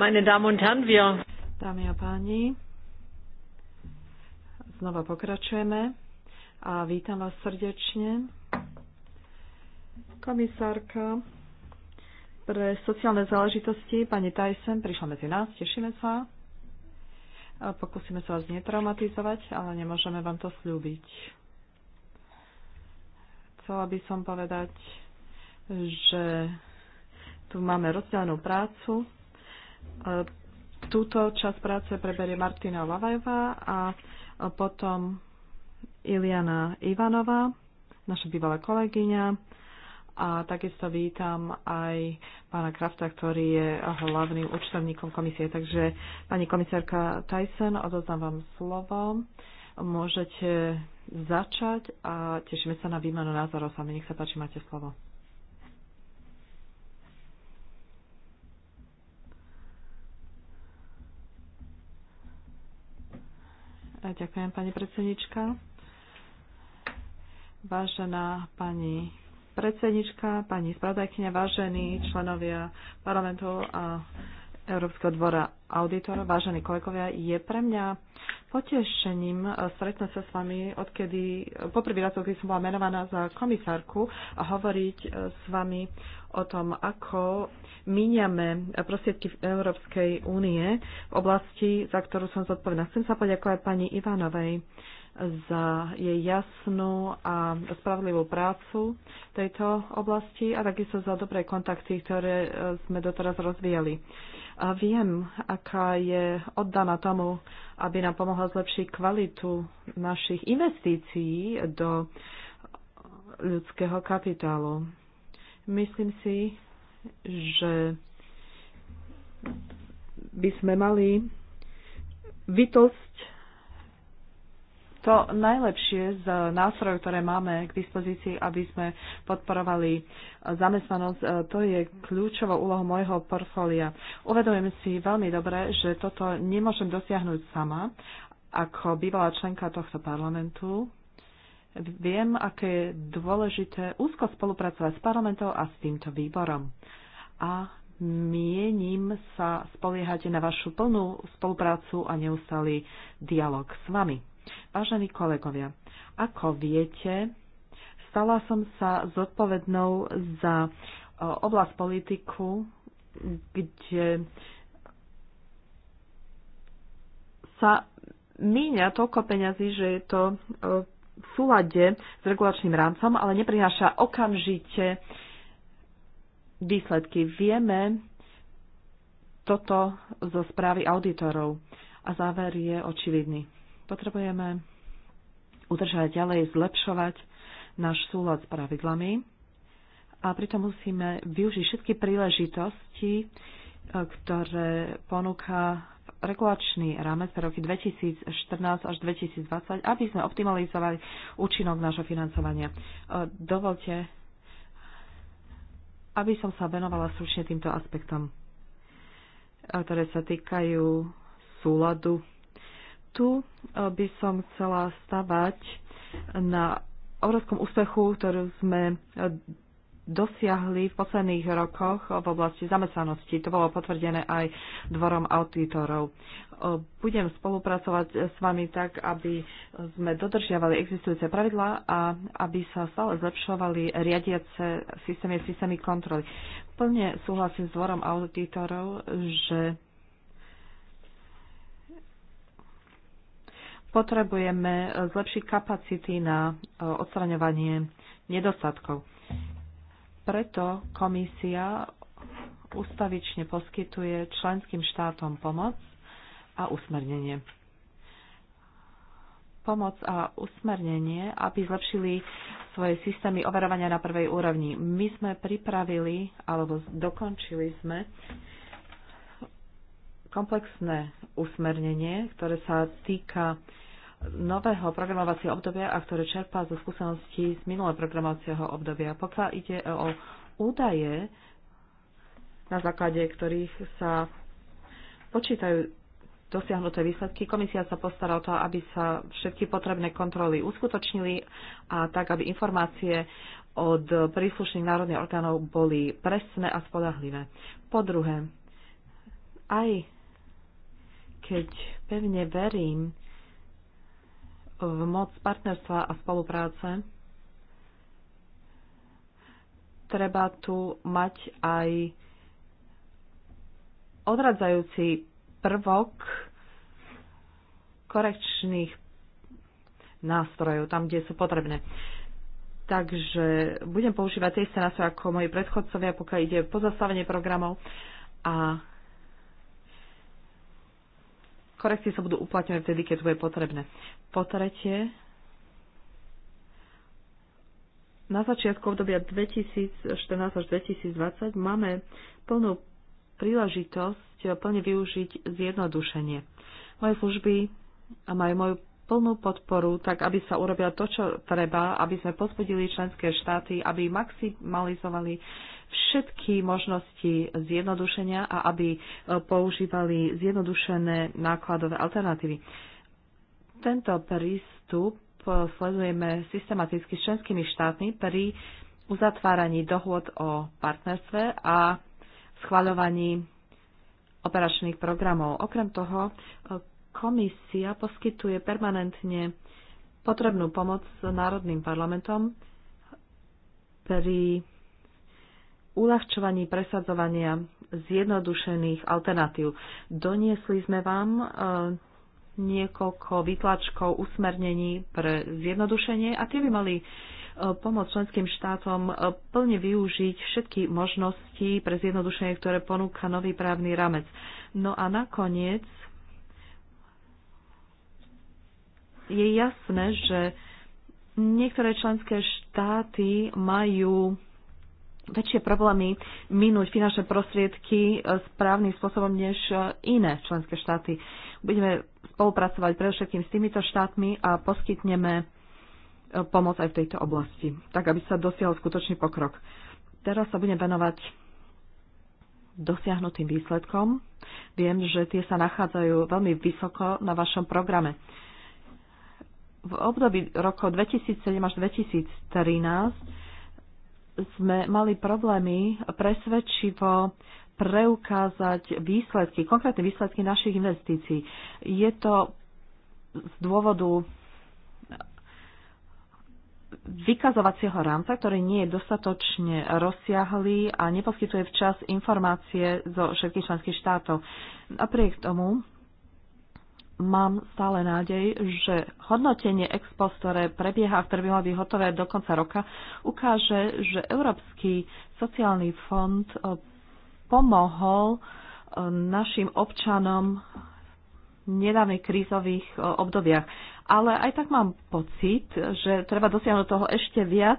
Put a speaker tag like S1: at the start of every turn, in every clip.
S1: Meine Damen und Herren, wir... Dámy a páni, znova pokračujeme a vítam vás srdečne. Komisárka pre sociálne záležitosti, pani Tyson, prišla medzi nás, tešíme sa. Pokúsime sa vás netraumatizovať, ale nemôžeme vám to slúbiť. Chcela by som povedať, že tu máme rozdielnú prácu E, túto časť práce preberie Martina Lavajová a potom Iliana Ivanová, naša bývalá kolegyňa. A takisto vítam aj pána Krafta, ktorý je hlavným účtovníkom komisie. Takže pani komisárka Tyson, odoznám vám slovo. Môžete začať a tešíme sa na výmenu názorov sami. Nech sa páči, máte slovo. ďakujem, pani predsednička. Vážená pani predsednička, pani spravodajkynia, vážení členovia parlamentu a Európskeho dvora auditor, vážení kolegovia, je pre mňa potešením e, stretnúť sa s vami, odkedy, e, poprvý raz, odkedy som bola menovaná za komisárku a hovoriť e, s vami o tom, ako míňame prostriedky v Európskej únie v oblasti, za ktorú som zodpovedná. Chcem sa poďakovať pani Ivanovej za jej jasnú a spravodlivú prácu v tejto oblasti a takisto za dobré kontakty, ktoré e, sme doteraz rozvíjali. A viem, aká je oddaná tomu, aby nám pomohla zlepšiť kvalitu našich investícií do ľudského kapitálu. Myslím si, že by sme mali vytosť to najlepšie z nástrojov, ktoré máme k dispozícii, aby sme podporovali e, zamestnanosť. E, to je kľúčovou úlohou môjho portfólia. Uvedujem si veľmi dobre, že toto nemôžem dosiahnuť sama ako bývalá členka tohto parlamentu. Viem, aké je dôležité úzko spolupracovať s parlamentom a s týmto výborom. A mienim sa spoliehate na vašu plnú spoluprácu a neustály dialog s vami. Vážení kolegovia, ako viete, stala som sa zodpovednou za e, oblasť politiku, kde sa míňa toľko peňazí, že je to e, v súlade s regulačným rámcom, ale neprináša okamžite výsledky. Vieme toto zo správy auditorov a záver je očividný Potrebujeme udržať ďalej, zlepšovať náš súlad s pravidlami a pritom musíme využiť všetky príležitosti, e, ktoré ponúka regulačný rámec pre roky 2014 až 2020, aby sme optimalizovali účinok nášho financovania. E, dovolte, aby som sa venovala stručne týmto aspektom, e, ktoré sa týkajú súladu tu eh, by som chcela stavať na obrovskom úspechu, ktorú sme eh, dosiahli v posledných rokoch v oblasti zamestnanosti. To bolo potvrdené aj dvorom auditorov. Eh, budem spolupracovať s vami tak, aby sme dodržiavali existujúce pravidlá a aby sa stále zlepšovali riadiace systémy, systémy kontroly. Plne súhlasím s dvorom auditorov, že potrebujeme e, zlepšiť kapacity na e, odstraňovanie nedostatkov. Preto komisia ustavične poskytuje členským štátom pomoc a usmernenie. Pomoc a usmernenie, aby zlepšili svoje systémy overovania na prvej úrovni. My sme pripravili, alebo dokončili sme komplexné usmernenie, ktoré sa týka nového programovacieho obdobia a ktoré čerpá zo skúseností z minulého programovacieho obdobia. Pokiaľ ide o údaje, na základe ktorých sa počítajú dosiahnuté výsledky. Komisia sa postará o to, aby sa všetky potrebné kontroly uskutočnili a tak, aby informácie od príslušných národných orgánov boli presné a spolahlivé. Po druhé, aj keď pevne verím v moc partnerstva a spolupráce, treba tu mať aj odradzajúci prvok korekčných nástrojov, tam, kde sú potrebné. Takže budem používať tie isté nástroje ako moji predchodcovia, pokiaľ ide o pozastavenie programov a korekcie sa budú uplatňovať vtedy, keď to bude potrebné. Po tretie, na začiatku obdobia 2014 až 2020 máme plnú príležitosť plne využiť zjednodušenie. Moje služby a majú moju plnú podporu, tak aby sa urobilo to, čo treba, aby sme pozbudili členské štáty, aby maximalizovali všetky možnosti zjednodušenia a aby e, používali zjednodušené nákladové alternatívy. Tento prístup e, sledujeme systematicky s členskými štátmi pri uzatváraní dohôd o partnerstve a schvaľovaní operačných programov. Okrem toho, e, Komisia poskytuje permanentne potrebnú pomoc národným parlamentom pri uľahčovaní presadzovania zjednodušených alternatív. Doniesli sme vám e, niekoľko vytlačkov usmernení pre zjednodušenie a tie by mali e, pomôcť členským štátom e, plne využiť všetky možnosti pre zjednodušenie, ktoré ponúka nový právny ramec. No a nakoniec je jasné, že niektoré členské štáty majú väčšie problémy minúť finančné prostriedky správnym spôsobom než iné členské štáty. Budeme spolupracovať predovšetkým s týmito štátmi a poskytneme pomoc aj v tejto oblasti, tak aby sa dosiahol skutočný pokrok. Teraz sa budem venovať dosiahnutým výsledkom. Viem, že tie sa nachádzajú veľmi vysoko na vašom programe v období rokov 2007 až 2013 sme mali problémy presvedčivo preukázať výsledky, konkrétne výsledky našich investícií. Je to z dôvodu vykazovacieho rámca, ktorý nie je dostatočne rozsiahlý a neposkytuje včas informácie zo všetkých členských štátov. Napriek tomu mám stále nádej, že hodnotenie ex post, ktoré prebieha v ktoré by byť hotové do konca roka, ukáže, že Európsky sociálny fond e, pomohol e, našim občanom v nedávnych krízových e, obdobiach. Ale aj tak mám pocit, že treba dosiahnuť toho ešte viac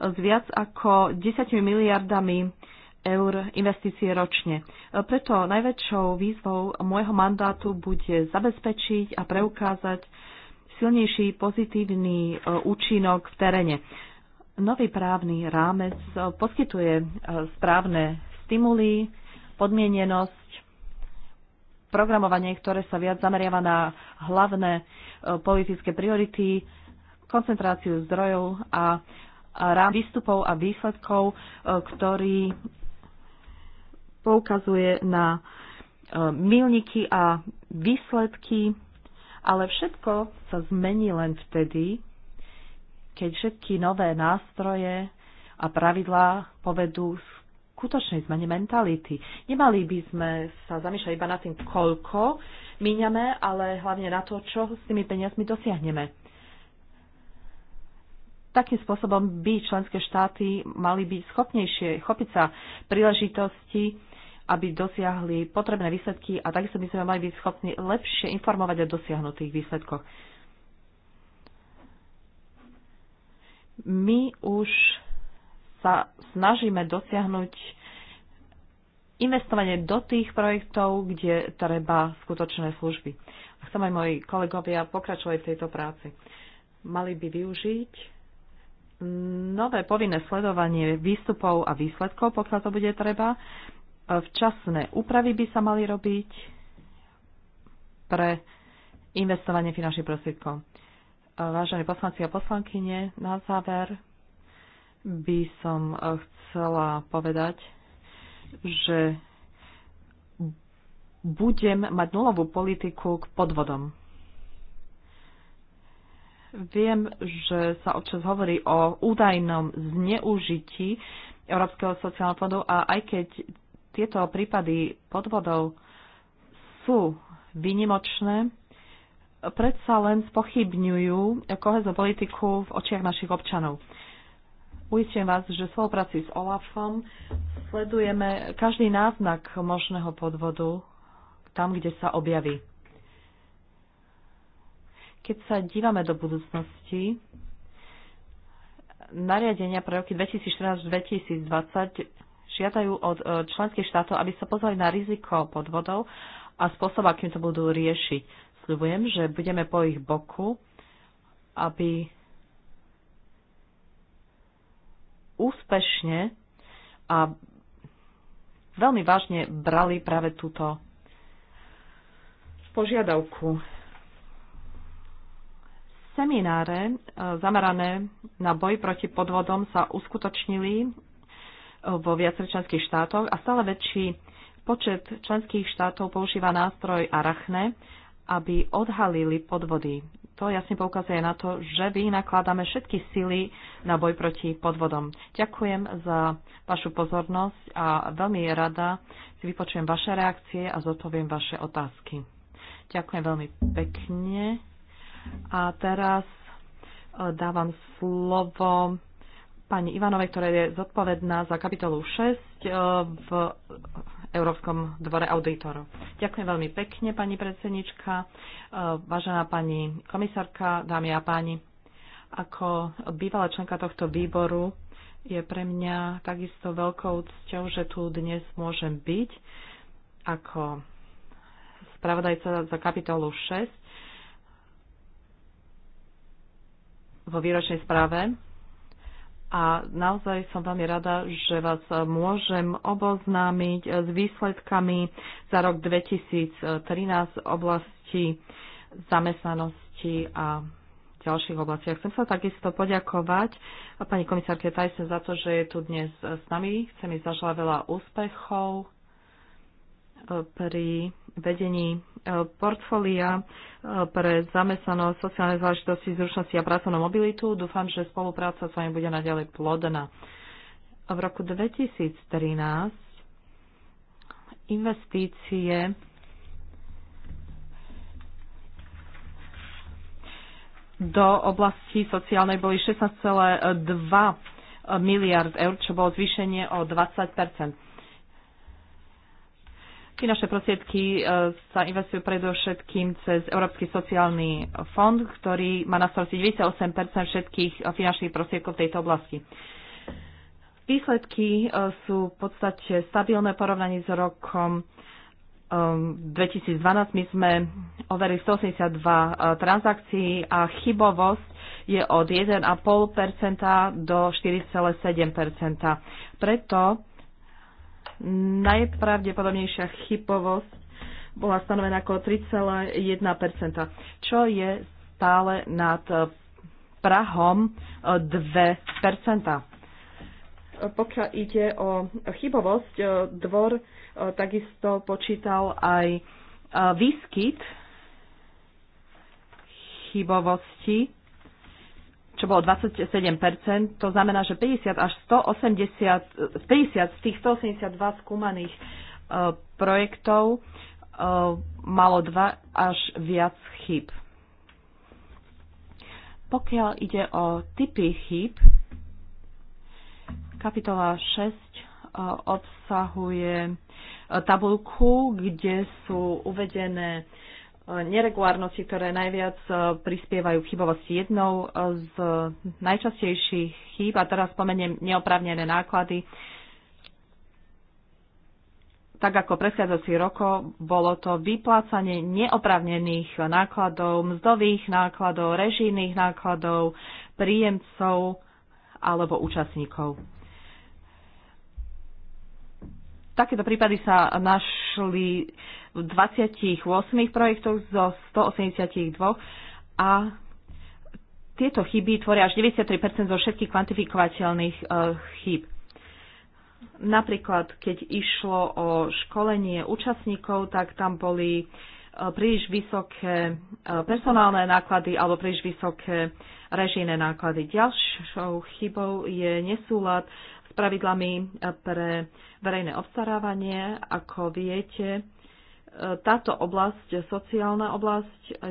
S1: s viac ako 10 miliardami eur investície ročne. Preto najväčšou výzvou môjho mandátu bude zabezpečiť a preukázať silnejší pozitívny e, účinok v teréne. Nový právny rámec e, poskytuje e, správne stimuly, podmienenosť, programovanie, ktoré sa viac zameriava na hlavné politické priority, koncentráciu zdrojov a rám výstupov a výsledkov, ktorý poukazuje na e, milníky a výsledky, ale všetko sa zmení len vtedy, keď všetky nové nástroje a pravidlá povedú skutočnej zmene mentality. Nemali by sme sa zamýšľať iba nad tým, koľko míňame, ale hlavne na to, čo s tými peniazmi dosiahneme. Takým spôsobom by členské štáty mali byť schopnejšie chopiť sa príležitosti, aby dosiahli potrebné výsledky a takisto by sme mali byť schopní lepšie informovať o dosiahnutých výsledkoch. My už sa snažíme dosiahnuť investovanie do tých projektov, kde treba skutočné služby. A chcem aj moji kolegovia pokračovať v tejto práci. Mali by využiť nové povinné sledovanie výstupov a výsledkov, pokiaľ to bude treba, Včasné úpravy by sa mali robiť pre investovanie finančných prostriedkov. Vážení poslanci a poslankyne, na záver by som eh, chcela povedať, že budem mať nulovú politiku k podvodom. Viem, že sa občas hovorí o údajnom zneužití Európskeho sociálneho fondu a aj keď tieto prípady podvodov sú vynimočné, predsa len spochybňujú koheznú politiku v očiach našich občanov. Ujistím vás, že v spolupráci s OLAFom sledujeme každý náznak možného podvodu tam, kde sa objaví. Keď sa dívame do budúcnosti, nariadenia pre roky 2014-2020 žiadajú od e, členských štátov, aby sa pozvali na riziko podvodov a spôsob, akým to budú riešiť. Sľubujem, že budeme po ich boku, aby úspešne a veľmi vážne brali práve túto požiadavku. Semináre e, zamerané na boj proti podvodom sa uskutočnili vo viacerých členských štátoch a stále väčší počet členských štátov používa nástroj Arachne, aby odhalili podvody. To jasne poukazuje na to, že vynakladáme všetky sily na boj proti podvodom. Ďakujem za vašu pozornosť a veľmi rada si vypočujem vaše reakcie a zodpoviem vaše otázky. Ďakujem veľmi pekne. A teraz eh, dávam slovo pani Ivanovej, ktorá je zodpovedná za kapitolu 6 e, v Európskom dvore auditorov. Ďakujem veľmi pekne, pani predsednička, e, vážená pani komisárka, dámy a páni. Ako bývalá členka tohto výboru je pre mňa takisto veľkou cťou, že tu dnes môžem byť ako spravodajca za kapitolu 6 vo výročnej správe a naozaj som veľmi rada, že vás môžem oboznámiť s výsledkami za rok 2013 v oblasti zamestnanosti a ďalších oblastiach. Chcem sa takisto poďakovať pani komisárke Tajsen za to, že je tu dnes s nami. Chcem jej zažila veľa úspechov pri vedení e, portfólia e, pre zamestnanosť, sociálne záležitosti, zručnosti a pracovnú mobilitu. Dúfam, že spolupráca s vami bude naďalej plodná. V roku 2013 investície do oblasti sociálnej boli 16,2 miliard eur, čo bolo zvýšenie o 20 Finančné prostriedky e, sa investujú predovšetkým cez Európsky sociálny fond, ktorý má na starosti 98 všetkých e, finančných prostriedkov v tejto oblasti. Výsledky e, sú v podstate stabilné porovnaní s rokom 2012. My sme overili 182 transakcií a chybovosť je od 1,5% do 4,7%. Preto najpravdepodobnejšia chybovosť bola stanovená ako 3,1 čo je stále nad eh, prahom 2 eh, Pokiaľ ide o chybovosť, eh, dvor takisto počítal aj výskyt chybovosti čo bolo 27%, to znamená, že 50 až 180, 50 z tých 182 skúmaných e, projektov e, malo 2 až viac chyb. Pokiaľ ide o typy chyb, kapitola 6 e, obsahuje tabulku, kde sú uvedené Eh, neregulárnosti, ktoré najviac eh, prispievajú k chybovosti. Jednou eh, z najčastejších chýb, a teraz spomeniem neoprávnené náklady, tak ako predchádzajúci roko, bolo to vyplácanie neoprávnených nákladov, mzdových nákladov, režijných nákladov, príjemcov alebo účastníkov. Takéto prípady sa našli v 28 projektoch zo 182 a tieto chyby tvoria až 93% zo všetkých kvantifikovateľných e, chyb. Napríklad, keď išlo o školenie účastníkov, tak tam boli e, príliš vysoké e, personálne náklady alebo príliš vysoké režijné náklady. Ďalšou chybou je nesúlad s pravidlami pre verejné obstarávanie. Ako viete, táto oblasť, sociálna oblasť,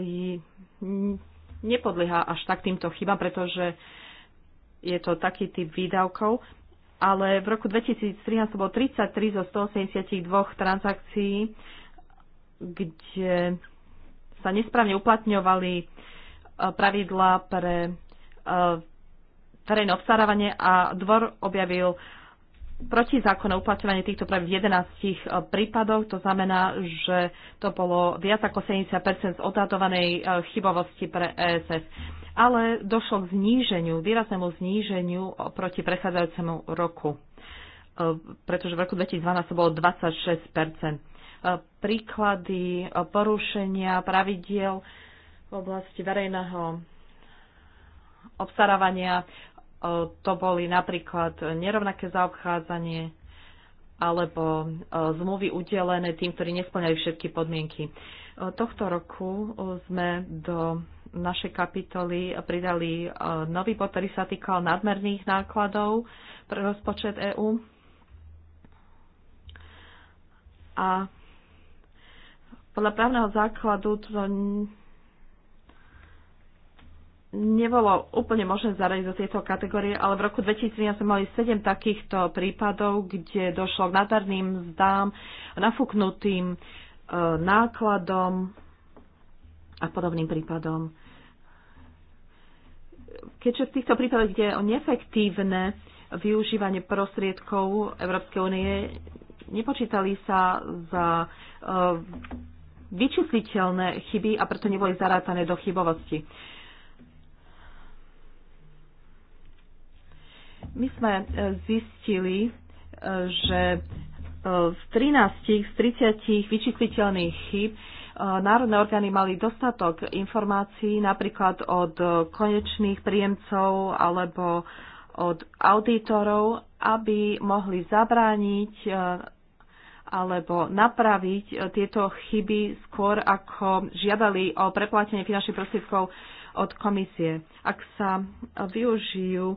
S1: nepodlieha až tak týmto chybám, pretože je to taký typ výdavkov, ale v roku 2013 to bolo 33 zo 182 transakcií, kde sa nesprávne uplatňovali e, pravidlá pre e, verejné obstarávanie a dvor objavil protizákonné uplatňovanie týchto práv v 11 eh, prípadoch. To znamená, že to bolo viac ako 70 z odhadovanej eh, chybovosti pre ESF. Ale došlo k zníženiu, výraznému zníženiu proti prechádzajúcemu roku, eh, pretože v roku 2012 to bolo 26 Príklady porušenia pravidiel v oblasti verejného obstarávania E, to boli napríklad nerovnaké zaobchádzanie alebo e, zmluvy udelené tým, ktorí nesplňali všetky podmienky. E, tohto roku sme do našej kapitoly pridali nový bod, ktorý sa týkal nadmerných nákladov pre rozpočet EÚ. A podľa právneho základu to nebolo úplne možné zaradiť do tejto kategórie, ale v roku 2013 sme mali 7 takýchto prípadov, kde došlo k nadarným zdám, nafúknutým e, nákladom a podobným prípadom. Keďže v týchto prípadoch, kde je o neefektívne využívanie prostriedkov Európskej únie, nepočítali sa za e, vyčísliteľné chyby a preto neboli zarátané do chybovosti. My sme e, zistili, e, že e, z 13 z 30 vyčísliteľných chyb národné orgány mali dostatok informácií napríklad od konečných príjemcov alebo od auditorov, aby mohli zabrániť alebo napraviť tieto chyby skôr, ako žiadali o preplatenie finančných prostriedkov od komisie. Ak sa využijú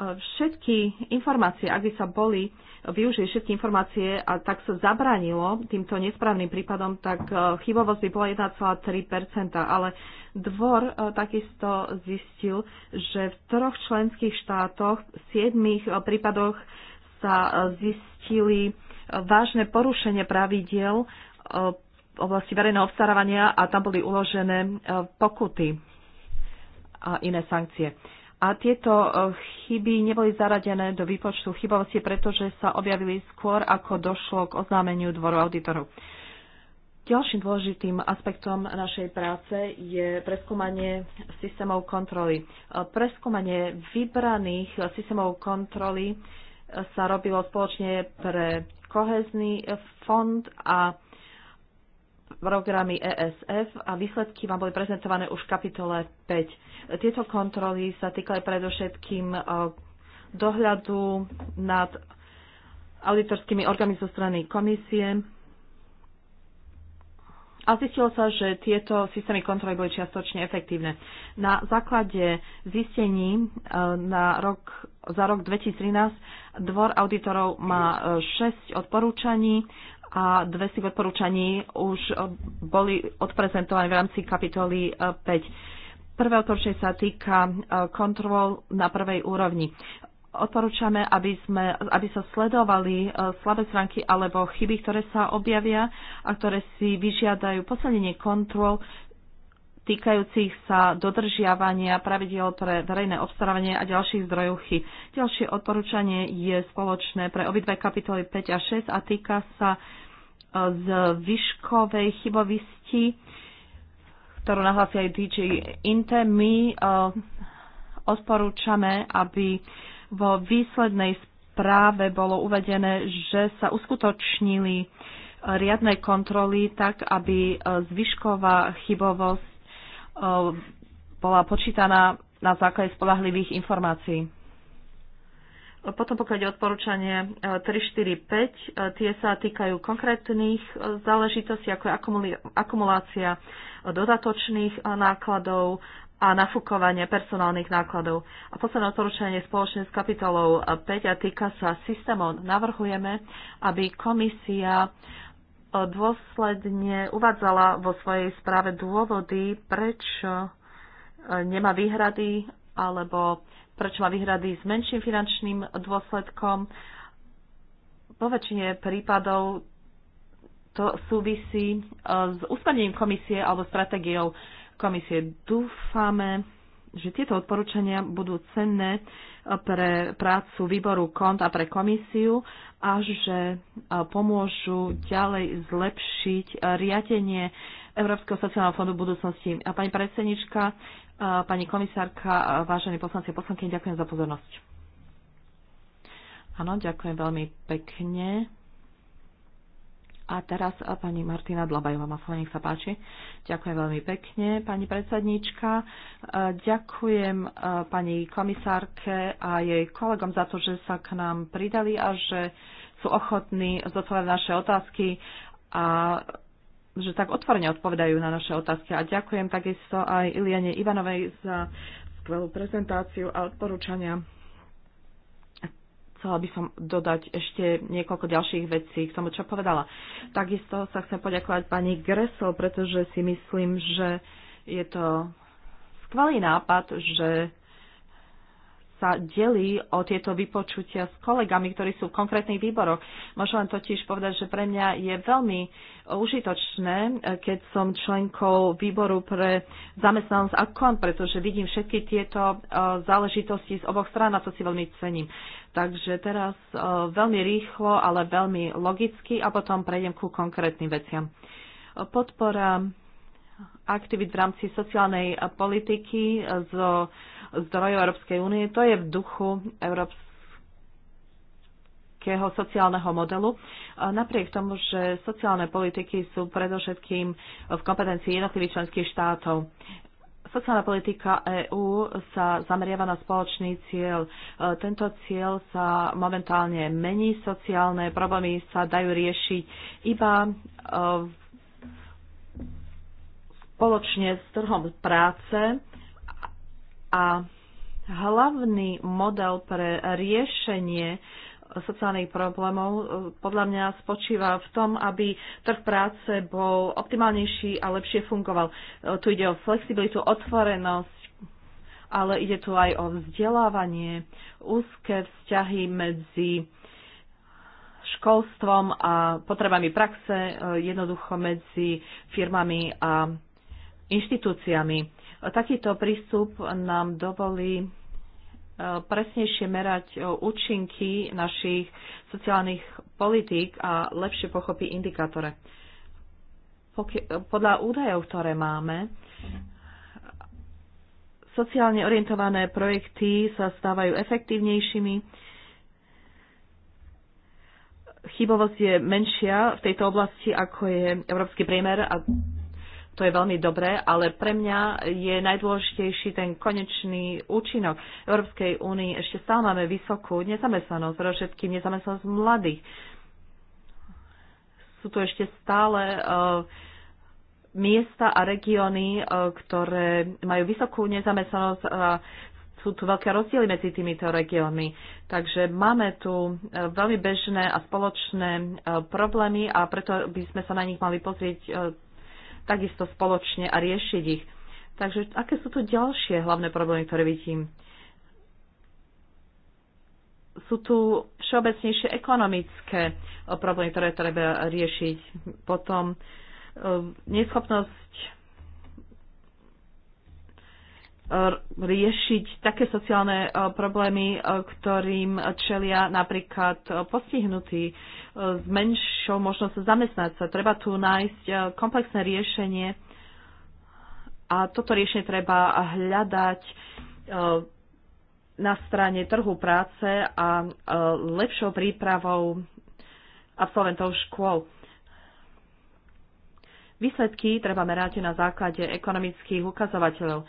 S1: všetky informácie, ak by sa boli využili všetky informácie a tak sa zabranilo týmto nesprávnym prípadom, tak e, chybovosť by bola 1,3%. Ale dvor e, takisto zistil, že v troch členských štátoch, v siedmých e, prípadoch sa zistili vážne porušenie pravidiel v oblasti verejného obstarávania a tam boli uložené pokuty a iné sankcie. A tieto e, chyby neboli zaradené do výpočtu chybovosti, pretože sa objavili skôr, ako došlo k oznámeniu dvoru auditorov. Ďalším dôležitým aspektom našej práce je preskúmanie systémov kontroly. E, preskúmanie vybraných systémov kontroly e, sa robilo spoločne pre kohezný fond a programy ESF a výsledky vám boli prezentované už v kapitole 5. Tieto kontroly sa týkali predovšetkým e, dohľadu nad auditorskými orgánmi zo strany komisie. A zistilo sa, že tieto systémy kontroly boli čiastočne efektívne. Na základe zistení e, na rok, za rok 2013 Dvor auditorov má 6 e, odporúčaní a dve z tých odporúčaní už eh, boli odprezentované v rámci kapitoly 5. Eh, Prvé odporúčanie sa týka eh, kontrol na prvej úrovni. Odporúčame, aby, sme, aby sa sledovali slabé stránky alebo chyby, ktoré sa objavia a ktoré si vyžiadajú posadenie kontrol týkajúcich sa dodržiavania pravidel pre verejné obstarávanie a ďalších zdrojov chyb. Ďalšie odporúčanie je spoločné pre obidve kapitoly 5 a 6 a týka sa z výškovej chybovisti, ktorú nahlásia aj DJ Inte. My eh, odporúčame, aby vo výslednej správe bolo uvedené, že sa uskutočnili eh, riadne kontroly tak, aby eh, zvyšková chybovosť bola počítaná na základe spolahlivých informácií. Potom pokiaľ ide odporúčanie 3, 4, 5, tie sa týkajú konkrétnych e, záležitostí, ako je akumulácia e, dodatočných e, nákladov a nafúkovanie personálnych nákladov. A posledné odporúčanie spoločne s kapitolou 5 a týka sa systémov. Navrhujeme, aby komisia dôsledne uvádzala vo svojej správe dôvody, prečo nemá výhrady alebo prečo má výhrady s menším finančným dôsledkom. Po väčšine prípadov to súvisí e, s ústavením komisie alebo stratégiou komisie. Dúfame, že tieto odporúčania budú cenné e, pre prácu výboru kont a pre komisiu a že e, pomôžu ďalej zlepšiť riadenie Európskeho sociálneho fondu v budúcnosti. A pani predsednička, Pani komisárka, vážení poslanci a poslanky, ďakujem za pozornosť. Áno, ďakujem veľmi pekne. A teraz a pani Martina Dlabajová Masla, nech sa páči. Ďakujem veľmi pekne, pani predsedníčka. E, ďakujem e, pani komisárke a jej kolegom za to, že sa k nám pridali a že sú ochotní zodpovedať naše otázky a že tak otvorene odpovedajú na naše otázky. A ďakujem takisto aj Iliane Ivanovej za skvelú prezentáciu a odporúčania. Chcela by som dodať ešte niekoľko ďalších vecí k tomu, čo povedala. Takisto sa chcem poďakovať pani Gresel, pretože si myslím, že je to skvelý nápad, že sa delí o tieto vypočutia s kolegami, ktorí sú v konkrétnych výboroch. Môžem vám totiž povedať, že pre mňa je veľmi užitočné, keď som členkou výboru pre zamestnanosť a kon, pretože vidím všetky tieto e, záležitosti z oboch strán a to si veľmi cením. Takže teraz e, veľmi rýchlo, ale veľmi logicky a potom prejdem ku konkrétnym veciam. Podpora aktivít v rámci sociálnej politiky zo so zdrojov Európskej únie. To je v duchu európskeho sociálneho modelu. Napriek tomu, že sociálne politiky sú predovšetkým v kompetencii jednotlivých členských štátov. Sociálna politika EÚ sa zameriava na spoločný cieľ. E, tento cieľ sa momentálne mení, sociálne problémy sa dajú riešiť iba e, spoločne s trhom práce a hlavný model pre riešenie sociálnych problémov e, podľa mňa spočíva v tom, aby trh práce bol optimálnejší a lepšie fungoval. E, tu ide o flexibilitu, otvorenosť, ale ide tu aj o vzdelávanie, úzke vzťahy medzi školstvom a potrebami praxe, e, jednoducho medzi firmami a inštitúciami Takýto prístup nám dovolí e, presnejšie merať e, účinky našich sociálnych politík a lepšie pochopí indikátore. Podľa údajov, ktoré máme, sociálne orientované projekty sa stávajú efektívnejšími, chybovosť je menšia v tejto oblasti, ako je európsky priemer a to je veľmi dobré, ale pre mňa je najdôležitejší ten konečný účinok. V Európskej únii ešte stále máme vysokú nezamestnanosť, pre všetkým nezamestnanosť mladých. Sú tu ešte stále uh, miesta a regióny, uh, ktoré majú vysokú nezamestnanosť a sú tu veľké rozdiely medzi týmito regiónmi. Takže máme tu eh, veľmi bežné a spoločné problémy a preto by sme sa na nich mali pozrieť takisto spoločne a riešiť ich. Takže aké sú tu ďalšie hlavné problémy, ktoré vidím? Sú tu všeobecnejšie ekonomické eh, problémy, ktoré treba riešiť. Potom eh, neschopnosť riešiť také sociálne e, problémy, e, ktorým čelia napríklad e, postihnutí s menšou možnosťou zamestnať sa. Treba tu nájsť komplexné riešenie a toto riešenie treba hľadať na strane trhu práce a lepšou prípravou absolventov škôl. Výsledky treba merať na základe ekonomických ukazovateľov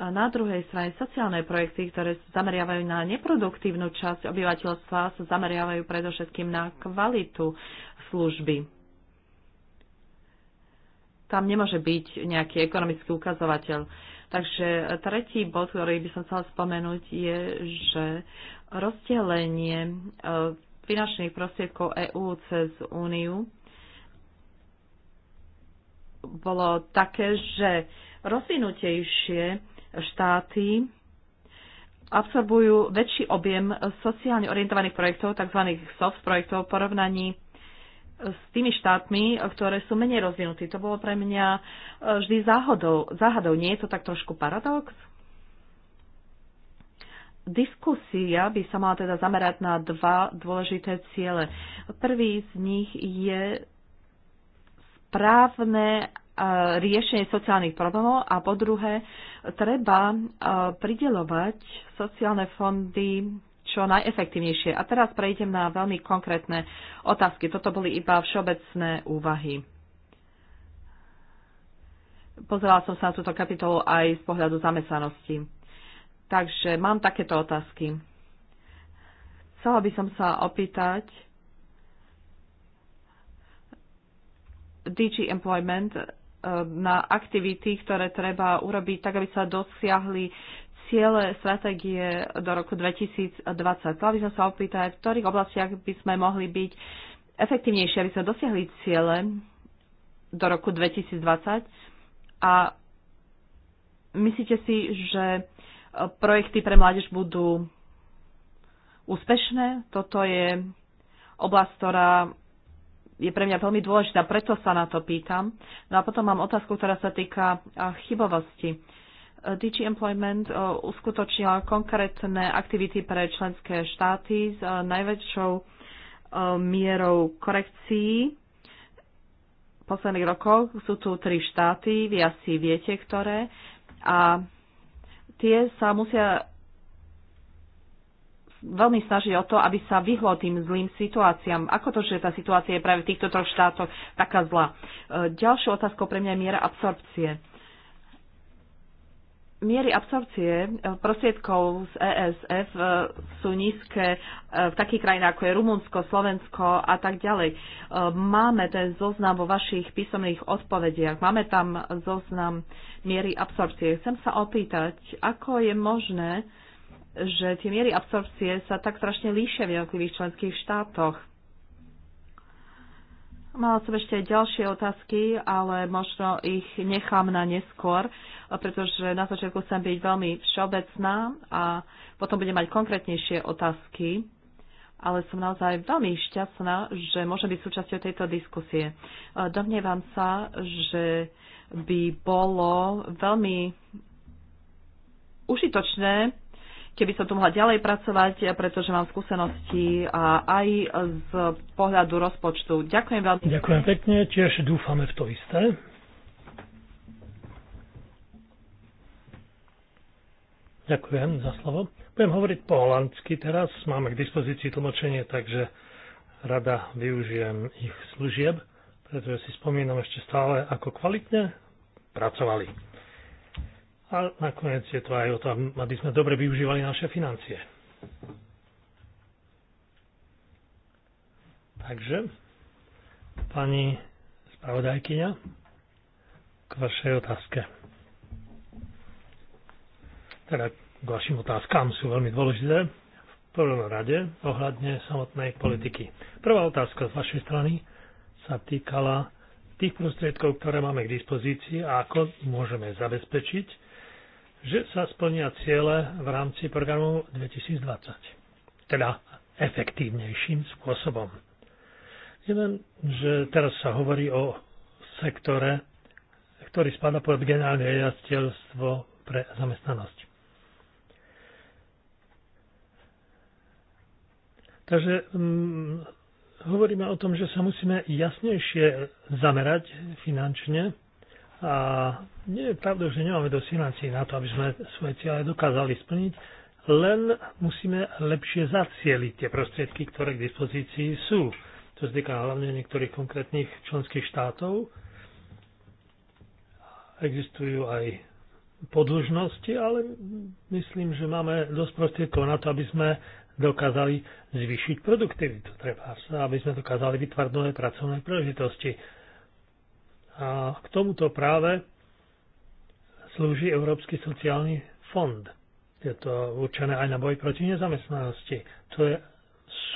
S1: na druhej strane sociálne projekty, ktoré sa zameriavajú na neproduktívnu časť obyvateľstva, sa zameriavajú predovšetkým na kvalitu služby. Tam nemôže byť nejaký ekonomický ukazovateľ. Takže tretí bod, ktorý by som chcela spomenúť, je, že rozdelenie e, finančných prostriedkov EÚ cez Úniu bolo také, že rozvinutejšie štáty absorbujú väčší objem sociálne orientovaných projektov, tzv. soft projektov, v porovnaní s tými štátmi, ktoré sú menej rozvinutí. To bolo pre mňa e, vždy záhodou. záhadou. Nie je to tak trošku paradox? Diskusia by sa mala teda zamerať na dva dôležité ciele. Prvý z nich je správne riešenie sociálnych problémov a po druhé, treba e, pridelovať sociálne fondy čo najefektívnejšie. A teraz prejdem na veľmi konkrétne otázky. Toto boli iba všeobecné úvahy. Pozerala som sa na túto kapitolu aj z pohľadu zamestnanosti. Takže mám takéto otázky. Chcela by som sa opýtať, DG Employment na aktivity, ktoré treba urobiť tak, aby sa dosiahli ciele stratégie do roku 2020. Chcela by som sa opýtať, v ktorých oblastiach by sme mohli byť efektívnejšie, aby sme dosiahli ciele do roku 2020 a myslíte si, že projekty pre mládež budú úspešné? Toto je oblasť, ktorá je pre mňa veľmi dôležitá, preto sa na to pýtam. No a potom mám otázku, ktorá sa týka chybovosti. E, DG Employment e, uskutočnila konkrétne aktivity pre členské štáty s e, najväčšou mierou korekcií posledných rokov. Sú tu tri štáty, vy asi viete, ktoré. A tie sa musia veľmi snaží o to, aby sa vyhlo tým zlým situáciám. Ako to, že tá situácia je práve v týchto troch štátoch taká zlá? E, ďalšou otázkou pre mňa je miera absorpcie. Miery absorpcie e, prostriedkov z ESF e, sú nízke v takých krajinách ako je Rumunsko, Slovensko a tak ďalej. Máme ten zoznam vo vašich písomných odpovediach. Máme tam zoznam miery absorpcie. Chcem sa opýtať, ako je možné, že tie miery absorpcie sa tak strašne líšia v jednotlivých členských štátoch. Mala som ešte aj ďalšie otázky, ale možno ich nechám na neskôr, pretože na začiatku chcem byť veľmi všeobecná a potom budem mať konkrétnejšie otázky. Ale som naozaj veľmi šťastná, že môžem byť súčasťou tejto diskusie. Domnievam sa, že by bolo veľmi užitočné keby som tu mohla ďalej pracovať, pretože mám skúsenosti a aj z pohľadu rozpočtu. Ďakujem veľmi. Ďakujem
S2: pekne, tiež dúfame v to isté. Ďakujem za slovo. Budem hovoriť po holandsky teraz, máme k dispozícii tlmočenie, takže rada využijem ich služieb, pretože si spomínam ešte stále, ako kvalitne pracovali. A nakoniec je to aj o tom, aby sme dobre využívali naše financie. Takže, pani spravodajkyňa, k vašej otázke. Teda k vašim otázkám sú veľmi dôležité v prvom rade ohľadne samotnej politiky. Prvá otázka z vašej strany sa týkala tých prostriedkov, ktoré máme k dispozícii a ako môžeme zabezpečiť, že sa splnia ciele v rámci programu 2020. Teda efektívnejším spôsobom. Jeden, že teraz sa hovorí o sektore, ktorý spada pod generálne riaditeľstvo pre zamestnanosť. Takže hm, hovoríme o tom, že sa musíme jasnejšie zamerať finančne a nie je pravda, že nemáme dosť financí na to, aby sme svoje ciele dokázali splniť, len musíme lepšie zacieliť tie prostriedky, ktoré k dispozícii sú. To sa týka hlavne niektorých konkrétnych členských štátov. Existujú aj podlžnosti, ale myslím, že máme dosť prostriedkov na to, aby sme dokázali zvýšiť produktivitu, treba, aby sme dokázali vytvárať nové pracovné príležitosti a k tomuto práve slúži Európsky sociálny fond. Je to určené aj na boj proti nezamestnanosti. To je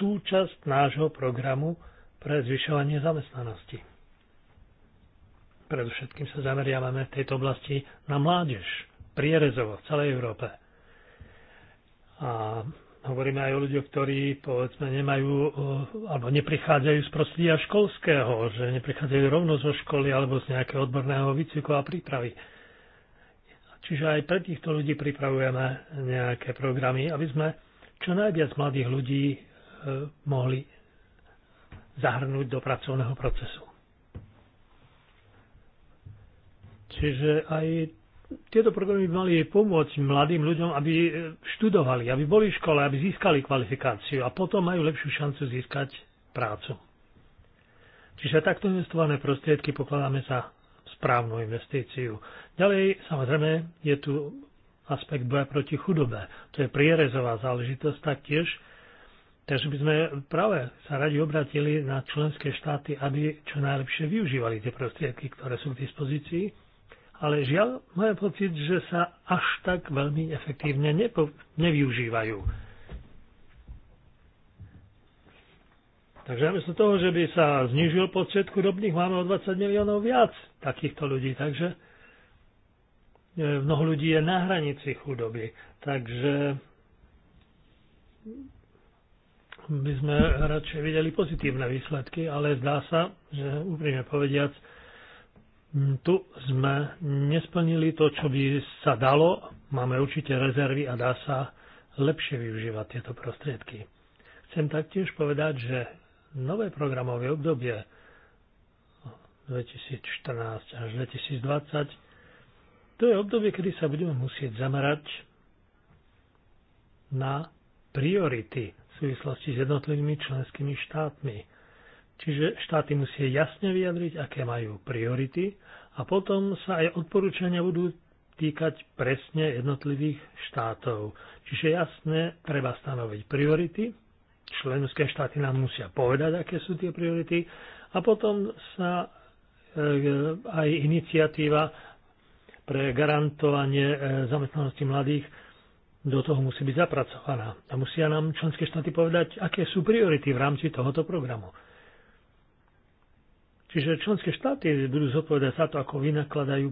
S2: súčasť nášho programu pre zvyšovanie zamestnanosti. Predovšetkým sa zameriavame v tejto oblasti na mládež, prierezovo v celej Európe. A Hovoríme aj o ľuďoch, ktorí povedzme nemajú alebo neprichádzajú z prostredia školského, že neprichádzajú rovno zo školy alebo z nejakého odborného výcviku a prípravy. Čiže aj pre týchto ľudí pripravujeme nejaké programy, aby sme čo najviac mladých ľudí e, mohli zahrnúť do pracovného procesu. Čiže aj tieto programy by mali pomôcť mladým ľuďom, aby e, študovali, aby boli v škole, aby získali kvalifikáciu a potom majú lepšiu šancu získať prácu. Čiže takto investované prostriedky pokladáme za správnu investíciu. Ďalej, samozrejme, je tu aspekt boja proti chudobe. To je prierezová záležitosť taktiež. Takže by sme práve sa radi obratili na členské štáty, aby čo najlepšie využívali tie prostriedky, ktoré sú k dispozícii ale žiaľ, mám pocit, že sa až tak veľmi efektívne nepo- nevyužívajú. Takže namiesto toho, že by sa znižil počet chudobných, máme o 20 miliónov viac takýchto ľudí. Takže e, mnoho ľudí je na hranici chudoby. Takže by sme radšej videli pozitívne výsledky, ale zdá sa, že úprimne povediac, Mm, tu sme nesplnili to, čo by sa dalo. Máme určite rezervy a dá sa lepšie využívať tieto prostriedky. Chcem taktiež povedať, že nové programové obdobie 2014 až 2020 to je obdobie, kedy sa budeme musieť zamerať na priority v súvislosti s jednotlivými členskými štátmi Čiže štáty musia jasne vyjadriť, aké majú priority a potom sa aj odporúčania budú týkať presne jednotlivých štátov. Čiže jasne treba stanoviť priority, členské štáty nám musia povedať, aké sú tie priority a potom sa e, aj iniciatíva pre garantovanie e, zamestnanosti mladých do toho musí byť zapracovaná. A musia nám členské štáty povedať, aké sú priority v rámci tohoto programu. Čiže členské štáty budú zodpovedať za to, ako vynakladajú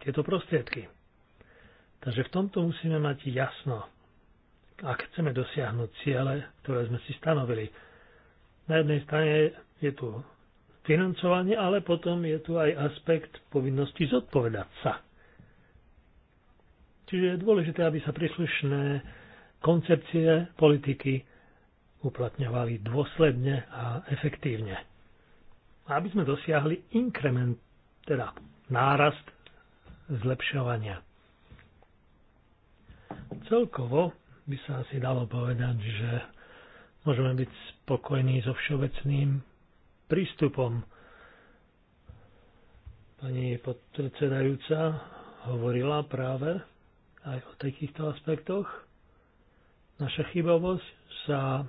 S2: tieto prostriedky. Takže v tomto musíme mať jasno, ak chceme dosiahnuť ciele, ktoré sme si stanovili. Na jednej strane je tu financovanie, ale potom je tu aj aspekt povinnosti zodpovedať sa. Čiže je dôležité, aby sa príslušné koncepcie politiky uplatňovali dôsledne a efektívne aby sme dosiahli inkrement, teda nárast zlepšovania. Celkovo by sa asi dalo povedať, že môžeme byť spokojní so všeobecným prístupom. Pani podpredsedajúca hovorila práve aj o takýchto aspektoch. Naša chybovosť sa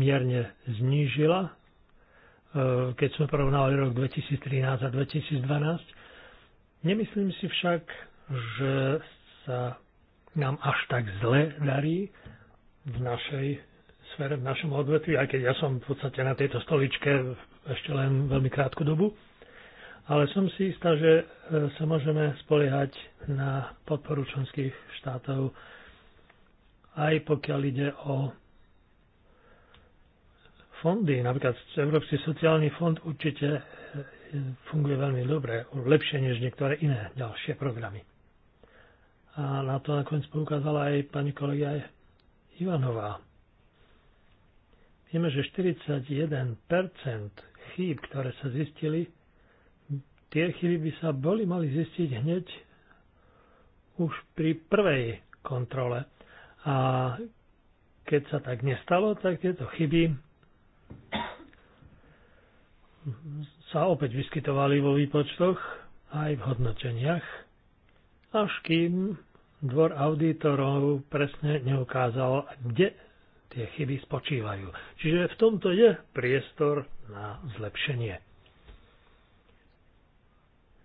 S2: mierne znížila E, keď sme porovnali rok 2013 a 2012. Nemyslím si však, že sa nám až tak zle darí v našej sfere, v našom odvetvi, aj keď ja som v podstate na tejto stoličke ešte len veľmi krátku dobu. Ale som si istá, že e, sa môžeme spoliehať na podporu členských štátov, aj pokiaľ ide o fondy, napríklad Európsky sociálny fond určite e, funguje veľmi dobre, lepšie než niektoré iné ďalšie programy. A na to nakoniec poukázala aj pani kolega Ivanová. Vieme, že 41% chýb, ktoré sa zistili, tie chyby by sa boli mali zistiť hneď už pri prvej kontrole. A keď sa tak nestalo, tak tieto chyby sa opäť vyskytovali vo výpočtoch aj v hodnoteniach, až kým dvor auditorov presne neukázal, kde tie chyby spočívajú. Čiže v tomto je priestor na zlepšenie.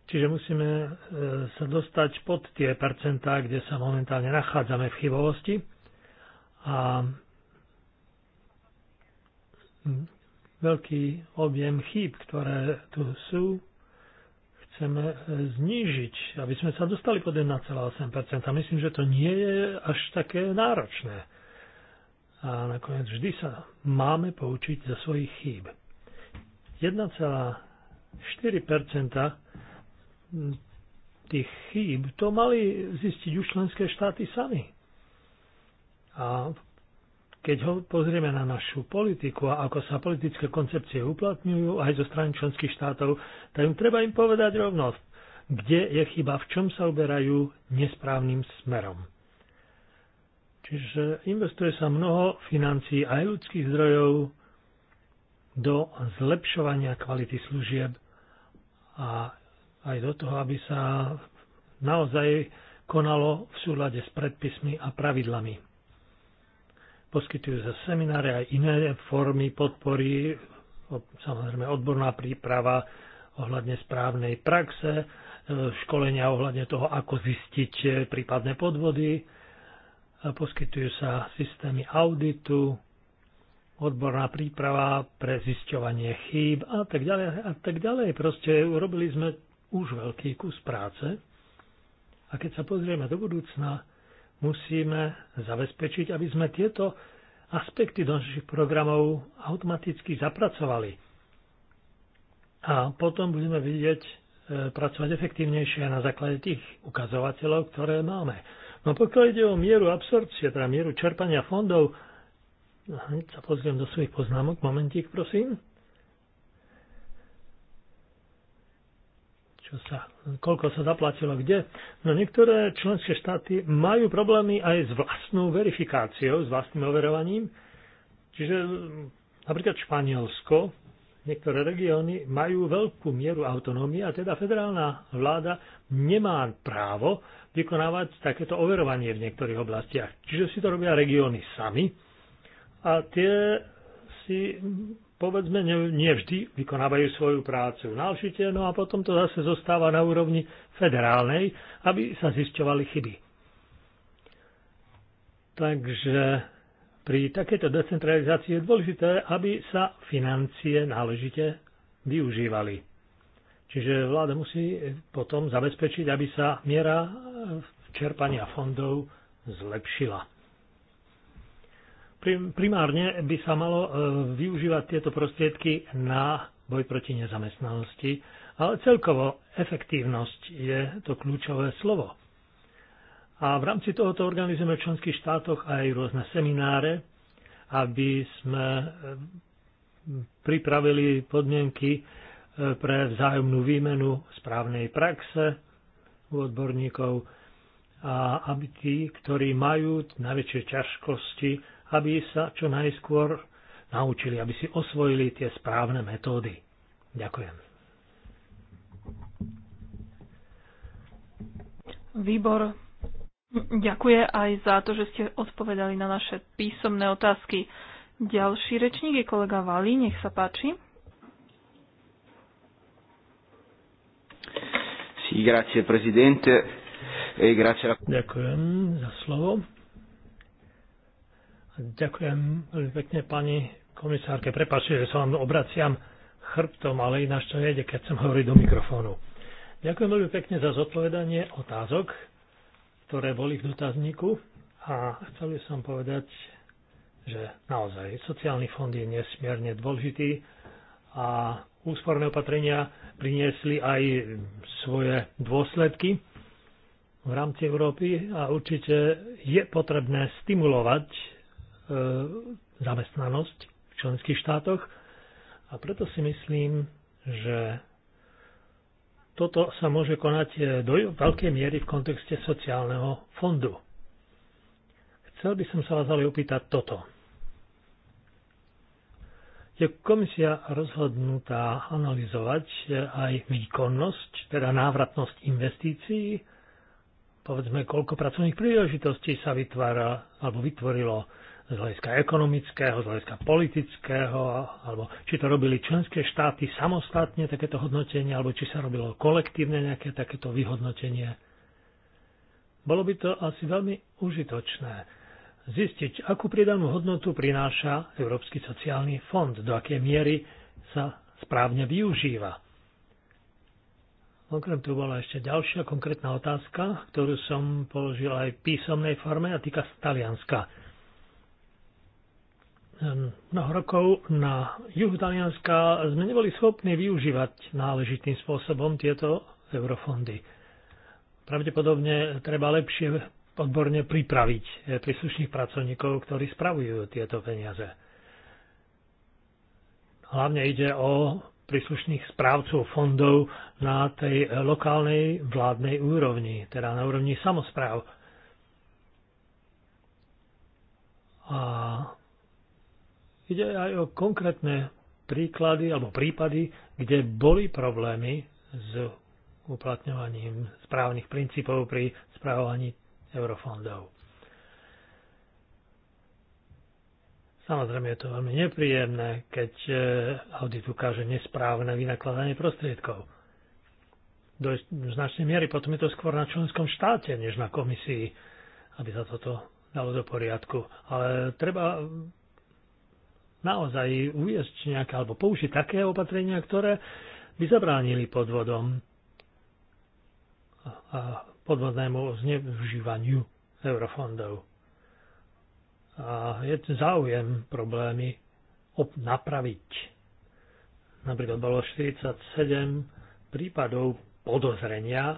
S2: Čiže musíme e, sa dostať pod tie percentá, kde sa momentálne nachádzame v chybovosti a veľký objem chýb, ktoré tu sú, chceme e, znížiť, aby sme sa dostali pod 1,8%. A myslím, že to nie je až také náročné. A nakoniec vždy sa máme poučiť za svojich chýb. 1,4% tých chýb to mali zistiť už členské štáty sami. A keď ho pozrieme na našu politiku a ako sa politické koncepcie uplatňujú aj zo strany členských štátov, tak im treba im povedať rovnosť, kde je chyba, v čom sa uberajú nesprávnym smerom. Čiže investuje sa mnoho financií aj ľudských zdrojov do zlepšovania kvality služieb a aj do toho, aby sa naozaj konalo v súlade s predpismi a pravidlami poskytujú sa semináre a iné formy podpory, samozrejme odborná príprava ohľadne správnej praxe, e, školenia ohľadne toho, ako zistiť e, prípadné podvody, poskytujú sa systémy auditu, odborná príprava pre zisťovanie chýb a tak ďalej a tak ďalej. Proste urobili sme už veľký kus práce. A keď sa pozrieme do budúcna, musíme zabezpečiť, aby sme tieto aspekty do našich programov automaticky zapracovali. A potom budeme vidieť e, pracovať efektívnejšie na základe tých ukazovateľov, ktoré máme. No pokiaľ ide o mieru absorpcie, teda mieru čerpania fondov, no, hneď sa pozriem do svojich poznámok, momentík prosím. čo sa, koľko sa zaplatilo kde. No niektoré členské štáty majú problémy aj s vlastnou verifikáciou, s vlastným overovaním. Čiže napríklad Španielsko, niektoré regióny majú veľkú mieru autonómie a teda federálna vláda nemá právo vykonávať takéto overovanie v niektorých oblastiach. Čiže si to robia regióny sami a tie si povedzme, nevždy vykonávajú svoju prácu náležite, no a potom to zase zostáva na úrovni federálnej, aby sa zisťovali chyby. Takže pri takejto decentralizácii je dôležité, aby sa financie náležite využívali. Čiže vláda musí potom zabezpečiť, aby sa miera čerpania fondov zlepšila. Primárne by sa malo e, využívať tieto prostriedky na boj proti nezamestnanosti, ale celkovo efektívnosť je to kľúčové slovo. A v rámci tohoto organizujeme v členských štátoch aj rôzne semináre, aby sme e, pripravili podmienky e, pre vzájomnú výmenu správnej praxe u odborníkov a aby tí, ktorí majú najväčšie ťažkosti, aby sa čo najskôr naučili, aby si osvojili tie správne metódy. Ďakujem.
S3: Výbor ďakuje aj za to, že ste odpovedali na naše písomné otázky. Ďalší rečník je kolega Valí, nech sa páči.
S1: grazie Presidente
S2: e grazie Ďakujem za slovo. Ďakujem veľmi pekne pani komisárke. Prepačte, že sa vám obraciam chrbtom, ale ináč to nejde, keď som hovoriť do mikrofónu. Ďakujem veľmi pekne za zodpovedanie otázok, ktoré boli v dotazníku a chcel by som povedať, že naozaj sociálny fond je nesmierne dôležitý a úsporné opatrenia priniesli aj svoje dôsledky v rámci Európy a určite je potrebné stimulovať E, zamestnanosť v členských štátoch a preto si myslím, že toto sa môže konať e, do veľkej miery v kontexte sociálneho fondu. Chcel by som sa vás ale opýtať toto. Je komisia rozhodnutá analyzovať e, aj výkonnosť, teda návratnosť investícií? Povedzme, koľko pracovných príležitostí sa vytvára alebo vytvorilo z hľadiska ekonomického, z hľadiska politického, alebo či to robili členské štáty samostatne takéto hodnotenie, alebo či sa robilo kolektívne nejaké takéto vyhodnotenie. Bolo by to asi veľmi užitočné zistiť, akú pridanú hodnotu prináša Európsky sociálny fond, do akej miery sa správne využíva. Okrem tu bola ešte ďalšia konkrétna otázka, ktorú som položil aj v písomnej forme a týka sa Talianska. Ehm, mnoho rokov na juhu Talianska sme neboli schopní využívať náležitým spôsobom tieto eurofondy. Pravdepodobne treba lepšie odborne pripraviť eh, príslušných pracovníkov, ktorí spravujú tieto peniaze. Hlavne ide o príslušných správcov fondov na tej lokálnej vládnej úrovni, teda na úrovni samozpráv. A Ide aj o konkrétne príklady alebo prípady, kde boli problémy s uplatňovaním správnych princípov pri správovaní eurofondov. Samozrejme je to veľmi nepríjemné, keď e, audit ukáže nesprávne vynakladanie prostriedkov. Do značnej miery potom je to skôr na členskom štáte, než na komisii, aby sa toto dalo do poriadku. Ale treba naozaj uviesť nejaké alebo použiť také opatrenia, ktoré by zabránili podvodom a podvodnému zneužívaniu eurofondov. A je záujem problémy napraviť. Napríklad bolo 47 prípadov podozrenia e,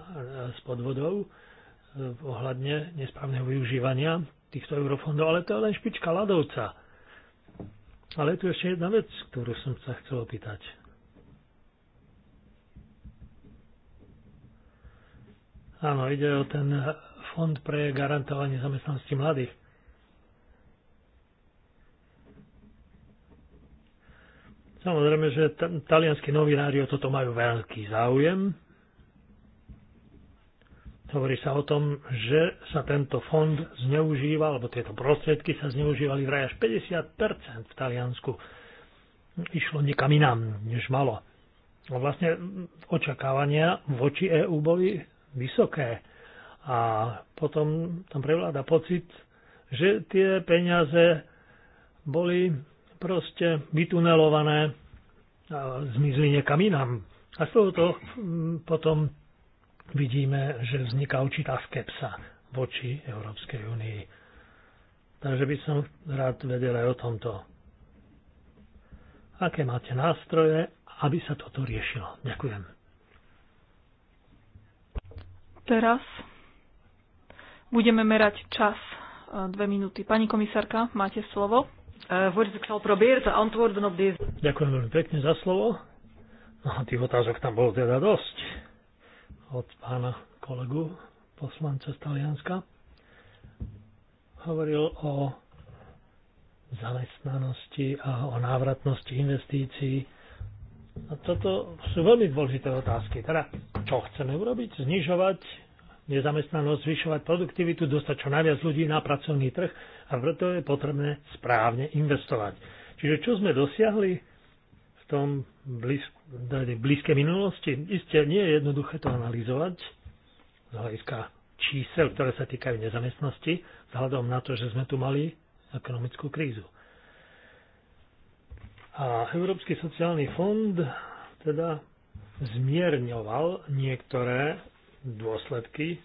S2: z podvodov e, ohľadne nesprávneho využívania týchto eurofondov, ale to je len špička ľadovca. Ale je tu ešte jedna vec, ktorú som sa chcel opýtať. Áno, ide o ten fond pre garantovanie zamestnanosti mladých. Samozrejme, že t- talianskí novinári o toto majú veľký záujem, Hovorí sa o tom, že sa tento fond zneužíval alebo tieto prostriedky sa zneužívali vraj až 50% v Taliansku. Išlo nikam inám, než malo. A vlastne očakávania voči EÚ boli vysoké. A potom tam prevláda pocit, že tie peniaze boli proste vytunelované a zmizli niekam inám. A z tohoto mm, potom vidíme, že vzniká určitá skepsa voči Európskej únii. Takže by som rád vedel aj o tomto. Aké máte nástroje, aby sa toto riešilo? Ďakujem.
S3: Teraz budeme merať čas. Eh, dve minúty. Pani komisárka, máte slovo.
S2: Eh, Ďakujem veľmi pekne za slovo. No, tých otázok tam bolo teda dosť od pána kolegu poslanca z Talianska. Hovoril o zamestnanosti a o návratnosti investícií. A toto sú veľmi dôležité otázky. Teda, čo chceme urobiť? Znižovať nezamestnanosť, zvyšovať produktivitu, dostať čo najviac ľudí na pracovný trh a preto je potrebné správne investovať. Čiže čo sme dosiahli? tom blíz, blízkej minulosti. Isté nie je jednoduché to analyzovať z hľadiska čísel, ktoré sa týkajú nezamestnosti, vzhľadom na to, že sme tu mali ekonomickú krízu. A Európsky sociálny fond teda zmierňoval niektoré dôsledky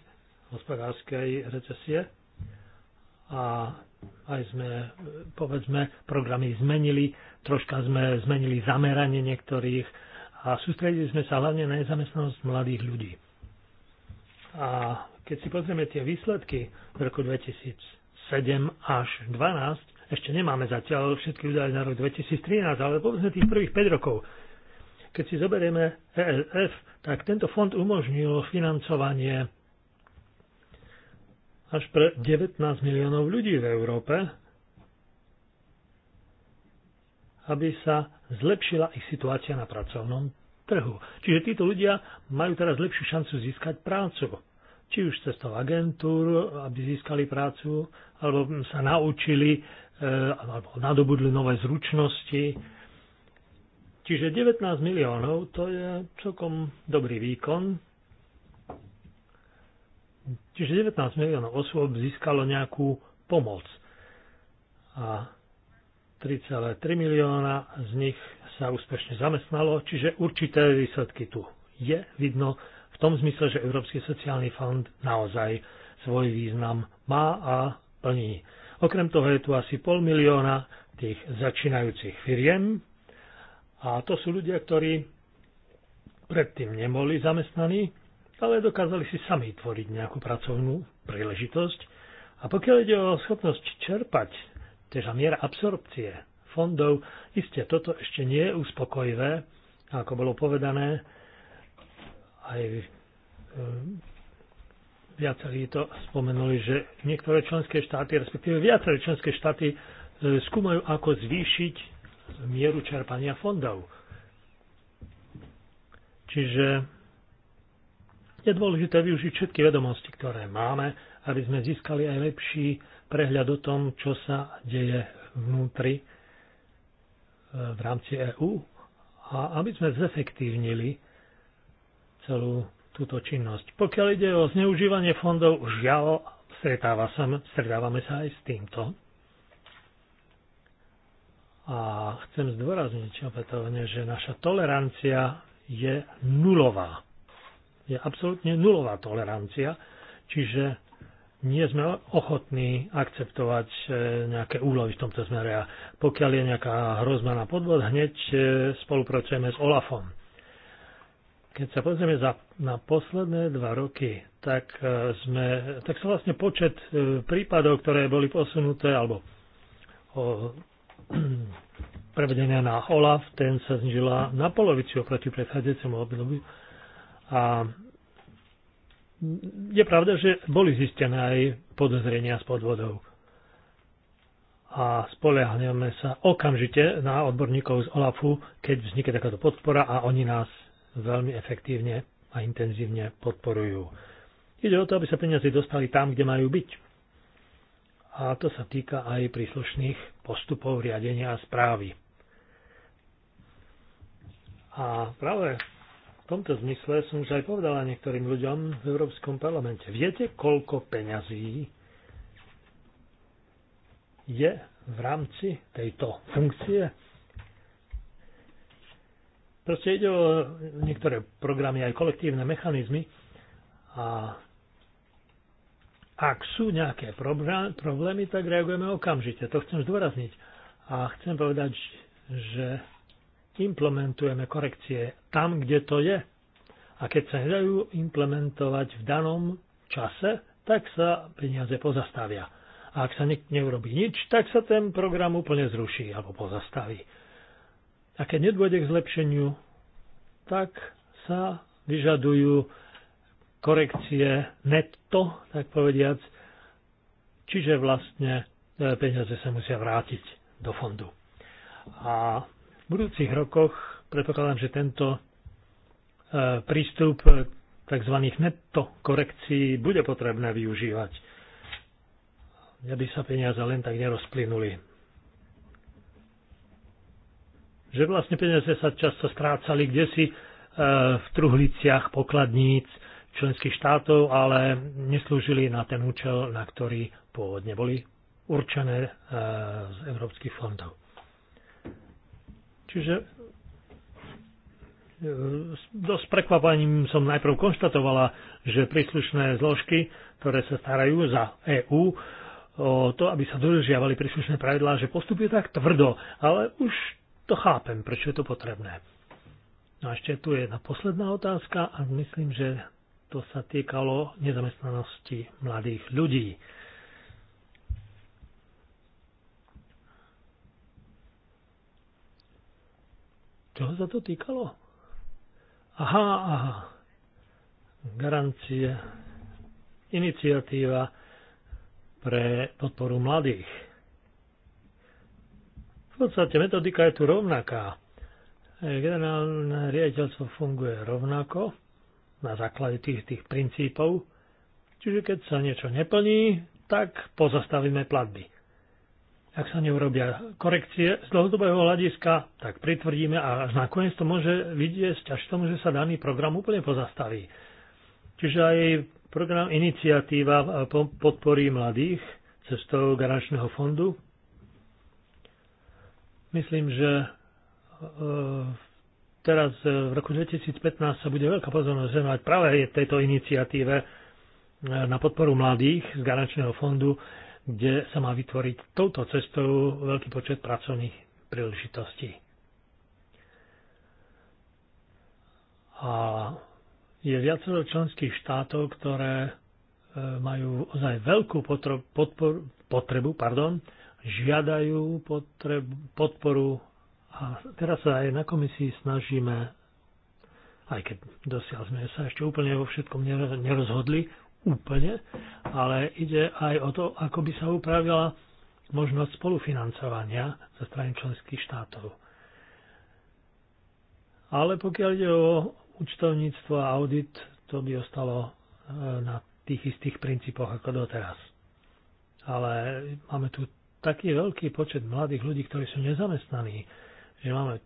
S2: hospodárskej recesie a aj sme, povedzme, programy zmenili troška sme zmenili zameranie niektorých a sústredili sme sa hlavne na nezamestnanosť mladých ľudí. A keď si pozrieme tie výsledky v roku 2007 až 2012, ešte nemáme zatiaľ všetky údaje na rok 2013, ale povedzme tých prvých 5 rokov. Keď si zoberieme ELF, tak tento fond umožnil financovanie až pre 19 miliónov ľudí v Európe aby sa zlepšila ich situácia na pracovnom trhu. Čiže títo ľudia majú teraz lepšiu šancu získať prácu. Či už cestou agentúr, aby získali prácu, alebo sa naučili, e, alebo nadobudli nové zručnosti. Čiže 19 miliónov to je celkom dobrý výkon. Čiže 19 miliónov osôb získalo nejakú pomoc. A 3,3 milióna z nich sa úspešne zamestnalo, čiže určité výsledky tu je vidno v tom zmysle, že Európsky sociálny fond naozaj svoj význam má a plní. Okrem toho je tu asi pol milióna tých začínajúcich firiem a to sú ľudia, ktorí predtým neboli zamestnaní, ale dokázali si sami tvoriť nejakú pracovnú príležitosť. A pokiaľ ide o schopnosť čerpať teda miera absorpcie fondov. Isté, toto ešte nie je uspokojivé, ako bolo povedané, aj e, viacerí to spomenuli, že niektoré členské štáty, respektíve viaceré členské štáty e, skúmajú, ako zvýšiť mieru čerpania fondov. Čiže je dôležité využiť všetky vedomosti, ktoré máme, aby sme získali aj lepší prehľad o tom, čo sa deje vnútri e, v rámci EÚ a aby sme zefektívnili celú túto činnosť. Pokiaľ ide o zneužívanie fondov, žiaľ, stretáva sa, stretávame sa aj s týmto. A chcem zdôrazniť opätovne, že naša tolerancia je nulová. Je absolútne nulová tolerancia, čiže nie sme ochotní akceptovať e, nejaké úlohy v tomto smere. A pokiaľ je nejaká hrozba na podvod, hneď e, spolupracujeme s OLAFom. Keď sa pozrieme za, na posledné dva roky, tak, e, sme, tak sa vlastne počet prípadov, ktoré boli posunuté alebo o, prevedené na OLAF, ten sa znižila na polovicu oproti predchádzajúcemu obdobiu. A je pravda, že boli zistené aj podozrenia z podvodov. A spoliahneme sa okamžite na odborníkov z OLAFu, keď vznikne takáto podpora a oni nás veľmi efektívne a intenzívne podporujú. Ide o to, aby sa peniaze dostali tam, kde majú byť. A to sa týka aj príslušných postupov riadenia a správy. A práve v tomto zmysle som už aj povedala niektorým ľuďom v Európskom parlamente. Viete, koľko peňazí je v rámci tejto funkcie? Proste ide o niektoré programy, aj kolektívne mechanizmy a ak sú nejaké problémy, tak reagujeme okamžite. To chcem zdôrazniť. A chcem povedať, že implementujeme korekcie tam, kde to je. A keď sa nedajú implementovať v danom čase, tak sa peniaze pozastavia. A ak sa ne- neurobí nič, tak sa ten program úplne zruší alebo pozastaví. A keď nedôjde k zlepšeniu, tak sa vyžadujú korekcie netto, tak povediac, čiže vlastne e, peniaze sa musia vrátiť do fondu. A v budúcich rokoch predpokladám, že tento e, prístup tzv. netto korekcií bude potrebné využívať, aby sa peniaze len tak nerozplynuli. Že vlastne peniaze sa často strácali kde si e, v truhliciach pokladníc členských štátov, ale neslúžili na ten účel, na ktorý pôvodne boli určené e, z európskych fondov. Čiže e, dosť prekvapaním som najprv konštatovala, že príslušné zložky, ktoré sa starajú za EÚ, o to, aby sa dodržiavali príslušné pravidlá, že postupuje tak tvrdo, ale už to chápem, prečo je to potrebné. No a ešte tu je jedna posledná otázka a myslím, že to sa týkalo nezamestnanosti mladých ľudí. Čoho sa to týkalo? Aha, aha. Garancie. Iniciatíva pre podporu mladých. V podstate metodika je tu rovnaká. Eh, generálne riaditeľstvo funguje rovnako na základe tých, tých princípov. Čiže keď sa niečo neplní, tak pozastavíme platby. Ak sa neurobia korekcie z dlhodobého hľadiska, tak pritvrdíme a až nakoniec to môže vidieť až tomu, že sa daný program úplne pozastaví. Čiže aj program Iniciatíva podporí mladých cestou garančného fondu. Myslím, že e, teraz e, v roku 2015 sa bude veľká pozornosť venovať práve tejto iniciatíve e, na podporu mladých z garančného fondu kde sa má vytvoriť touto cestou veľký počet pracovných príležitostí. A je viacero členských štátov, ktoré e, majú ozaj veľkú potrebu, podpor, potrebu pardon, žiadajú potreb- podporu a teraz sa aj na komisii snažíme, aj keď dosiaľ sme sa ešte úplne vo všetkom nerozhodli, úplne, ale ide aj o to, ako by sa upravila možnosť spolufinancovania zo strany členských štátov. Ale pokiaľ ide o účtovníctvo a audit, to by ostalo e, na tých istých princípoch ako doteraz. Ale máme tu taký veľký počet mladých ľudí, ktorí sú nezamestnaní, že máme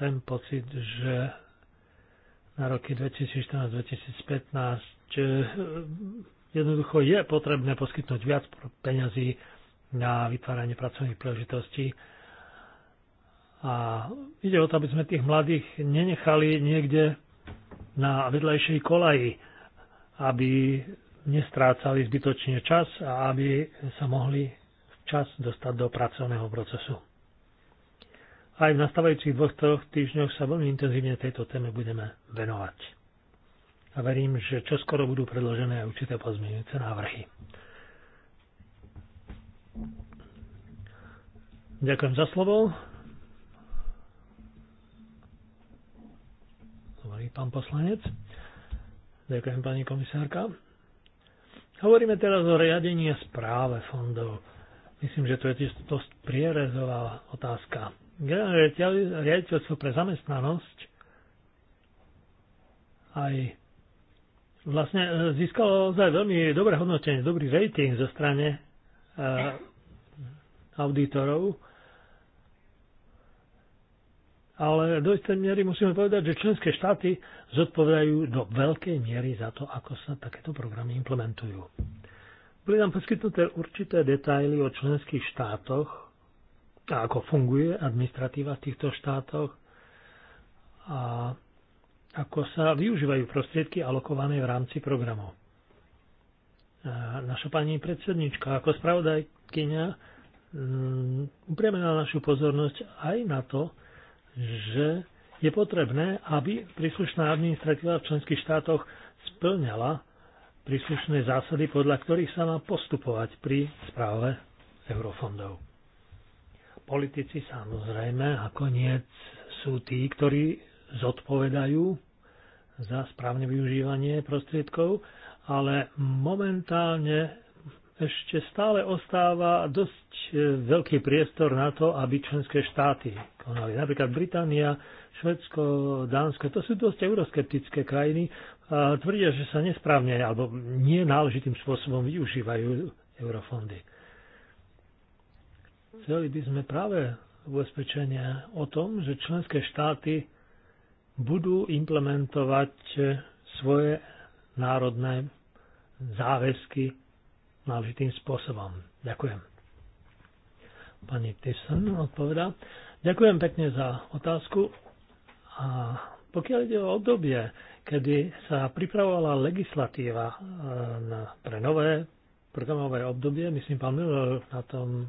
S2: ten pocit, že na roky 2014-2015 že eh, jednoducho je potrebné poskytnúť viac peňazí na vytváranie pracovných príležitostí. A ide o to, aby sme tých mladých nenechali niekde na vedľajšej kolaji, aby nestrácali zbytočne čas a aby sa mohli včas dostať do pracovného procesu. Aj v nastavajúcich dvoch, troch týždňoch sa veľmi intenzívne tejto téme budeme venovať a verím, že čoskoro budú predložené aj určité pozmeňujúce návrhy. Ďakujem za slovo. Hovorí pán poslanec. Ďakujem pani komisárka. Hovoríme teraz o riadení a správe fondov. Myslím, že to je tiež dosť prierezová otázka. Generálne riaditeľstvo pre zamestnanosť aj vlastne e, získalo ozaj veľmi dobré hodnotenie, dobrý rating zo strany e, auditorov. Ale do istej miery musíme povedať, že členské štáty zodpovedajú do veľkej miery za to, ako sa takéto programy implementujú. Boli nám poskytnuté určité detaily o členských štátoch a ako funguje administratíva v týchto štátoch a ako sa využívajú prostriedky alokované v rámci programov. Naša pani predsednička ako spravodajkyňa mm, upriamenala našu pozornosť aj na to, že je potrebné, aby príslušná administratíva v členských štátoch splňala príslušné zásady, podľa ktorých sa má postupovať pri správe eurofondov. Politici samozrejme, ako niec sú tí, ktorí zodpovedajú za správne využívanie prostriedkov, ale momentálne ešte stále ostáva dosť e, veľký priestor na to, aby členské štáty konali. Napríklad Británia, Švedsko, Dánsko, to sú dosť euroskeptické krajiny a tvrdia, že sa nesprávne alebo nenáležitým spôsobom využívajú eurofondy. Chceli by sme práve ubezpečenie o tom, že členské štáty budú implementovať svoje národné záväzky náležitým spôsobom. Ďakujem. Pani Tyson odpovedá. Ďakujem pekne za otázku. A pokiaľ ide o obdobie, kedy sa pripravovala legislatíva e, pre nové programové obdobie, myslím, pán Miller na tom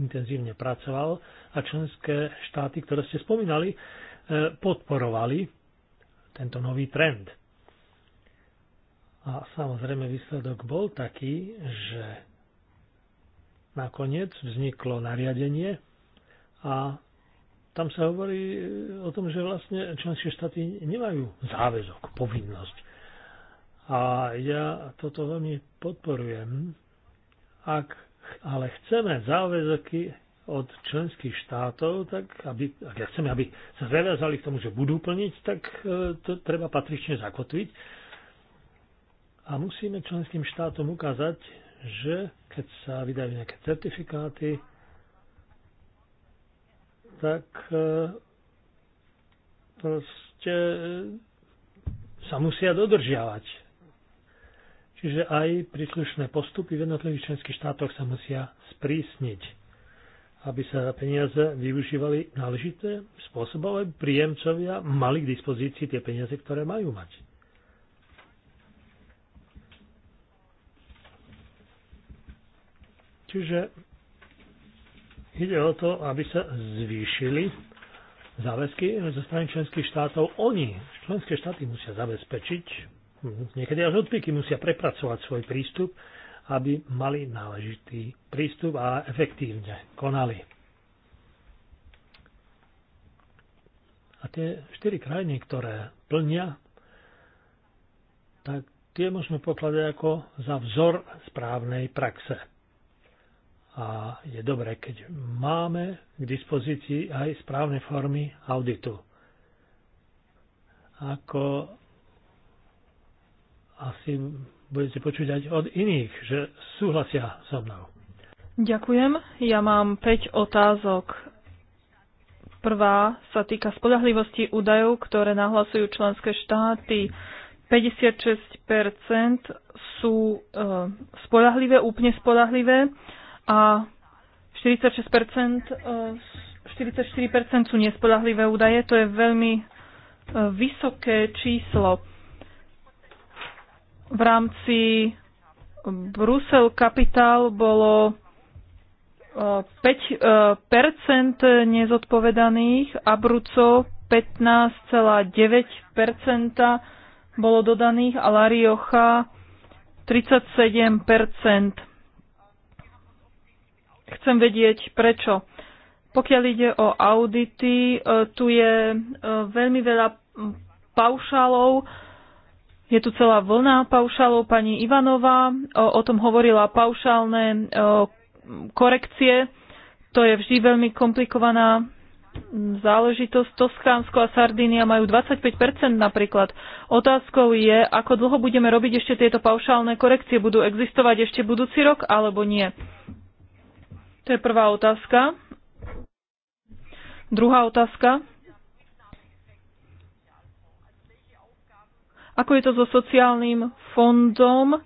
S2: intenzívne pracoval a členské štáty, ktoré ste spomínali, E, podporovali tento nový trend. A samozrejme výsledok bol taký, že nakoniec vzniklo nariadenie a tam sa hovorí o tom, že vlastne členské štáty nemajú záväzok, povinnosť. A ja toto veľmi podporujem. Ak ale chceme záväzky od členských štátov, tak aby, ak ja chceme, aby sa zaviazali k tomu, že budú plniť, tak e, to treba patrične zakotviť. A musíme členským štátom ukázať, že keď sa vydajú nejaké certifikáty, tak e, proste e, sa musia dodržiavať. Čiže aj príslušné postupy v jednotlivých členských štátoch sa musia sprísniť aby sa peniaze využívali náležité spôsobom, aby príjemcovia mali k dispozícii tie peniaze, ktoré majú mať. Čiže ide o to, aby sa zvýšili záväzky zo strany členských štátov. Oni, členské štáty, musia zabezpečiť, niekedy až odpíky musia prepracovať svoj prístup aby mali náležitý prístup a efektívne konali. A tie štyri krajiny, ktoré plnia, tak tie môžeme pokladať ako za vzor správnej praxe. A je dobré, keď máme k dispozícii aj správne formy auditu. Ako asi budete počuť aj od iných, že súhlasia so mnou.
S3: Ďakujem. Ja mám 5 otázok. Prvá sa týka spolahlivosti údajov, ktoré nahlasujú členské štáty. 56% sú e, spolahlivé, úplne spolahlivé a 46%, e, 44% sú nespolahlivé údaje. To je veľmi e, vysoké číslo v rámci Brusel Capital bolo 5 e, e, nezodpovedaných, Abruco 15,9 bolo dodaných a Lariocha 37 Chcem vedieť prečo. Pokiaľ ide o audity, e, tu je veľmi veľa paušálov, je tu celá vlna paušálov. Pani Ivanová o, o tom hovorila paušálne o, korekcie. To je vždy veľmi komplikovaná záležitosť. Toskánsko a Sardínia majú 25% napríklad. Otázkou je, ako dlho budeme robiť ešte tieto paušálne korekcie. Budú existovať ešte budúci rok alebo nie? To je prvá otázka. Druhá otázka. Ako je to so sociálnym fondom?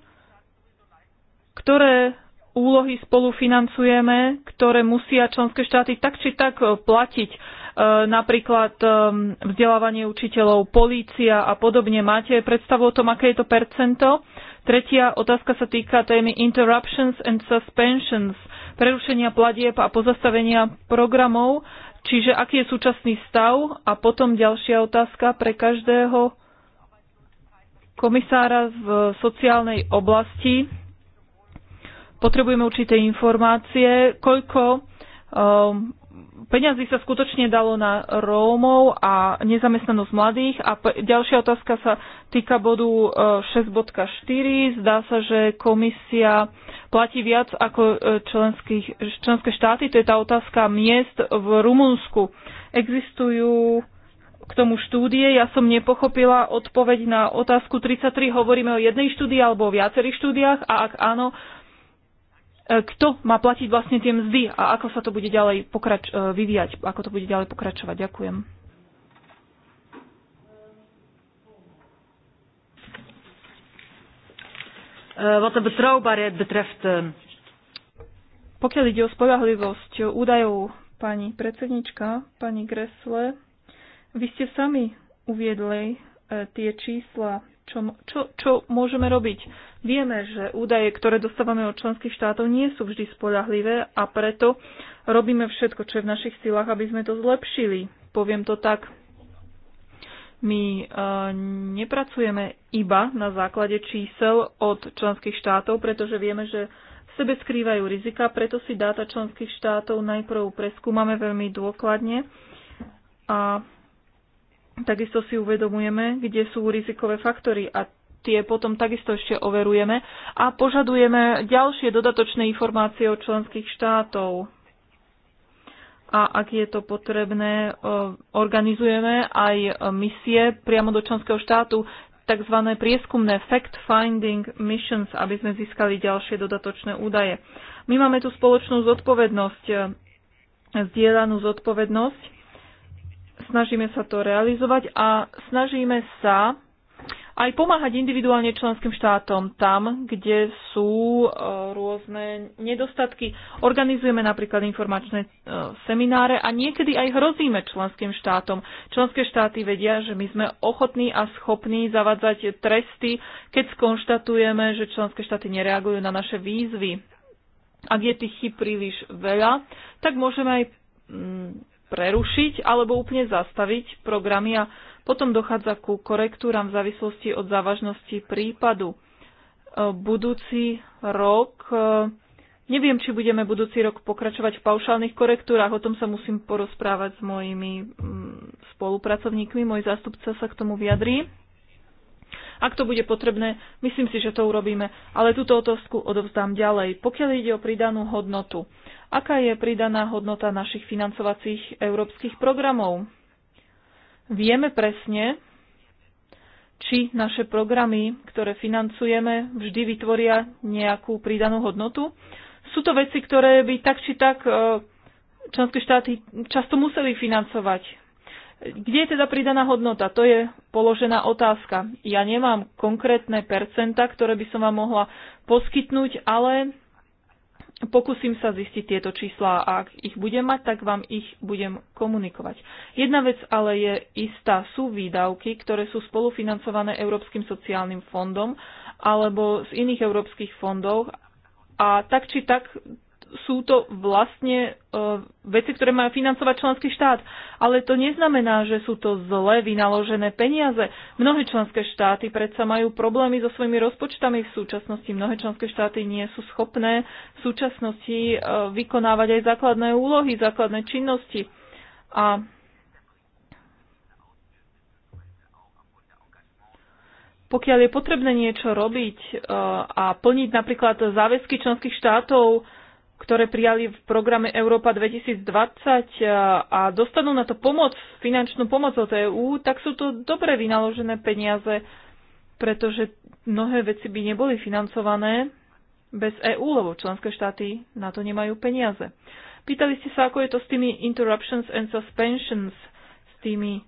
S3: Ktoré úlohy spolufinancujeme, ktoré musia členské štáty tak či tak e, platiť, e, napríklad e, vzdelávanie učiteľov, polícia a podobne. Máte predstavu o tom, aké je to percento? Tretia otázka sa týka témy interruptions and suspensions, prerušenia platieb a pozastavenia programov, čiže aký je súčasný stav a potom ďalšia otázka pre každého komisára v sociálnej oblasti. Potrebujeme určité informácie, koľko um, peňazí sa skutočne dalo na Rómov a nezamestnanosť mladých. A ďalšia otázka sa týka bodu 6.4. Eh, Zdá sa, že komisia platí viac ako eh, členské štáty. To je tá otázka miest v Rumunsku. Existujú k tomu štúdie. Ja som nepochopila odpoveď na otázku 33. Hovoríme o jednej štúdii alebo o viacerých štúdiách a ak áno, e, kto má platiť vlastne tie mzdy a ako sa to bude ďalej pokrač- e, vyvíjať, ako to bude ďalej pokračovať. Ďakujem. E, wat de betrouwbaarheid betreft. Pokiaľ ide o spolahlivosť údajov pani predsednička, pani Gresle, vy ste sami uviedli e, tie čísla, čo, čo, čo môžeme robiť. Vieme, že údaje, ktoré dostávame od členských štátov, nie sú vždy spolahlivé a preto robíme všetko, čo je v našich silách, aby sme to zlepšili. Poviem to tak. My e, nepracujeme iba na základe čísel od členských štátov, pretože vieme, že v sebe skrývajú rizika, preto si dáta členských štátov najprv preskúmame veľmi dôkladne a Takisto si uvedomujeme, kde sú rizikové faktory a tie potom takisto ešte overujeme a požadujeme ďalšie dodatočné informácie od členských štátov. A ak je to potrebné, e, organizujeme aj misie priamo do členského štátu, tzv. prieskumné fact-finding missions, aby sme získali ďalšie dodatočné údaje. My máme tu spoločnú zodpovednosť, e, zdieľanú zodpovednosť snažíme sa to realizovať a snažíme sa aj pomáhať individuálne členským štátom tam, kde sú e, rôzne nedostatky. Organizujeme napríklad informačné e, semináre a niekedy aj hrozíme členským štátom. Členské štáty vedia, že my sme ochotní a schopní zavadzať tresty, keď skonštatujeme, že členské štáty nereagujú na naše výzvy. Ak je tých chyb príliš veľa, tak môžeme aj mm, prerušiť alebo úplne zastaviť programy a potom dochádza ku korektúram v závislosti od závažnosti prípadu. E, budúci rok, e, neviem, či budeme budúci rok pokračovať v paušálnych korektúrach, o tom sa musím porozprávať s mojimi mm, spolupracovníkmi, môj zástupca sa k tomu vyjadrí. Ak to bude potrebné, myslím si, že to urobíme, ale túto otázku odovzdám ďalej. Pokiaľ ide o pridanú hodnotu, aká je pridaná hodnota našich financovacích európskych programov? Vieme presne, či naše programy, ktoré financujeme, vždy vytvoria nejakú pridanú hodnotu. Sú to veci, ktoré by tak či tak eh, členské štáty často museli financovať kde je teda pridaná hodnota? To je položená otázka. Ja nemám konkrétne percenta, ktoré by som vám mohla poskytnúť, ale pokúsim sa zistiť tieto čísla a ak ich budem mať, tak vám ich budem komunikovať. Jedna vec ale je istá. Sú výdavky, ktoré sú spolufinancované Európskym sociálnym fondom alebo z iných európskych fondov a tak či tak sú to vlastne e, veci, ktoré má financovať členský štát. Ale to neznamená, že sú to zle vynaložené peniaze. Mnohé členské štáty predsa majú problémy so svojimi rozpočtami v súčasnosti. Mnohé členské štáty nie sú schopné v súčasnosti e, vykonávať aj základné úlohy, základné činnosti. A pokiaľ je potrebné niečo robiť e, a plniť napríklad záväzky členských štátov, ktoré prijali v programe Európa 2020 eh, a dostanú na to pomoc, finančnú pomoc od EÚ, tak sú to dobre vynaložené peniaze, pretože mnohé veci by neboli financované bez EÚ, lebo členské štáty na to nemajú peniaze. Pýtali ste sa, ako je to s tými interruptions and suspensions, s tými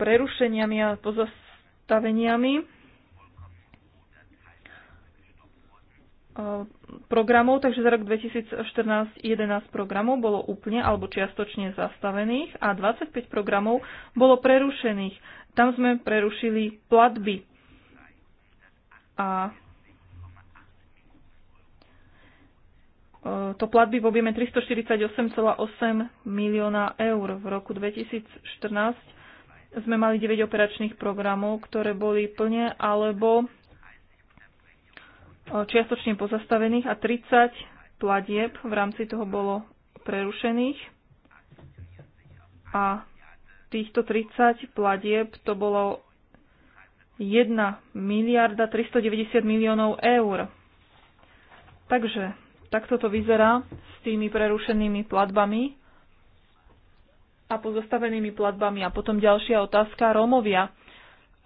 S3: prerušeniami a pozastaveniami. Eh, programov, takže za rok 2014 11 programov bolo úplne alebo čiastočne zastavených a 25 programov bolo prerušených. Tam sme prerušili platby. A e, to platby v objeme 348,8 milióna eur. V roku 2014 sme mali 9 operačných programov, ktoré boli plne alebo čiastočne pozastavených a 30 platieb v rámci toho bolo prerušených. A týchto 30 platieb to bolo 1 miliarda 390 miliónov eur. Takže takto to vyzerá s tými prerušenými platbami a pozostavenými platbami. A potom ďalšia otázka Rómovia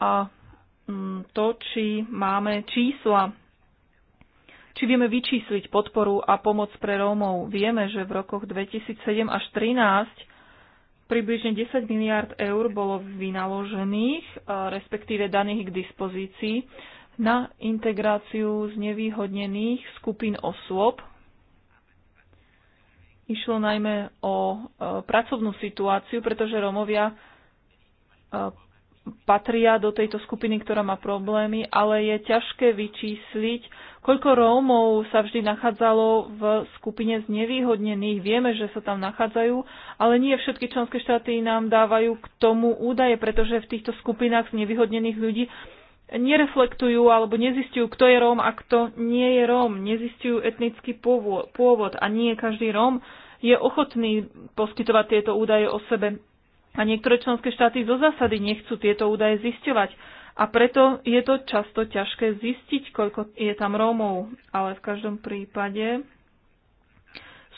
S3: a mm, to, či máme čísla či vieme vyčísliť podporu a pomoc pre Rómov. Vieme, že v rokoch 2007 až 2013 približne 10 miliard eur bolo vynaložených, e, respektíve daných k dispozícii, na integráciu znevýhodnených skupín osôb. Išlo najmä o e, pracovnú situáciu, pretože Romovia e, patria do tejto skupiny, ktorá má problémy, ale je ťažké vyčísliť, koľko Rómov sa vždy nachádzalo v skupine znevýhodnených. Vieme, že sa tam nachádzajú, ale nie všetky členské štáty nám dávajú k tomu údaje, pretože v týchto skupinách znevýhodnených ľudí nereflektujú alebo nezistujú, kto je Róm a kto nie je Róm. Nezistujú etnický pôvod a nie každý Róm je ochotný poskytovať tieto údaje o sebe a niektoré členské štáty zo zásady nechcú tieto údaje zisťovať. A preto je to často ťažké zistiť, koľko je tam Rómov. Ale v každom prípade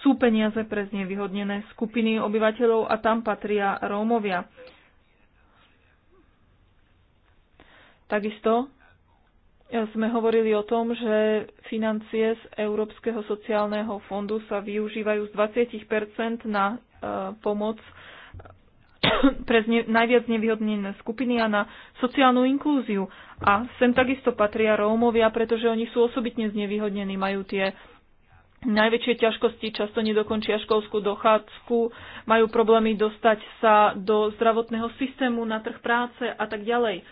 S3: sú peniaze pre znevýhodnené skupiny obyvateľov a tam patria Rómovia. Takisto sme hovorili o tom, že financie z Európskeho sociálneho fondu sa využívajú z 20 na e, pomoc pre zne, najviac nevyhodnené skupiny a na sociálnu inklúziu. A sem takisto patria Rómovia, pretože oni sú osobitne znevýhodnení, majú tie najväčšie ťažkosti, často nedokončia školskú dochádzku, majú problémy dostať sa do zdravotného systému, na trh práce a tak ďalej.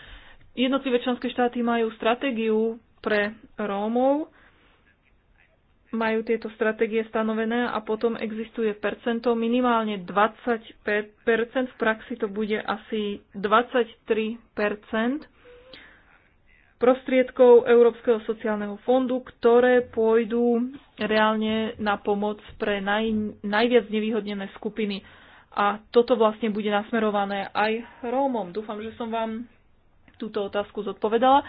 S3: Jednotlivé členské štáty majú stratégiu pre Rómov, majú tieto stratégie stanovené a potom existuje percento, minimálne 20%, v praxi to bude asi 23% prostriedkov Európskeho sociálneho fondu, ktoré pôjdu reálne na pomoc pre naj, najviac nevyhodnené skupiny. A toto vlastne bude nasmerované aj Rómom. Dúfam, že som vám túto otázku zodpovedala.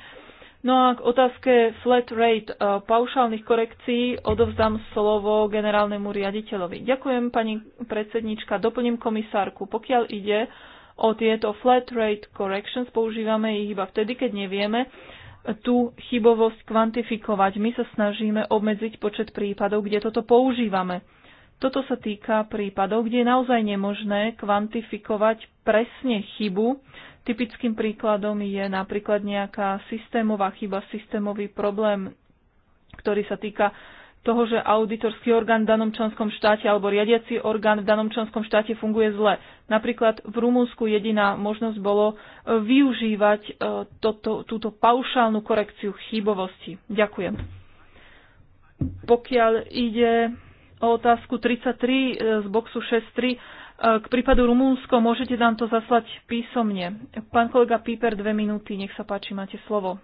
S3: No a k otázke flat rate eh, paušálnych korekcií odovzdám slovo generálnemu riaditeľovi. Ďakujem, pani predsednička. Doplním komisárku. Pokiaľ ide o tieto flat rate corrections, používame ich iba vtedy, keď nevieme tú chybovosť kvantifikovať. My sa snažíme obmedziť počet prípadov, kde toto používame. Toto sa týka prípadov, kde je naozaj nemožné kvantifikovať presne chybu. Typickým príkladom je napríklad nejaká systémová chyba, systémový problém, ktorý sa týka toho, že auditorský orgán v danom členskom štáte alebo riadiaci orgán v danom členskom štáte funguje zle. Napríklad v Rumúnsku jediná možnosť bolo e, využívať e, toto, túto paušálnu korekciu chybovosti. Ďakujem. Pokiaľ ide o otázku 33 e, z boxu 63 e, k prípadu Rumúnsko. Môžete nám to zaslať písomne. Pán kolega Píper, dve minúty. Nech sa páči, máte slovo.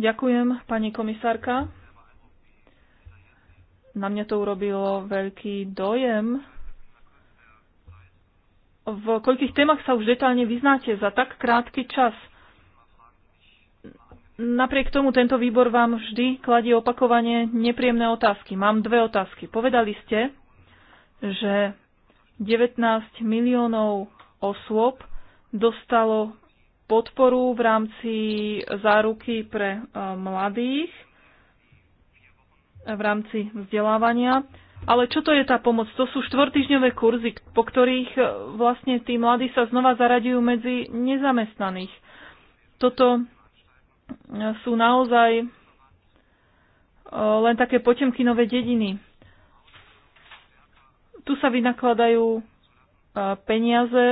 S3: Ďakujem, pani komisárka. Na mňa to urobilo veľký dojem. V koľkých témach sa už detálne vyznáte za tak krátky čas – Napriek tomu tento výbor vám vždy kladie opakovane nepríjemné otázky. Mám dve otázky. Povedali ste, že 19 miliónov osôb dostalo podporu v rámci záruky pre eh, mladých v rámci vzdelávania. Ale čo to je tá pomoc? To sú štvortýždňové kurzy, po ktorých eh, vlastne tí mladí sa znova zaradiujú medzi nezamestnaných. Toto sú naozaj e, len také potemkinové dediny. Tu sa vynakladajú e, peniaze,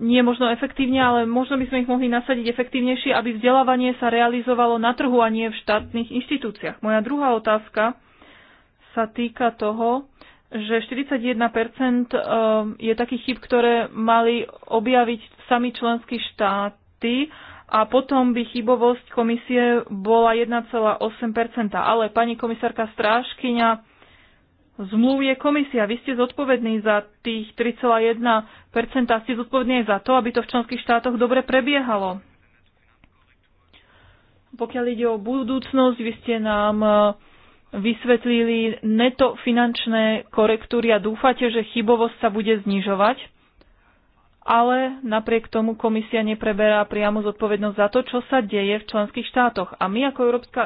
S3: nie možno efektívne, ale možno by sme ich mohli nasadiť efektívnejšie, aby vzdelávanie sa realizovalo na trhu a nie v štátnych inštitúciách. Moja druhá otázka sa týka toho, že 41% e, je takých chyb, ktoré mali objaviť sami členské štáty a potom by chybovosť komisie bola 1,8%. Ale pani komisárka Strážkyňa, zmluv je komisia. Vy ste zodpovední za tých 3,1%. Ste zodpovední za to, aby to v členských štátoch dobre prebiehalo. Pokiaľ ide o budúcnosť, vy ste nám e, vysvetlili neto finančné korektúry a dúfate, že chybovosť sa bude znižovať ale napriek tomu komisia nepreberá priamo zodpovednosť za to, čo sa deje v členských štátoch. A my ako Európska,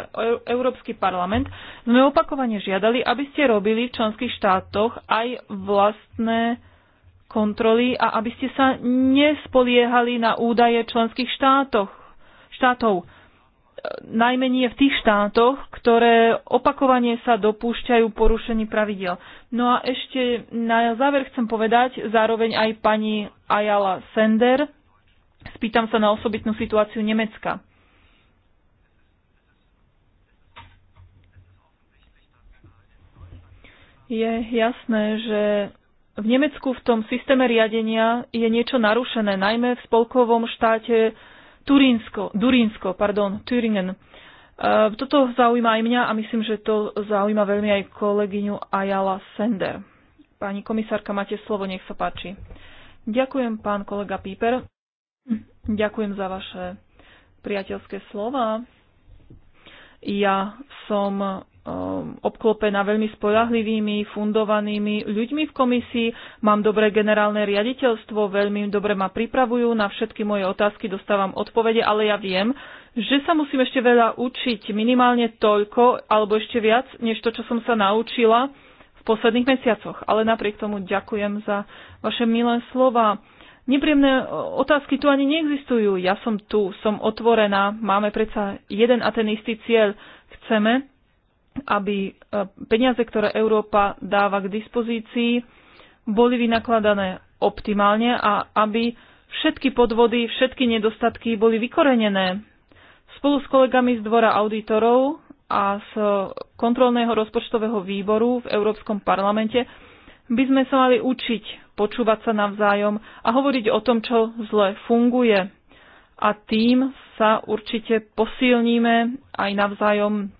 S3: Európsky parlament sme opakovane žiadali, aby ste robili v členských štátoch aj vlastné kontroly a aby ste sa nespoliehali na údaje členských štátoch, štátov najmenej v tých štátoch, ktoré opakovane sa dopúšťajú porušení pravidel. No a ešte na záver chcem povedať zároveň aj pani Ayala Sender. Spýtam sa na osobitnú situáciu Nemecka. Je jasné, že v Nemecku v tom systéme riadenia je niečo narušené, najmä v spolkovom štáte Turínsko, Durínsko, pardon, Turingen. E, toto zaujíma aj mňa a myslím, že to zaujíma veľmi aj kolegyňu Ayala Sender. Pani komisárka, máte slovo, nech sa páči. Ďakujem, pán kolega Píper. Ďakujem za vaše priateľské slova. Ja som Um, obklopená veľmi spolahlivými, fundovanými ľuďmi v komisii. Mám dobré generálne riaditeľstvo, veľmi dobre ma pripravujú, na všetky moje otázky dostávam odpovede, ale ja viem, že sa musím ešte veľa učiť, minimálne toľko, alebo ešte viac, než to, čo som sa naučila v posledných mesiacoch. Ale napriek tomu ďakujem za vaše milé slova. Nepríjemné e, otázky tu ani neexistujú. Ja som tu, som otvorená, máme predsa jeden a ten istý cieľ. Chceme, aby e, peniaze, ktoré Európa dáva k dispozícii, boli vynakladané optimálne a aby všetky podvody, všetky nedostatky boli vykorenené. Spolu s kolegami z Dvora auditorov a z kontrolného rozpočtového výboru v Európskom parlamente by sme sa mali učiť počúvať sa navzájom a hovoriť o tom, čo zle funguje. A tým sa určite posilníme aj navzájom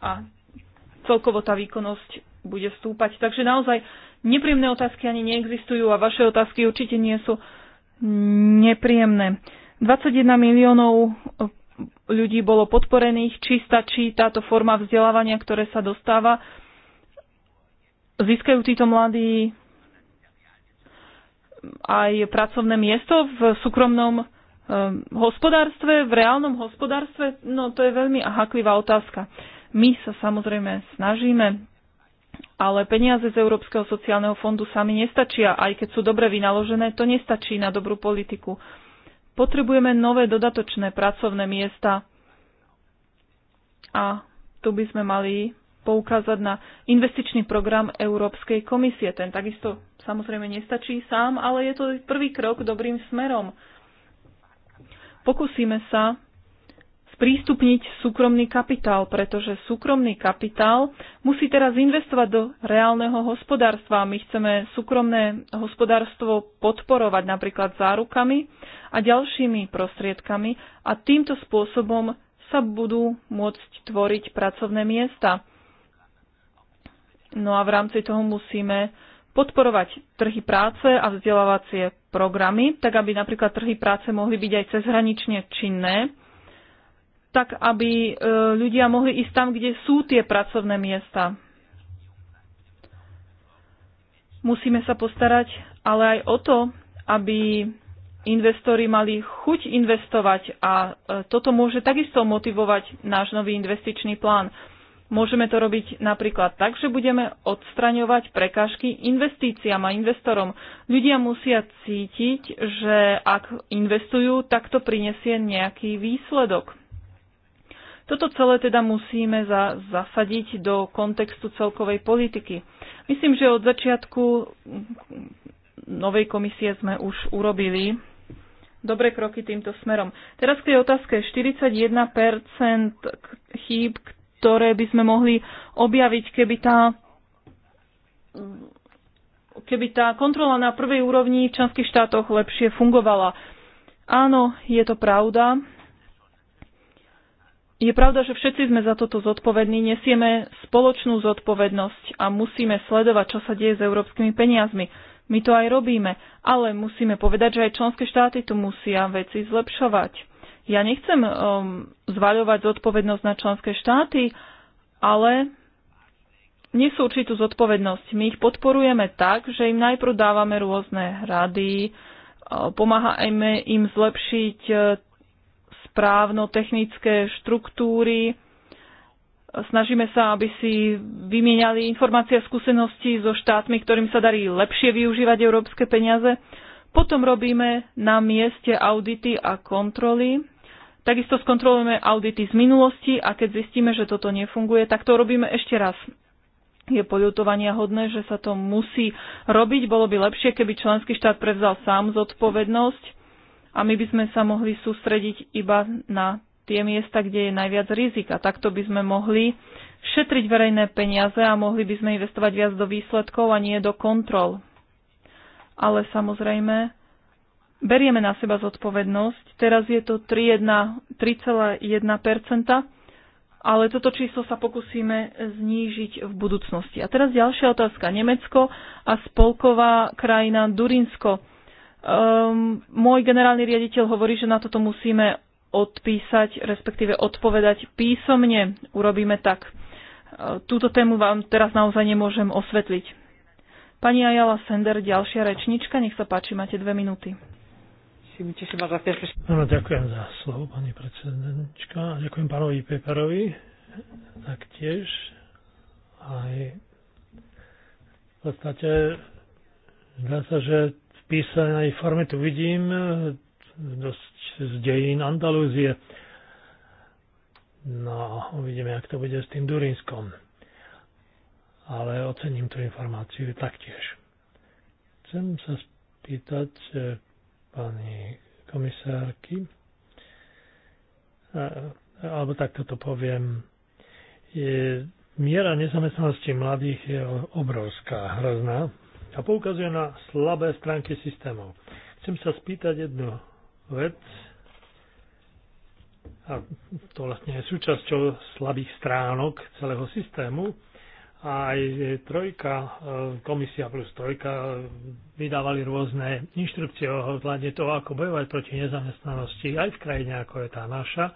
S3: a celkovo tá výkonnosť bude stúpať. Takže naozaj nepríjemné otázky ani neexistujú a vaše otázky určite nie sú nepríjemné. 21 miliónov eh, ľudí bolo podporených, či stačí táto forma vzdelávania, ktoré sa dostáva. Získajú títo mladí aj pracovné miesto v súkromnom eh, hospodárstve, v reálnom hospodárstve? No to je veľmi haklivá otázka. My sa samozrejme snažíme, ale peniaze z Európskeho sociálneho fondu sami nestačia, aj keď sú dobre vynaložené, to nestačí na dobrú politiku. Potrebujeme nové dodatočné pracovné miesta a tu by sme mali poukázať na investičný program Európskej komisie. Ten takisto samozrejme nestačí sám, ale je to prvý krok dobrým smerom. Pokúsime sa sprístupniť súkromný kapitál, pretože súkromný kapitál musí teraz investovať do reálneho hospodárstva. My chceme súkromné hospodárstvo podporovať napríklad zárukami a ďalšími prostriedkami a týmto spôsobom sa budú môcť tvoriť pracovné miesta. No a v rámci toho musíme podporovať trhy práce a vzdelávacie programy, tak aby napríklad trhy práce mohli byť aj cezhranične činné tak aby e, ľudia mohli ísť tam, kde sú tie pracovné miesta. Musíme sa postarať ale aj o to, aby investori mali chuť investovať a e, toto môže takisto motivovať náš nový investičný plán. Môžeme to robiť napríklad tak, že budeme odstraňovať prekážky investíciám a investorom. Ľudia musia cítiť, že ak investujú, tak to prinesie nejaký výsledok. Toto celé teda musíme za, zasadiť do kontextu celkovej politiky. Myslím, že od začiatku novej komisie sme už urobili dobré kroky týmto smerom. Teraz k tej otázke 41% chýb, ktoré by sme mohli objaviť, keby tá keby tá kontrola na prvej úrovni v členských štátoch lepšie fungovala. Áno, je to pravda. Je pravda, že všetci sme za toto zodpovední, nesieme spoločnú zodpovednosť a musíme sledovať, čo sa deje s európskymi peniazmi. My to aj robíme, ale musíme povedať, že aj členské štáty tu musia veci zlepšovať. Ja nechcem um, zvaľovať zodpovednosť na členské štáty, ale nesú určitú zodpovednosť. My ich podporujeme tak, že im najprv dávame rôzne rady, uh, pomáhajme im zlepšiť uh, právno-technické štruktúry. Snažíme sa, aby si vymieniali informácie a skúsenosti so štátmi, ktorým sa darí lepšie využívať európske peniaze. Potom robíme na mieste audity a kontroly. Takisto skontrolujeme audity z minulosti a keď zistíme, že toto nefunguje, tak to robíme ešte raz je poľutovania hodné, že sa to musí robiť. Bolo by lepšie, keby členský štát prevzal sám zodpovednosť a my by sme sa mohli sústrediť iba na tie miesta, kde je najviac rizik. takto by sme mohli šetriť verejné peniaze a mohli by sme investovať viac do výsledkov a nie do kontrol. Ale samozrejme, berieme na seba zodpovednosť. Teraz je to 3,1%, ale toto číslo sa pokúsime znížiť v budúcnosti. A teraz ďalšia otázka. Nemecko a spolková krajina Durinsko Um, môj generálny riaditeľ hovorí, že na toto musíme odpísať, respektíve odpovedať písomne. Urobíme tak. Uh, túto tému vám teraz naozaj nemôžem osvetliť. Pani Ajala Sender, ďalšia rečnička, nech sa páči, máte dve minúty. No,
S2: ďakujem za slovo, pani predsednička. Ďakujem pánovi Peperovi taktiež. Aj v podstate zdá sa, že písanej forme tu vidím e, dosť z dejín Andalúzie. No, uvidíme, jak to bude s tým Durinskom. Ale ocením tú informáciu taktiež. Chcem sa spýtať e, pani komisárky, e, alebo takto to poviem, je, miera nezamestnanosti mladých je obrovská, hrozná, a poukazuje na slabé stránky systémov. Chcem sa spýtať jednu vec, a to vlastne je súčasťou slabých stránok celého systému, a aj trojka, e, komisia plus trojka e, vydávali rôzne inštrukcie ohľadne toho, ako bojovať proti nezamestnanosti aj v krajine, ako je tá naša.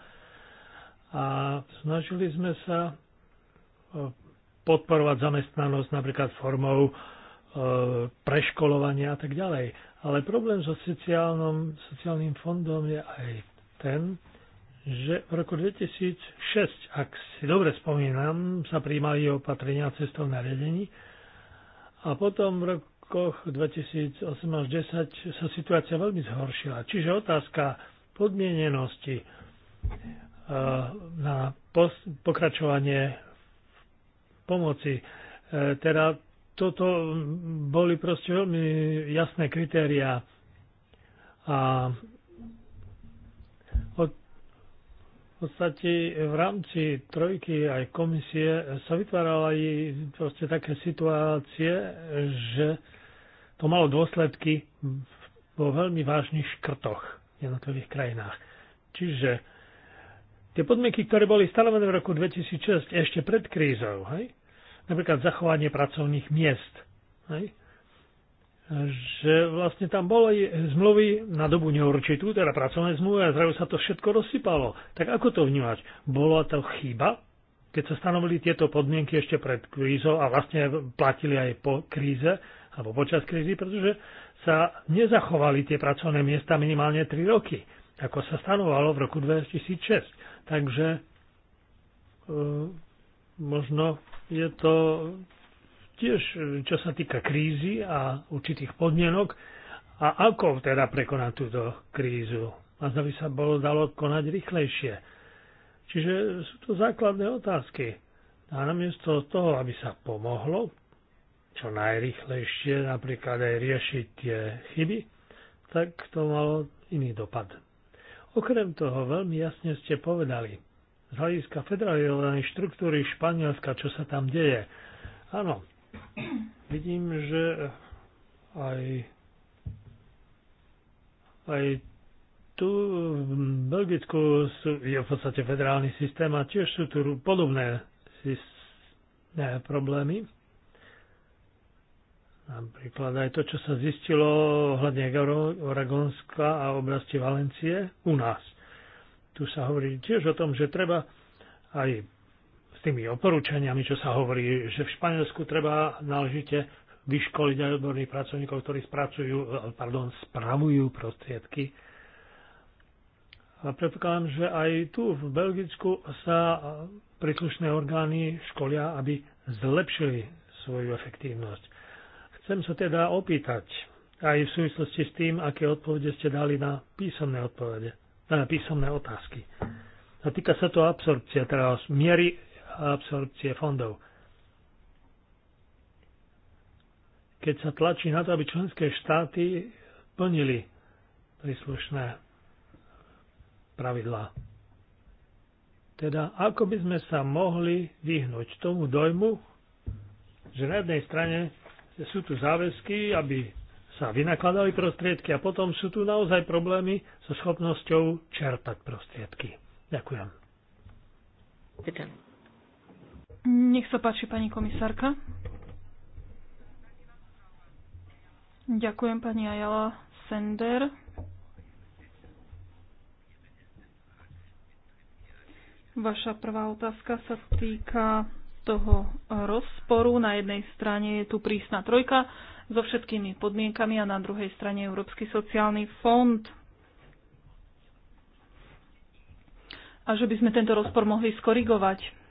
S2: A snažili sme sa e, podporovať zamestnanosť napríklad formou E, preškolovania a tak ďalej. Ale problém so sociálnym, sociálnym fondom je aj ten, že v roku 2006, ak si dobre spomínam, sa príjmali opatrenia cestov nariadení a potom v rokoch 2008 až 2010 sa situácia veľmi zhoršila. Čiže otázka podmienenosti e, na pokračovanie pomoci, e, teda toto boli proste veľmi jasné kritériá a od, v podstate v rámci trojky aj komisie sa vytvárala aj proste také situácie, že to malo dôsledky vo veľmi vážnych škrtoch v jednotlivých krajinách. Čiže tie podmienky, ktoré boli stanovené v roku 2006 ešte pred krízou, hej, napríklad zachovanie pracovných miest. Hej? že vlastne tam boli zmluvy na dobu neurčitú, teda pracovné zmluvy a zrazu sa to všetko rozsypalo. Tak ako to vnímať? Bola to chyba, keď sa stanovili tieto podmienky ešte pred krízou a vlastne platili aj po kríze alebo počas krízy, pretože sa nezachovali tie pracovné miesta minimálne 3 roky, ako sa stanovalo v roku 2006. Takže e, možno je to tiež, čo sa týka krízy a určitých podmienok a ako teda prekonať túto krízu. A by sa bolo dalo konať rýchlejšie. Čiže sú to základné otázky. A namiesto toho, aby sa pomohlo, čo najrychlejšie napríklad aj riešiť tie chyby, tak to malo iný dopad. Okrem toho veľmi jasne ste povedali, z hľadiska federálnej štruktúry Španielska, čo sa tam deje. Áno, vidím, že aj, aj tu v Belgicku sú, je v podstate federálny systém a tiež sú tu podobné ne, problémy. Napríklad aj to, čo sa zistilo ohľadne Aragonska a oblasti Valencie u nás. Tu sa hovorí tiež o tom, že treba aj s tými oporúčaniami, čo sa hovorí, že v Španielsku treba náležite vyškoliť aj odborných pracovníkov, ktorí spracujú, pardon, spravujú prostriedky. A predpokladám, že aj tu v Belgicku sa príslušné orgány školia, aby zlepšili svoju efektívnosť. Chcem sa teda opýtať aj v súvislosti s tým, aké odpovede ste dali na písomné odpovede písomné otázky. A týka sa to absorpcie, teda miery absorpcie fondov. Keď sa tlačí na to, aby členské štáty plnili príslušné pravidlá. Teda ako by sme sa mohli vyhnúť tomu dojmu, že na jednej strane sú tu záväzky, aby sa vynakladali prostriedky a potom sú tu naozaj problémy so schopnosťou čerpať prostriedky. Ďakujem.
S1: Ďakujem.
S3: Nech sa páči, pani komisárka. Ďakujem, pani Ajala Sender. Vaša prvá otázka sa týka toho rozporu. Na jednej strane je tu prísna trojka so všetkými podmienkami a na druhej strane Európsky sociálny fond. A že by sme tento rozpor mohli skorigovať.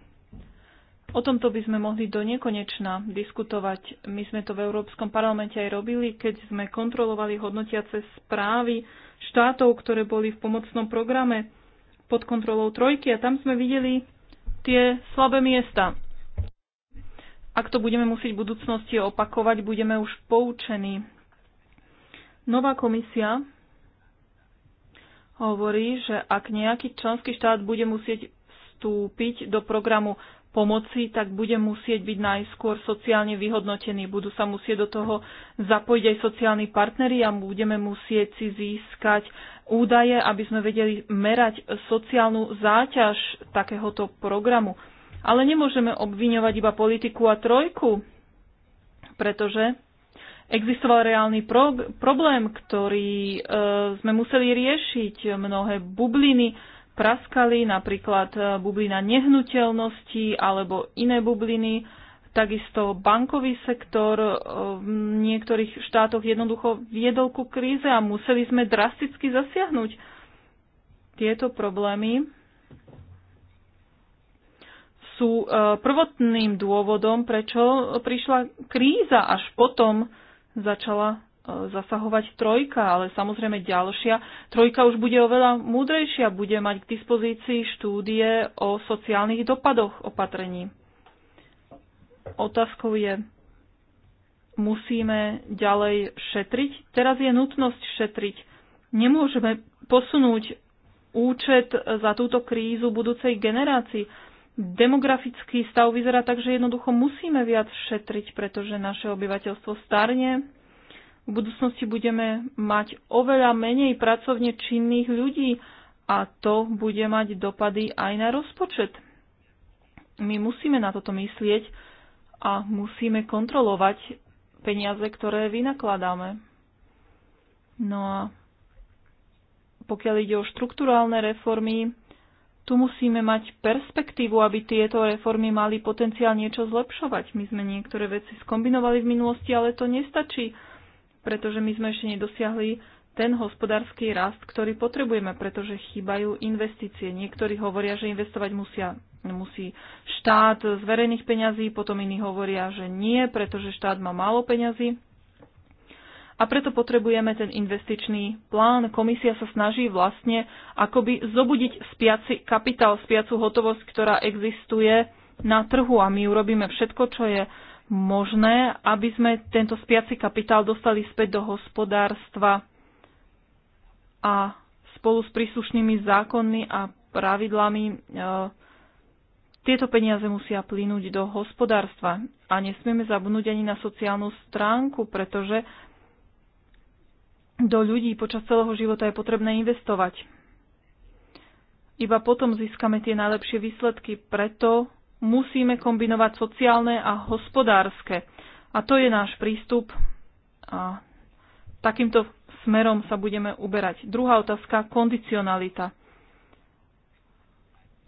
S3: O tomto by sme mohli do nekonečna diskutovať. My sme to v Európskom parlamente aj robili, keď sme kontrolovali hodnotiace správy štátov, ktoré boli v pomocnom programe pod kontrolou trojky a tam sme videli tie slabé miesta ak to budeme musieť v budúcnosti opakovať, budeme už poučení. Nová komisia hovorí, že ak nejaký členský štát bude musieť vstúpiť do programu pomoci, tak bude musieť byť najskôr sociálne vyhodnotený. Budú sa musieť do toho zapojiť aj sociálni partnery a budeme musieť si získať údaje, aby sme vedeli merať sociálnu záťaž takéhoto programu. Ale nemôžeme obviňovať iba politiku a trojku, pretože existoval reálny pro- problém, ktorý e, sme museli riešiť. Mnohé bubliny praskali, napríklad e, bublina nehnuteľnosti alebo iné bubliny. Takisto bankový sektor e, v niektorých štátoch jednoducho viedol ku kríze a museli sme drasticky zasiahnuť tieto problémy sú e, prvotným dôvodom, prečo prišla kríza, až potom začala e, zasahovať trojka, ale samozrejme ďalšia. Trojka už bude oveľa múdrejšia, bude mať k dispozícii štúdie o sociálnych dopadoch opatrení. Otázkou je, musíme ďalej šetriť? Teraz je nutnosť šetriť. Nemôžeme posunúť účet za túto krízu budúcej generácii demografický stav vyzerá tak, že jednoducho musíme viac šetriť, pretože naše obyvateľstvo starne. V budúcnosti budeme mať oveľa menej pracovne činných ľudí a to bude mať dopady aj na rozpočet. My musíme na toto myslieť a musíme kontrolovať peniaze, ktoré vynakladáme. No a pokiaľ ide o štruktúrálne reformy, tu musíme mať perspektívu, aby tieto reformy mali potenciál niečo zlepšovať. My sme niektoré veci skombinovali v minulosti, ale to nestačí, pretože my sme ešte nedosiahli ten hospodársky rast, ktorý potrebujeme, pretože chýbajú investície. Niektorí hovoria, že investovať musia, musí štát z verejných peňazí, potom iní hovoria, že nie, pretože štát má málo peňazí a preto potrebujeme ten investičný plán. Komisia sa snaží vlastne akoby zobudiť spiaci kapitál, spiacu hotovosť, ktorá existuje na trhu a my urobíme všetko, čo je možné, aby sme tento spiaci kapitál dostali späť do hospodárstva a spolu s príslušnými zákonmi a pravidlami e, tieto peniaze musia plynúť do hospodárstva. A nesmieme zabudnúť ani na sociálnu stránku, pretože do ľudí počas celého života je potrebné investovať. Iba potom získame tie najlepšie výsledky, preto musíme kombinovať sociálne a hospodárske. A to je náš prístup a takýmto smerom sa budeme uberať. Druhá otázka, kondicionalita.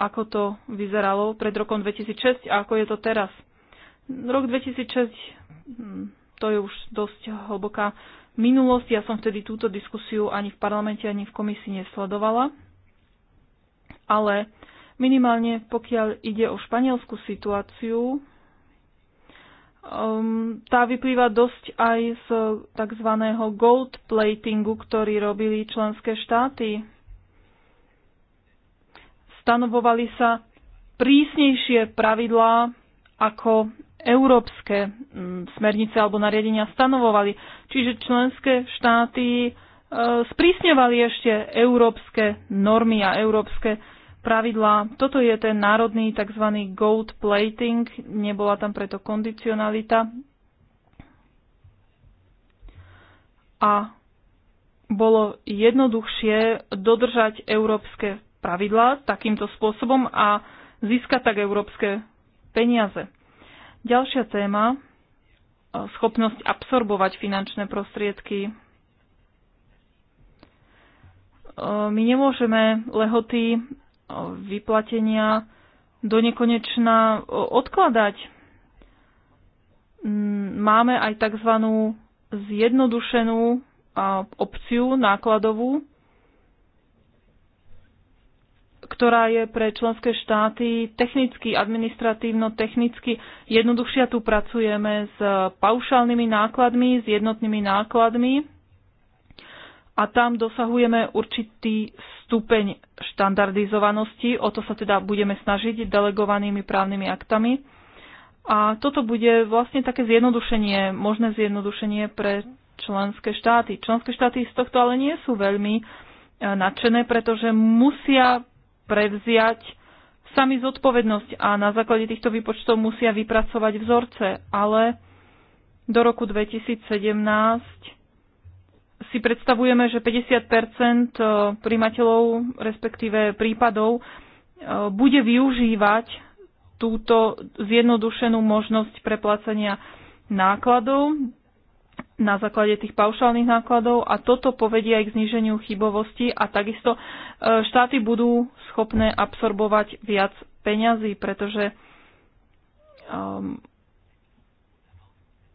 S3: Ako to vyzeralo pred rokom 2006 a ako je to teraz? Rok 2006, hm, to je už dosť hlboká minulosti. Ja som vtedy túto diskusiu ani v parlamente, ani v komisii nesledovala. Ale minimálne pokiaľ ide o španielskú situáciu, Um, tá vyplýva dosť aj z tzv. gold platingu, ktorý robili členské štáty. Stanovovali sa prísnejšie pravidlá, ako európske mm, smernice alebo nariadenia stanovovali. Čiže členské štáty e, sprísňovali ešte európske normy a európske pravidlá. Toto je ten národný tzv. gold plating, nebola tam preto kondicionalita. A bolo jednoduchšie dodržať európske pravidlá takýmto spôsobom a získať tak európske peniaze. Ďalšia téma, e, schopnosť absorbovať finančné prostriedky. E, my nemôžeme lehoty e, vyplatenia do nekonečna odkladať. Mm, máme aj tzv. zjednodušenú opciu nákladovú, ktorá je pre členské štáty technicky, administratívno-technicky jednoduchšia. Tu pracujeme s paušálnymi nákladmi, s jednotnými nákladmi a tam dosahujeme určitý stupeň štandardizovanosti. O to sa teda budeme snažiť delegovanými právnymi aktami. A toto bude vlastne také zjednodušenie, možné zjednodušenie pre členské štáty. Členské štáty z tohto ale nie sú veľmi eh, nadšené, pretože musia prevziať sami zodpovednosť a na základe týchto výpočtov musia vypracovať vzorce, ale do roku 2017 si predstavujeme, že 50 eh, príjmateľov, respektíve prípadov, eh, bude využívať túto zjednodušenú možnosť preplácania nákladov na základe tých paušálnych nákladov a toto povedie aj k zníženiu chybovosti a takisto e, štáty budú schopné absorbovať viac peňazí, pretože um,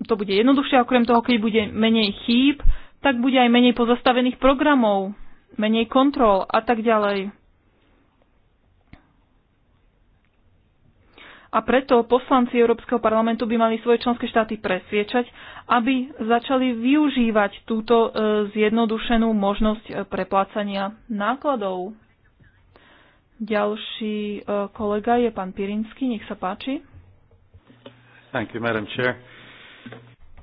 S3: to bude jednoduchšie, okrem toho, keď bude menej chýb, tak bude aj menej pozastavených programov, menej kontrol a tak ďalej. A preto poslanci Európskeho parlamentu by mali svoje členské štáty presviečať, aby začali využívať túto e, zjednodušenú možnosť e, preplácania nákladov. Ďalší e, kolega je pán Pirinsky, nech sa páči.
S2: Thank you, Madam Chair.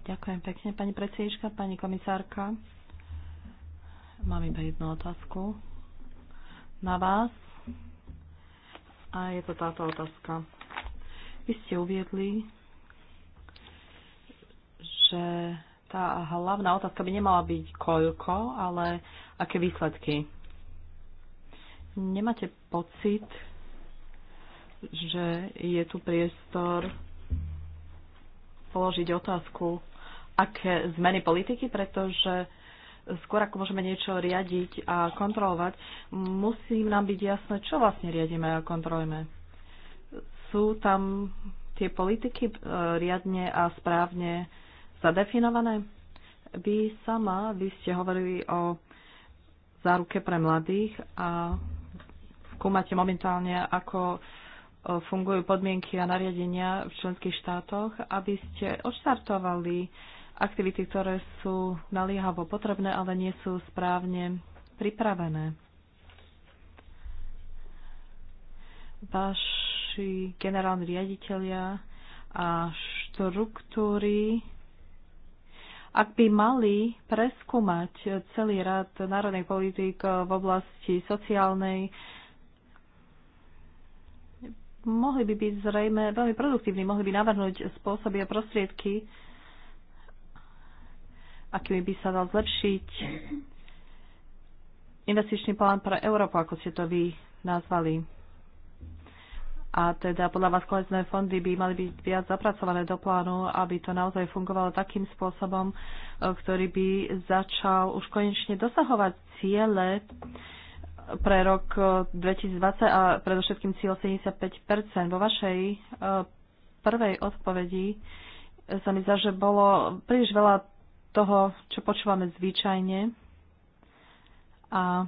S3: Ďakujem pekne, pani predsednička, pani komisárka.
S1: Mám iba jednu otázku na vás. A je to táto otázka. Vy ste uviedli, že tá hlavná otázka by nemala byť koľko, ale aké výsledky. Nemáte pocit, že je tu priestor položiť otázku, aké zmeny politiky, pretože skôr ako môžeme niečo riadiť a kontrolovať, musí nám byť jasné, čo vlastne riadime a kontrolujeme sú tam tie politiky e, riadne a správne zadefinované? Vy sama, vy ste hovorili o záruke pre mladých a skúmate momentálne, ako e, fungujú podmienky a nariadenia v členských štátoch, aby ste odštartovali aktivity, ktoré sú naliehavo potrebné, ale nie sú správne pripravené. Váš naši generálni riaditeľia a štruktúry, ak by mali preskúmať celý rad národnej politik v oblasti sociálnej, mohli by byť zrejme veľmi produktívni, mohli by navrhnúť spôsoby a prostriedky, akými by sa dal zlepšiť investičný plán pre Európu, ako ste to vy nazvali. A teda podľa vás kohezné fondy by mali byť viac zapracované do plánu, aby to naozaj fungovalo takým spôsobom, e, ktorý by začal už konečne dosahovať ciele pre rok 2020 e, a predovšetkým cieľ 75 Vo vašej e, prvej odpovedi sa mi zdá, že bolo príliš veľa toho, čo počúvame zvyčajne. A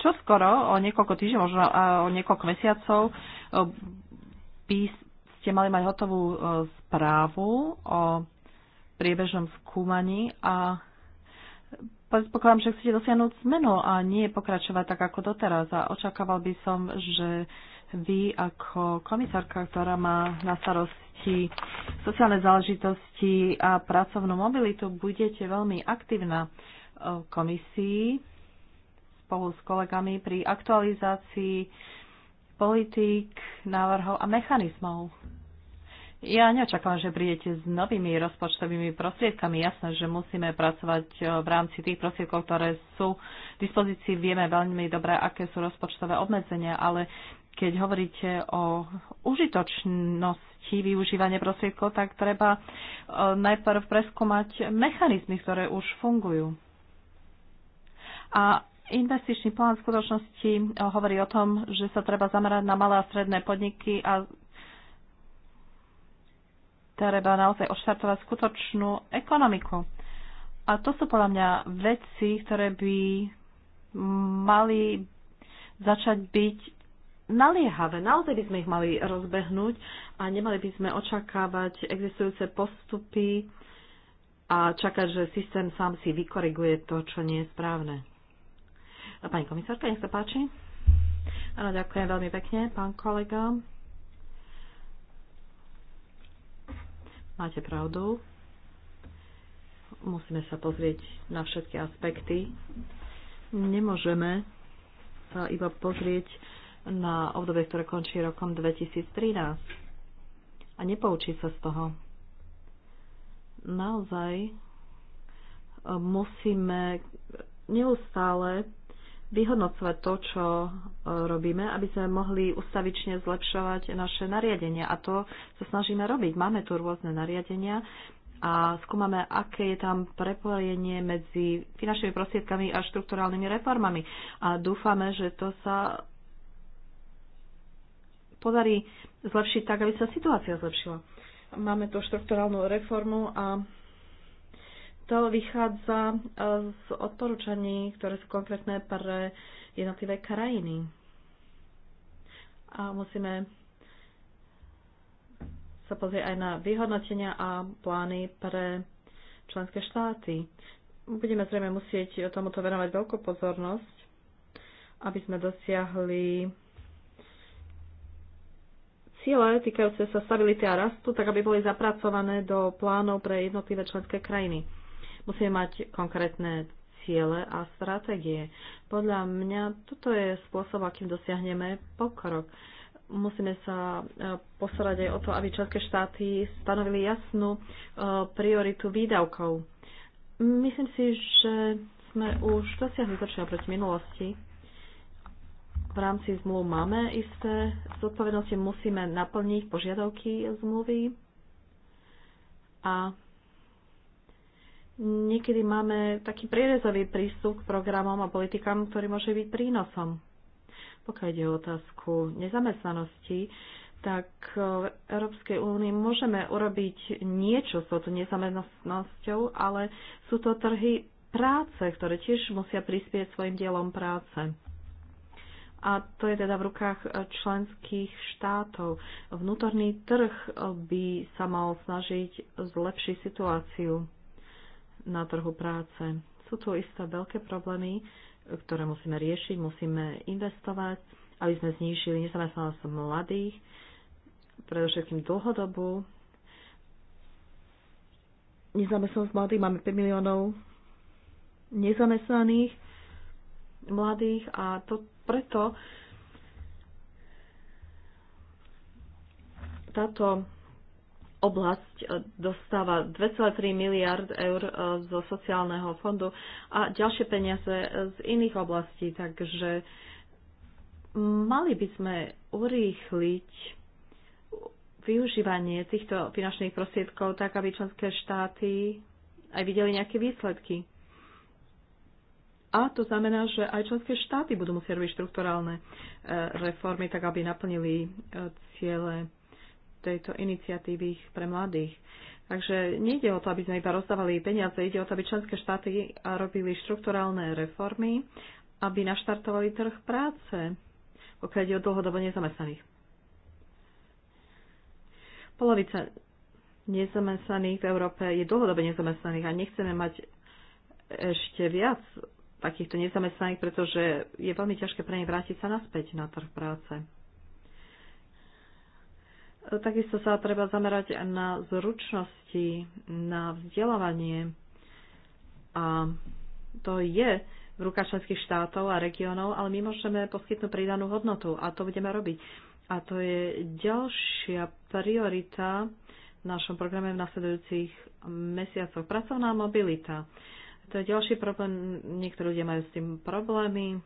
S1: čo skoro, o niekoľko týždňov, možno o niekoľko mesiacov, e, by ste mali mať hotovú e, správu o priebežnom skúmaní a predpokladám, že chcete dosiahnuť zmenu a nie pokračovať tak ako doteraz. A očakával by som, že vy ako komisárka, ktorá má na starosti sociálne záležitosti a pracovnú mobilitu, budete veľmi aktívna v komisii spolu s kolegami pri aktualizácii politík, návrhov a mechanizmov. Ja neočakávam, že prídete s novými rozpočtovými prostriedkami. Jasné, že musíme pracovať e, v rámci tých prostriedkov, ktoré sú v dispozícii. Vieme veľmi dobre, aké sú rozpočtové obmedzenia, ale keď hovoríte o užitočnosti využívania prostriedkov, tak treba e, najprv preskúmať mechanizmy, ktoré už fungujú. A Investičný plán v skutočnosti eh, hovorí o tom, že sa treba zamerať na malé a stredné podniky a treba naozaj odštartovať skutočnú ekonomiku. A to sú podľa mňa veci, ktoré by mali začať byť naliehavé. Naozaj by sme ich mali rozbehnúť a nemali by sme očakávať existujúce postupy a čakať, že systém sám si vykoriguje to, čo nie je správne. A pani komisárka, nech sa páči. Áno, ďakujem veľmi pekne, pán kolega. Máte pravdu. Musíme sa pozrieť na všetky aspekty. Nemôžeme sa iba pozrieť na obdobie, ktoré končí rokom 2013 a nepoučiť sa z toho. Naozaj musíme neustále vyhodnocovať to, čo e, robíme, aby sme mohli ustavične zlepšovať naše nariadenia. A to sa snažíme robiť. Máme tu rôzne nariadenia a skúmame, aké je tam prepojenie medzi finančnými prostriedkami a štrukturálnymi reformami. A dúfame, že to sa podarí zlepšiť tak, aby sa situácia zlepšila. Máme tu štrukturálnu reformu a to vychádza eh, z odporúčaní, ktoré sú konkrétne pre jednotlivé krajiny. A musíme sa pozrieť aj na vyhodnotenia a plány pre členské štáty. Budeme zrejme musieť tomuto venovať veľkú pozornosť, aby sme dosiahli ciele týkajúce sa stability a rastu, tak aby boli zapracované do plánov pre jednotlivé členské krajiny. Musíme mať konkrétne ciele a stratégie. Podľa mňa toto je spôsob, akým dosiahneme pokrok. Musíme sa e, postarať aj o to, aby členské štáty stanovili jasnú e, prioritu výdavkov. Myslím si, že sme už dosiahli zlepšenia proti minulosti. V rámci zmluv máme isté zodpovednosti, musíme naplniť požiadavky zmluvy a niekedy máme taký prierezový prístup k programom a politikám, ktorý môže byť prínosom. Pokiaľ ide o otázku nezamestnanosti, tak v Európskej únii môžeme urobiť niečo s touto nezamestnanosťou, ale sú to trhy práce, ktoré tiež musia prispieť svojim dielom práce. A to je teda v rukách členských štátov. Vnútorný trh by sa mal snažiť zlepšiť situáciu na trhu práce. Sú tu isté veľké problémy, ktoré musíme riešiť, musíme investovať, aby sme znížili nezamestnanosť mladých, predovšetkým dlhodobú. Nezamestnanosť mladých máme 5 miliónov nezamestnaných mladých a to preto táto oblasť e, dostáva 2,3 miliard eur e, zo sociálneho fondu a ďalšie peniaze e, z iných oblastí. Takže mali by sme urýchliť využívanie týchto finančných prostriedkov tak, aby členské štáty aj videli nejaké výsledky. A to znamená, že aj členské štáty budú musieť robiť štrukturálne reformy, tak aby naplnili ciele tejto iniciatívy pre mladých. Takže nejde o to, aby sme iba rozdávali peniaze, ide o to, aby členské štáty robili štrukturálne reformy, aby naštartovali trh práce, pokiaľ ide o dlhodobo nezamestnaných. Polovica nezamestnaných v Európe je dlhodobo nezamestnaných a nechceme mať ešte viac takýchto nezamestnaných, pretože je veľmi ťažké pre nich vrátiť sa naspäť na trh práce. Takisto sa treba zamerať aj na zručnosti, na vzdelávanie. A to je v rukách členských štátov a regiónov, ale my môžeme poskytnúť pridanú hodnotu a to budeme robiť. A to je ďalšia priorita v našom programe v nasledujúcich mesiacoch. Pracovná mobilita. To je ďalší problém. Niektorí ľudia majú s tým problémy.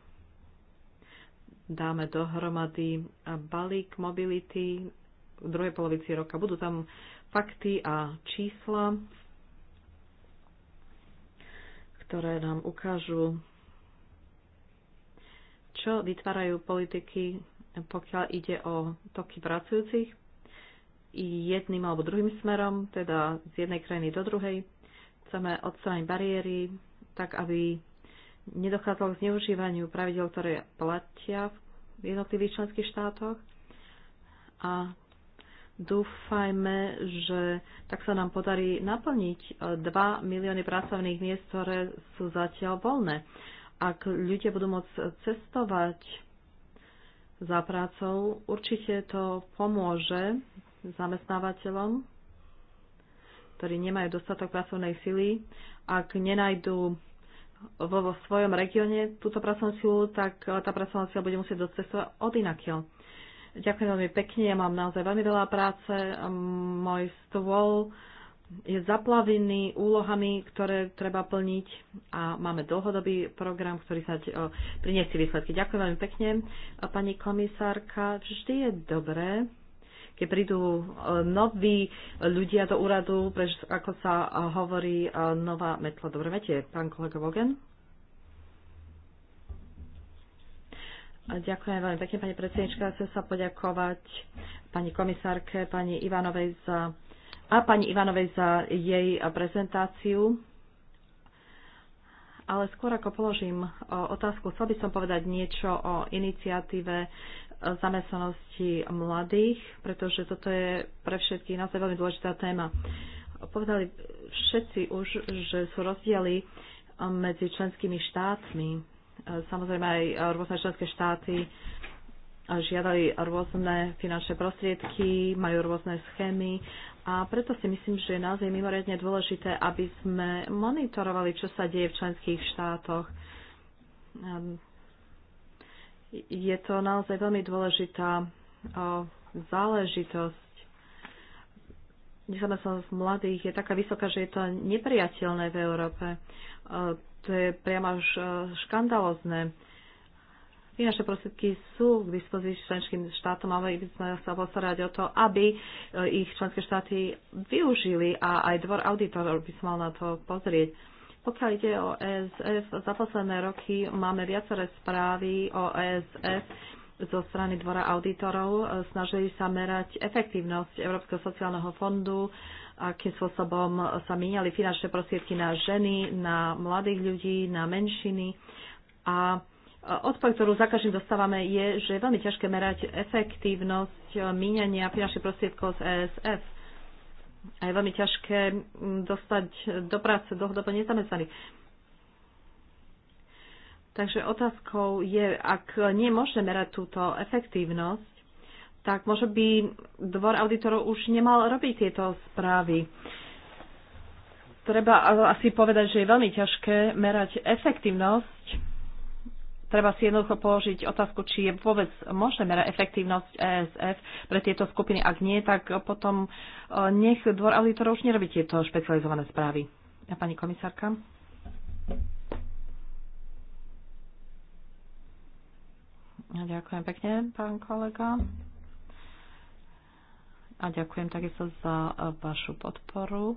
S1: Dáme dohromady balík mobility v druhej polovici roka. Budú tam fakty a čísla, ktoré nám ukážu, čo vytvárajú politiky, pokiaľ ide o toky pracujúcich jedným alebo druhým smerom, teda z jednej krajiny do druhej. Chceme odstrániť bariéry, tak aby nedochádzalo k zneužívaniu pravidel, ktoré platia v jednotlivých členských štátoch. A Dúfajme, že tak sa nám podarí naplniť 2 e, milióny pracovných miest, ktoré sú zatiaľ voľné. Ak ľudia budú môcť cestovať za prácou, určite to pomôže zamestnávateľom, ktorí nemajú dostatok pracovnej sily, ak nenajdú vo, vo svojom regióne túto pracovnú silu, tak e, tá pracovná sila bude musieť docestovať od inakiaľ. Ďakujem veľmi pekne, ja mám naozaj veľmi veľa práce. Môj stôl je zaplavený úlohami, ktoré treba plniť a máme dlhodobý program, ktorý sa priniesie výsledky. Ďakujem veľmi pekne. Pani komisárka, vždy je dobré, keď prídu noví ľudia do úradu, prež ako sa hovorí, nová metla. Dobre, viete, pán kolega Vogen? Ďakujem veľmi pekne, pani predsednička. Chcem sa poďakovať pani komisárke, pani Ivanovej za, a pani Ivanovej za jej prezentáciu. Ale skôr ako položím e, otázku, chcel by som povedať niečo o iniciatíve e, zamestnanosti mladých, pretože toto je pre všetkých naozaj veľmi dôležitá téma. Povedali všetci už, že sú rozdiely e, medzi členskými štátmi E, samozrejme aj rôzne členské štáty žiadali rôzne finančné prostriedky, majú rôzne schémy a preto si myslím, že je naozaj mimoriadne dôležité, aby sme monitorovali, čo sa deje v členských štátoch. E, je to naozaj veľmi dôležitá záležitosť. Nezamestnanosť mladých je taká vysoká, že je to nepriateľné v Európe. E, to je priamo až e, škandalozne. Finančné prostriedky sú k dispozícii členským štátom, ale by sme sa postarať o to, aby e, ich členské štáty využili a aj dvor auditorov by sa mal na to pozrieť. Pokiaľ ide o ESF, za posledné roky máme viaceré správy o ESF zo strany dvora auditorov. E, snažili sa merať efektívnosť Európskeho sociálneho fondu, akým spôsobom sa míňali finančné prostriedky na ženy, na mladých ľudí, na menšiny. A e, odpoveď, ktorú za každým dostávame, je, že je veľmi ťažké merať efektívnosť míňania finančných prostriedkov z ESF. A je veľmi ťažké dostať do práce dlhodobo nezamestnaných. Takže otázkou je, ak nie je možné merať túto efektívnosť, tak možno by dvor auditorov už nemal robiť tieto správy. Treba asi povedať, že je veľmi ťažké merať efektívnosť. Treba si jednoducho položiť otázku, či je vôbec možné merať efektívnosť ESF pre tieto skupiny. Ak nie, tak potom e, nech dvor auditorov už nerobí tieto špecializované správy. A pani komisárka? Ďakujem pekne, pán kolega a ďakujem takisto za e, vašu podporu,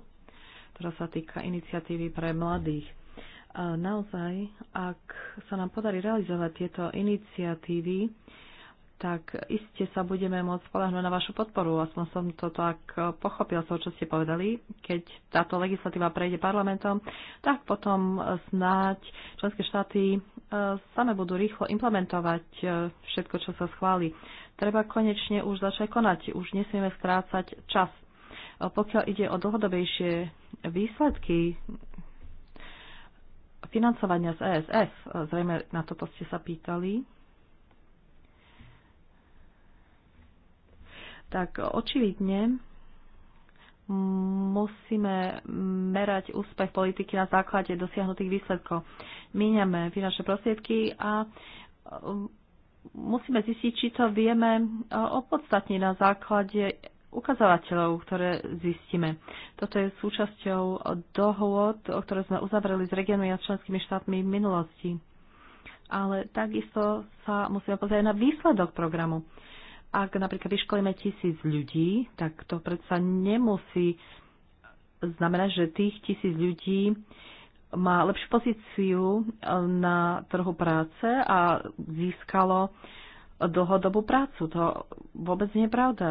S1: ktorá sa týka iniciatívy pre mladých. E, naozaj, ak sa nám podarí realizovať tieto iniciatívy, tak iste sa budeme môcť spolahnúť na vašu podporu. Aspoň som to tak pochopil, so, čo ste povedali. Keď táto legislatíva prejde parlamentom, tak potom snáď členské štáty e, same budú rýchlo implementovať všetko, čo sa schváli. Treba konečne už začať konať. Už nesmieme strácať čas. E, pokiaľ ide o dlhodobejšie výsledky financovania z ESF, e, zrejme na toto ste sa pýtali, tak očividne musíme merať úspech politiky na základe dosiahnutých výsledkov. Míňame finančné prostriedky a musíme zistiť, či to vieme e, opodstatniť na základe ukazovateľov, ktoré zistíme. Toto je súčasťou dohôd, o ktoré sme uzavreli s regionmi a členskými štátmi v minulosti. Ale takisto sa musíme pozrieť na výsledok programu. Ak napríklad vyškolíme tisíc ľudí, tak to predsa nemusí znamená, že tých tisíc ľudí má lepšiu pozíciu eh, na trhu práce a získalo dlhodobú prácu. To vôbec nie je pravda.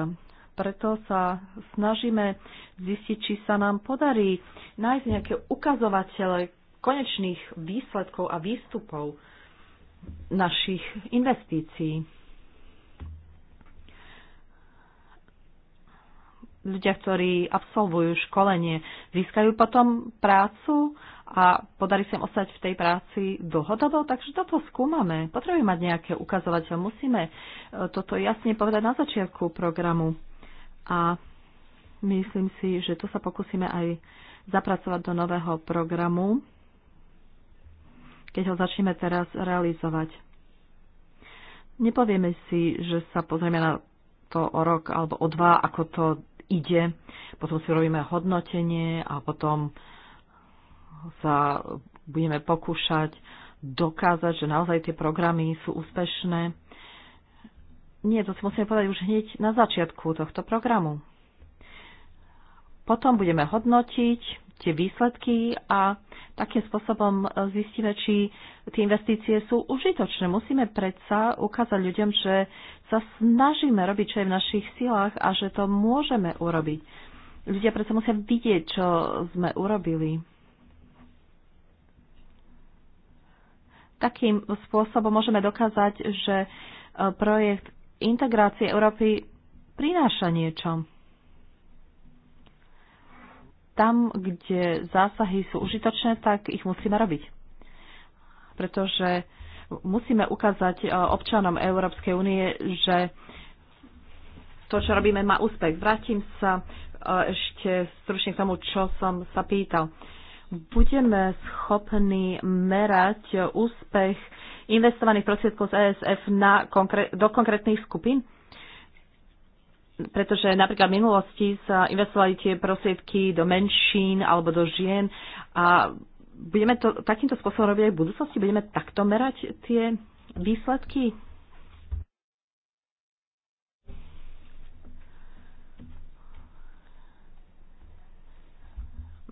S1: Preto sa snažíme zistiť, či sa nám podarí nájsť nejaké ukazovatele konečných výsledkov a výstupov našich investícií. ľudia, ktorí absolvujú školenie, získajú potom prácu a podarí sa im ostať v tej práci dlhodobo, takže toto skúmame. Potrebujeme mať nejaké ukazovateľ, musíme e, toto jasne povedať na začiatku programu. A myslím si, že to sa pokúsime aj zapracovať do nového programu, keď ho začneme teraz realizovať. Nepovieme si, že sa pozrieme na to o rok alebo o dva, ako to ide, potom si robíme hodnotenie a potom sa budeme pokúšať dokázať, že naozaj tie programy sú úspešné. Nie, to si musíme povedať už hneď na začiatku tohto programu. Potom budeme hodnotiť tie výsledky a takým spôsobom zistíme, či tie investície sú užitočné. Musíme predsa ukázať ľuďom, že sa snažíme robiť, čo je v našich silách a že to môžeme urobiť. Ľudia predsa musia vidieť, čo sme urobili Takým spôsobom môžeme dokázať, že e, projekt integrácie Európy prináša niečo. Tam, kde zásahy sú užitočné, tak ich musíme robiť. Pretože musíme ukázať e, občanom Európskej únie, že to, čo robíme, má úspech. Vrátim sa e, ešte stručne k tomu, čo som sa pýtal budeme schopní merať úspech investovaných prostriedkov z ESF na konkré- do konkrétnych skupín? Pretože napríklad v minulosti sa investovali tie prostriedky do menšín alebo do žien a budeme to takýmto spôsobom robiť aj v budúcnosti? Budeme takto merať tie výsledky?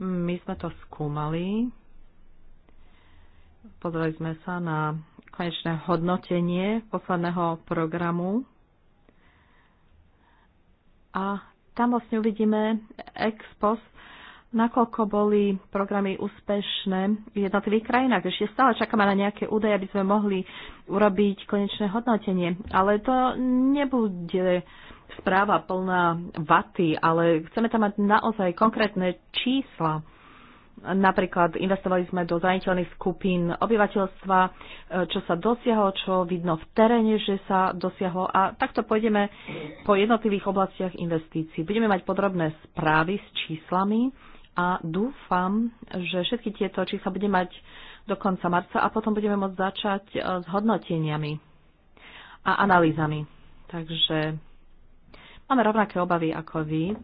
S1: My sme to skúmali. Pozreli sme sa na konečné hodnotenie posledného programu. A tam vlastne uvidíme expos, nakoľko boli programy úspešné v jednotlivých krajinách. Ešte stále čakáme na nejaké údaje, aby sme mohli urobiť konečné hodnotenie. Ale to nebude správa plná vaty, ale chceme tam mať naozaj konkrétne čísla. Napríklad investovali sme do zraniteľných skupín obyvateľstva, e, čo sa dosiahlo, čo vidno v teréne, že sa dosiahlo a takto pôjdeme po jednotlivých oblastiach investícií. Budeme mať podrobné správy s číslami a dúfam, že všetky tieto čísla budeme mať do konca marca a potom budeme môcť začať e, s hodnoteniami a analýzami. Takže Máme rovnaké obavy ako vy, e,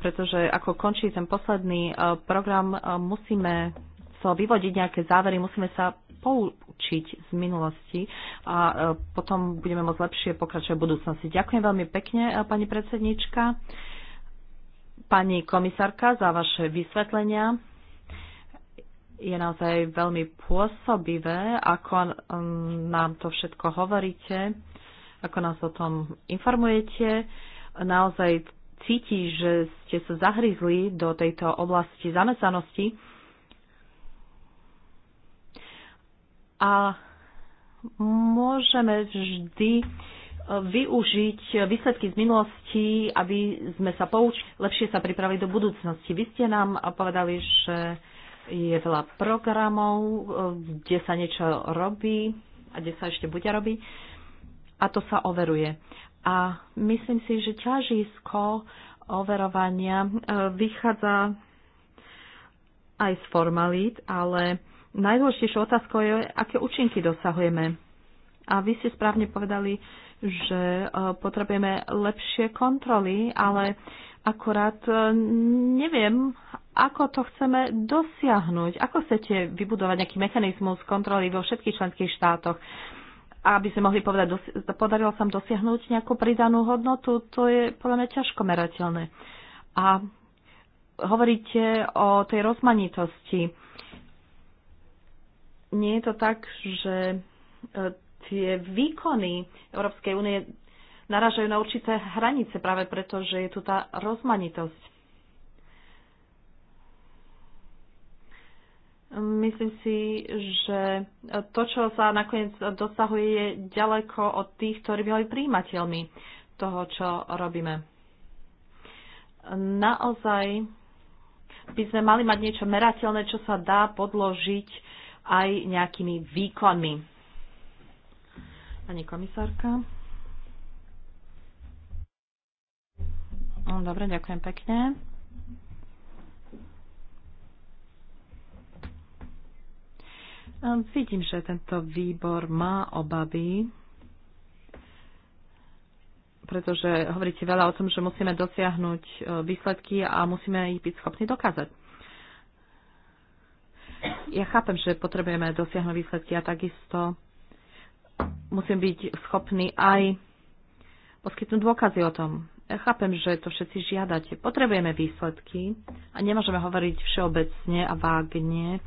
S1: pretože ako končí ten posledný e, program, e, musíme sa vyvodiť nejaké závery, musíme sa poučiť z minulosti a potom budeme môcť lepšie pokračovať v budúcnosti. Ďakujem veľmi pekne, pani predsednička, pani komisárka, za vaše vysvetlenia. Je naozaj veľmi pôsobivé, ako nám to všetko hovoríte ako nás o tom informujete. Naozaj cíti, že ste sa zahryzli do tejto oblasti zamestnanosti. A môžeme vždy eh, využiť výsledky z minulosti, aby sme sa poučili, lepšie sa pripraviť do budúcnosti. Vy ste nám povedali, že je veľa programov, eh, kde sa niečo robí a kde sa ešte bude robiť a to sa overuje. A myslím si, že ťažisko overovania e, vychádza aj z formalít, ale najdôležitejšou otázkou je, aké účinky dosahujeme. A vy ste správne povedali, že e, potrebujeme lepšie kontroly, ale akorát e, neviem, ako to chceme dosiahnuť. Ako chcete vybudovať nejaký mechanizmus kontroly vo všetkých členských štátoch? aby sme mohli povedať, podarilo sa dosiahnuť nejakú pridanú hodnotu, to je podľa mňa ťažko merateľné. A hovoríte o tej rozmanitosti. Nie je to tak, že e, tie výkony Európskej únie naražajú na určité hranice práve preto, že je tu tá rozmanitosť. Myslím si, že to, čo sa nakoniec dosahuje, je ďaleko od tých, ktorí by boli príjimateľmi toho, čo robíme. Naozaj by sme mali mať niečo merateľné, čo sa dá podložiť aj nejakými výkonmi. Pani komisárka. Dobre, ďakujem pekne. Vidím, že tento výbor má obavy, pretože hovoríte veľa o tom, že musíme dosiahnuť e, výsledky a musíme ich byť schopní dokázať. Ja chápem, že potrebujeme dosiahnuť výsledky a takisto musím byť schopný aj poskytnúť dôkazy o tom. Ja chápem, že to všetci žiadate. Potrebujeme výsledky a nemôžeme hovoriť všeobecne a vágne,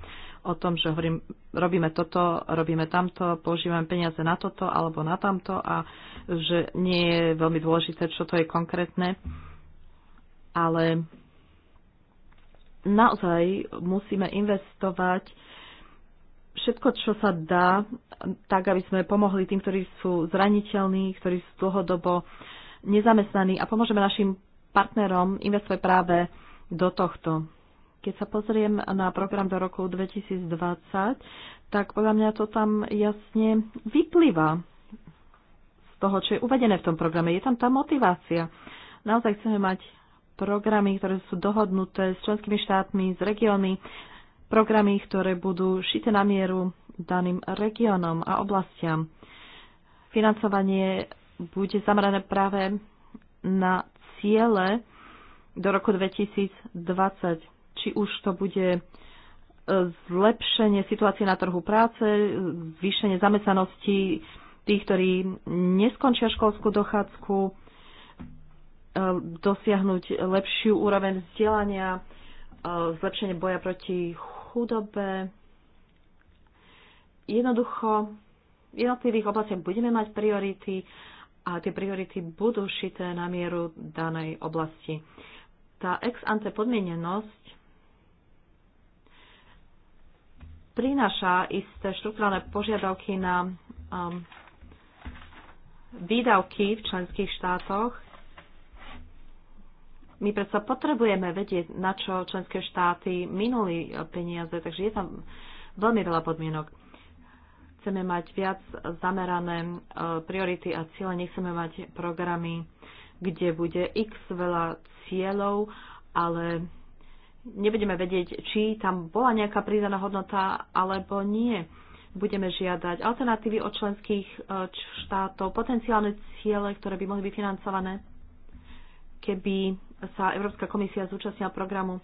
S1: o tom, že hovorím, robíme toto, robíme tamto, používame peniaze na toto alebo na tamto a že nie je veľmi dôležité, čo to je konkrétne. Ale naozaj musíme investovať všetko, čo sa dá, tak, aby sme pomohli tým, ktorí sú zraniteľní, ktorí sú dlhodobo nezamestnaní a pomôžeme našim partnerom investovať práve do tohto keď sa pozriem na program do roku 2020, tak podľa mňa to tam jasne vyplýva z toho, čo je uvedené v tom programe. Je tam tá motivácia. Naozaj chceme mať programy, ktoré sú dohodnuté s členskými štátmi, s regiónmi, programy, ktoré budú šité na mieru daným regiónom a oblastiam. Financovanie bude zamerané práve na ciele do roku 2020 či už to bude e, zlepšenie situácie na trhu práce, zvýšenie zamestnanosti tých, ktorí neskončia školskú dochádzku, e, dosiahnuť lepšiu úroveň vzdelania, e, zlepšenie boja proti chudobe. Jednoducho, v jednotlivých oblastiach budeme mať priority a tie priority budú šité na mieru danej oblasti. Tá ex ante podmienenosť prináša isté štruktúrne požiadavky na um, výdavky v členských štátoch. My predsa potrebujeme vedieť, na čo členské štáty minuli peniaze, takže je tam veľmi veľa podmienok. Chceme mať viac zamerané e, priority a ciele, nechceme mať programy, kde bude x veľa cieľov, ale nebudeme vedieť, či tam bola nejaká pridaná hodnota alebo nie. Budeme žiadať alternatívy od členských e, štátov, potenciálne ciele, ktoré by mohli byť financované, keby sa Európska komisia zúčastnila programu.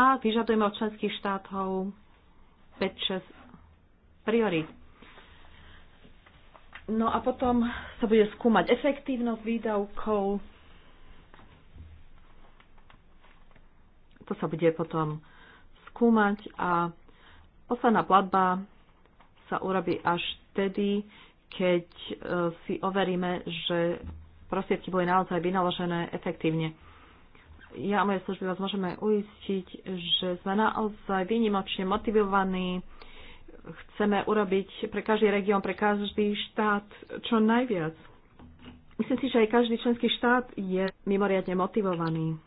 S1: A vyžadujeme od členských štátov 5-6 priorít. No a potom sa bude skúmať efektívnosť výdavkov, To sa bude potom skúmať a posledná platba sa urobí až vtedy, keď e, si overíme, že prostriedky boli naozaj vynaložené efektívne. Ja a moje služby vás môžeme uistiť, že sme naozaj výnimočne motivovaní, chceme urobiť pre každý región, pre každý štát čo najviac. Myslím si, že aj každý členský štát je mimoriadne motivovaný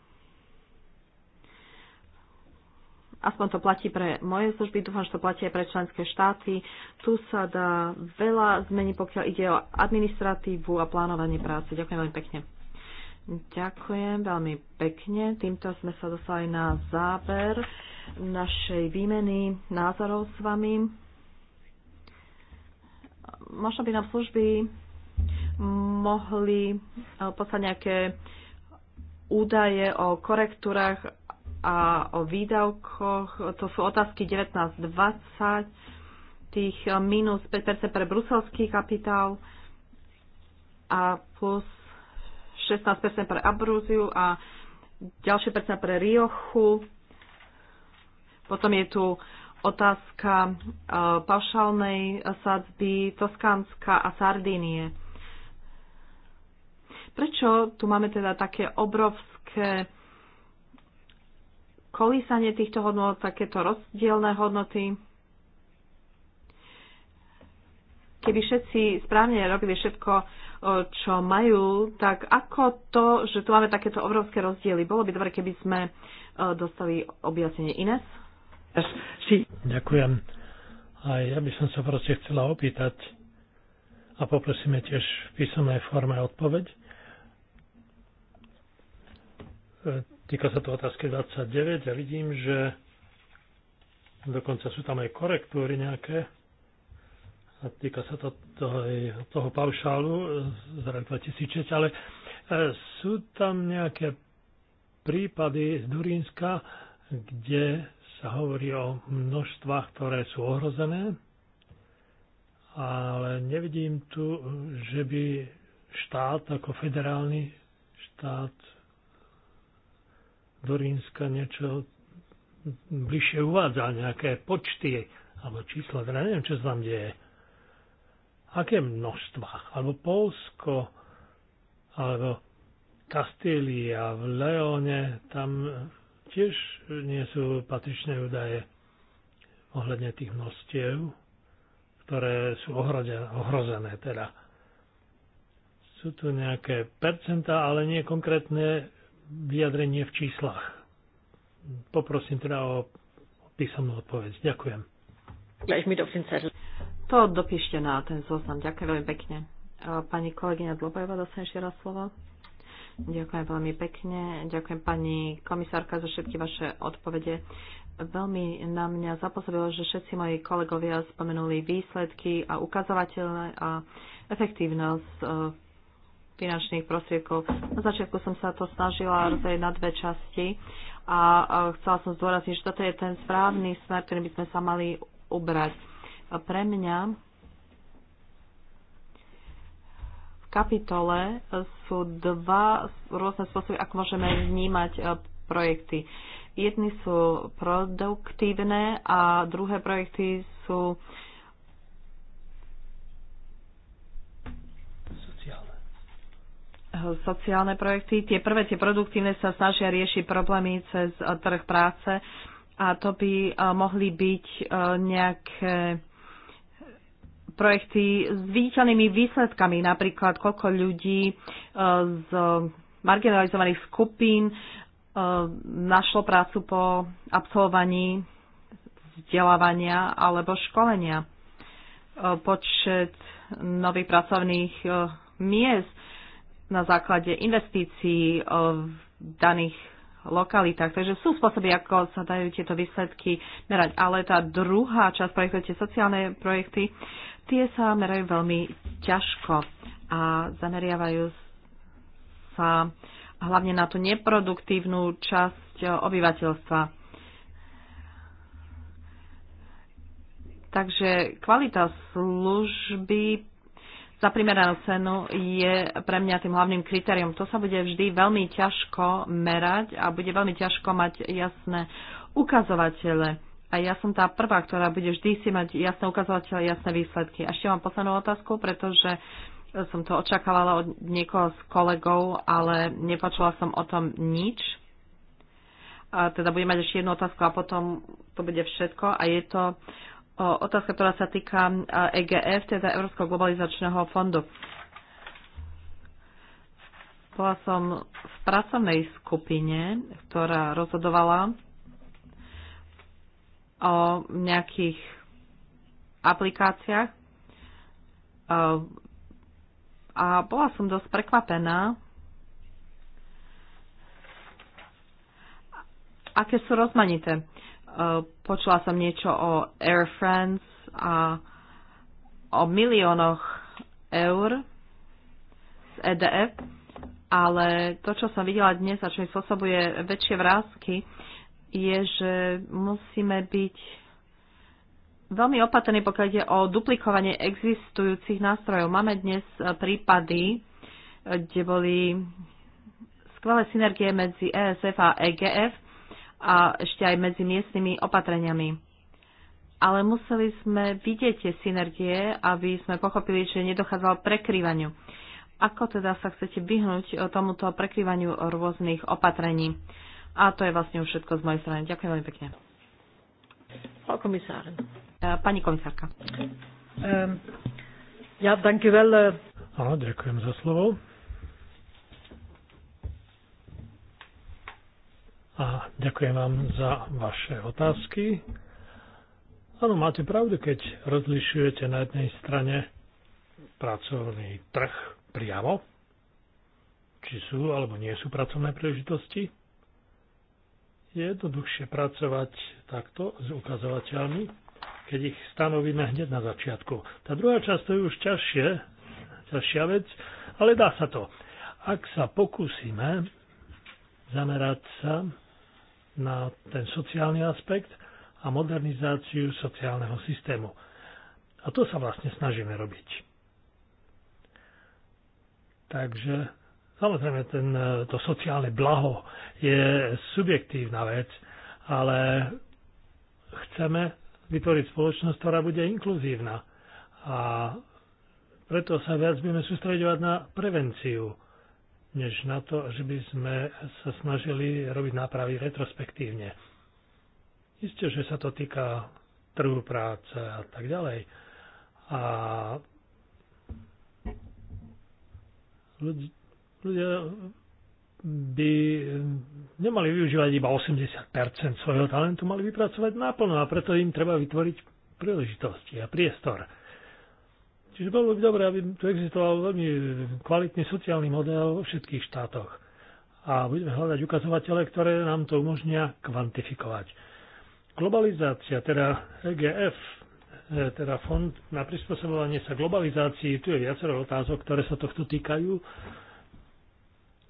S1: aspoň to platí pre moje služby, dúfam, že to platí aj pre členské štáty. Tu sa dá veľa zmení, pokiaľ ide o administratívu a plánovanie práce. Ďakujem veľmi pekne. Ďakujem veľmi pekne. Týmto sme sa dostali na záver našej výmeny názorov s vami. Možno by nám služby mohli poslať nejaké údaje o korektúrach a o výdavkoch. To sú otázky 19-20, tých eh, minus 5% pre bruselský kapitál a plus 16% pre Abruziu a ďalšie percent pre Riochu. Potom je tu otázka e, paušálnej sadzby Toskánska a Sardínie. Prečo tu máme teda také obrovské kolísanie týchto hodnot, takéto rozdielne hodnoty. Keby všetci správne robili všetko, čo majú, tak ako to, že tu máme takéto obrovské rozdiely? Bolo by dobre, keby sme dostali objasnenie Ines?
S2: Ďakujem. A ja by som sa proste chcela opýtať a poprosíme tiež v písomnej forme odpoveď e, Týka sa to otázky 29 a vidím, že dokonca sú tam aj korektúry nejaké. A týka sa to toho, toho paušálu z rok 2006, ale e, sú tam nejaké prípady z Durínska, kde sa hovorí o množstvách, ktoré sú ohrozené, ale nevidím tu, že by štát ako federálny štát do Rínska niečo bližšie uvádza, nejaké počty alebo čísla, teda neviem, čo sa tam deje. Aké množstva? Alebo Polsko, alebo Kastília, v Leone, tam tiež nie sú patričné údaje ohľadne tých množstiev, ktoré sú ohrozené, ohrozené teda. Sú tu nejaké percentá, ale nie konkrétne vyjadrenie v číslach. Poprosím teda o písomnú odpoveď. Ďakujem.
S1: To dopíšte na ten zoznam. Ďakujem veľmi pekne. Pani kolegyňa Dlobajová dostane ešte raz slovo. Ďakujem veľmi pekne. Ďakujem pani komisárka za všetky vaše odpovede. Veľmi na mňa zapôsobilo, že všetci moji kolegovia spomenuli výsledky a ukazovateľné a efektívnosť v e, finančných prostriedkov. Na začiatku som sa to snažila rozdeliť na dve časti a chcela som zdôrazniť, že toto je ten správny smer, ktorý by sme sa mali ubrať. A pre mňa v kapitole sú dva rôzne spôsoby, ako môžeme vnímať e, projekty. Jedny sú produktívne a druhé projekty sú uh, sociálne projekty. Tie prvé, tie produktívne sa snažia riešiť problémy cez eh, trh práce a to by eh, mohli byť eh, nejaké projekty s viditeľnými výsledkami, napríklad koľko ľudí z marginalizovaných skupín našlo prácu po absolvovaní vzdelávania alebo školenia. Počet nových pracovných miest na základe investícií eh, v daných lokalitách. Takže sú spôsoby, ako sa dajú tieto výsledky merať. Ale tá druhá časť projektov, tie sociálne projekty, tie sa merajú veľmi ťažko a zameriavajú sa hlavne na tú neproduktívnu časť eh, obyvateľstva. Takže kvalita služby za primeranú cenu je pre mňa tým hlavným kritériom. To sa bude vždy veľmi ťažko merať a bude veľmi ťažko mať jasné ukazovatele. A ja som tá prvá, ktorá bude vždy si mať jasné ukazovatele, jasné výsledky. A ešte mám poslednú otázku, pretože som to očakávala od niekoho z kolegov, ale nepočula som o tom nič. A teda budem mať ešte jednu otázku a potom to bude všetko. A je to otázka, ktorá sa týka EGF, teda Európskeho globalizačného fondu. Bola som v pracovnej skupine, ktorá rozhodovala o nejakých aplikáciách a bola som dosť prekvapená, aké sú rozmanité Eh, počula som niečo o Air France a o miliónoch eur z EDF, ale to, čo som videla dnes a čo mi spôsobuje väčšie vrázky, je, že musíme byť veľmi opatrní, pokiaľ ide o duplikovanie existujúcich nástrojov. Máme dnes eh, prípady, eh, kde boli skvelé synergie medzi ESF a EGF, a ešte aj medzi miestnymi opatreniami. Ale museli sme vidieť tie synergie, aby sme pochopili, že nedochádzalo prekrývaniu. Ako teda sa chcete vyhnúť eh, tomuto prekrývaniu rôznych opatrení? A to je vlastne už všetko z mojej strany. Ďakujem veľmi pekne. Pán komisár. Eh, pani komisárka. Ähm, ja, ďakujem veľmi. Áno,
S2: ďakujem za slovo. a ďakujem vám za vaše otázky. Áno, máte pravdu, keď rozlišujete na jednej strane pracovný trh priamo, či sú alebo nie sú pracovné príležitosti. Je jednoduchšie pracovať takto s ukazovateľmi, keď ich stanovíme hneď na začiatku. Tá druhá časť to je už ťažšie, ťažšia vec, ale dá sa to. Ak sa pokúsime zamerať sa na ten sociálny aspekt a modernizáciu sociálneho systému. A to sa vlastne snažíme robiť. Takže samozrejme ten, to sociálne blaho je subjektívna vec, ale chceme vytvoriť spoločnosť, ktorá bude inkluzívna. A preto sa viac budeme sústredovať na prevenciu než na to, že by sme sa snažili robiť nápravy retrospektívne. Isté, že sa to týka trhu práce a tak ďalej. A ľudia by nemali využívať iba 80% svojho talentu, mali vypracovať naplno a preto im treba vytvoriť príležitosti a priestor. Čiže bolo by dobré, aby tu existoval veľmi kvalitný sociálny model vo všetkých štátoch. A budeme hľadať ukazovatele, ktoré nám to umožnia kvantifikovať. Globalizácia, teda EGF, e, teda Fond na prispôsobovanie sa globalizácii, tu je viacero otázok, ktoré sa tohto týkajú.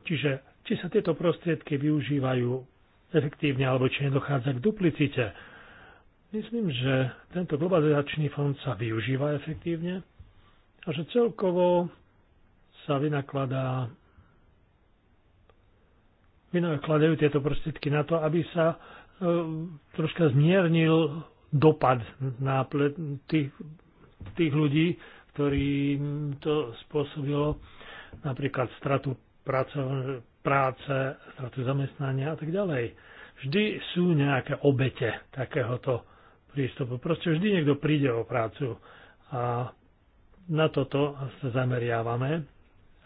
S2: Čiže či sa tieto prostriedky využívajú efektívne alebo či nedochádza k duplicite. Myslím, že tento globalizačný fond sa využíva efektívne a že celkovo sa vynakladá vynakladajú tieto prostriedky na to, aby sa e, troška zmiernil dopad na ple, tých, tých ľudí, ktorým to spôsobilo napríklad stratu práce, stratu zamestnania a tak ďalej. Vždy sú nejaké obete takéhoto prístupu. Proste vždy niekto príde o prácu a na toto sa zameriavame,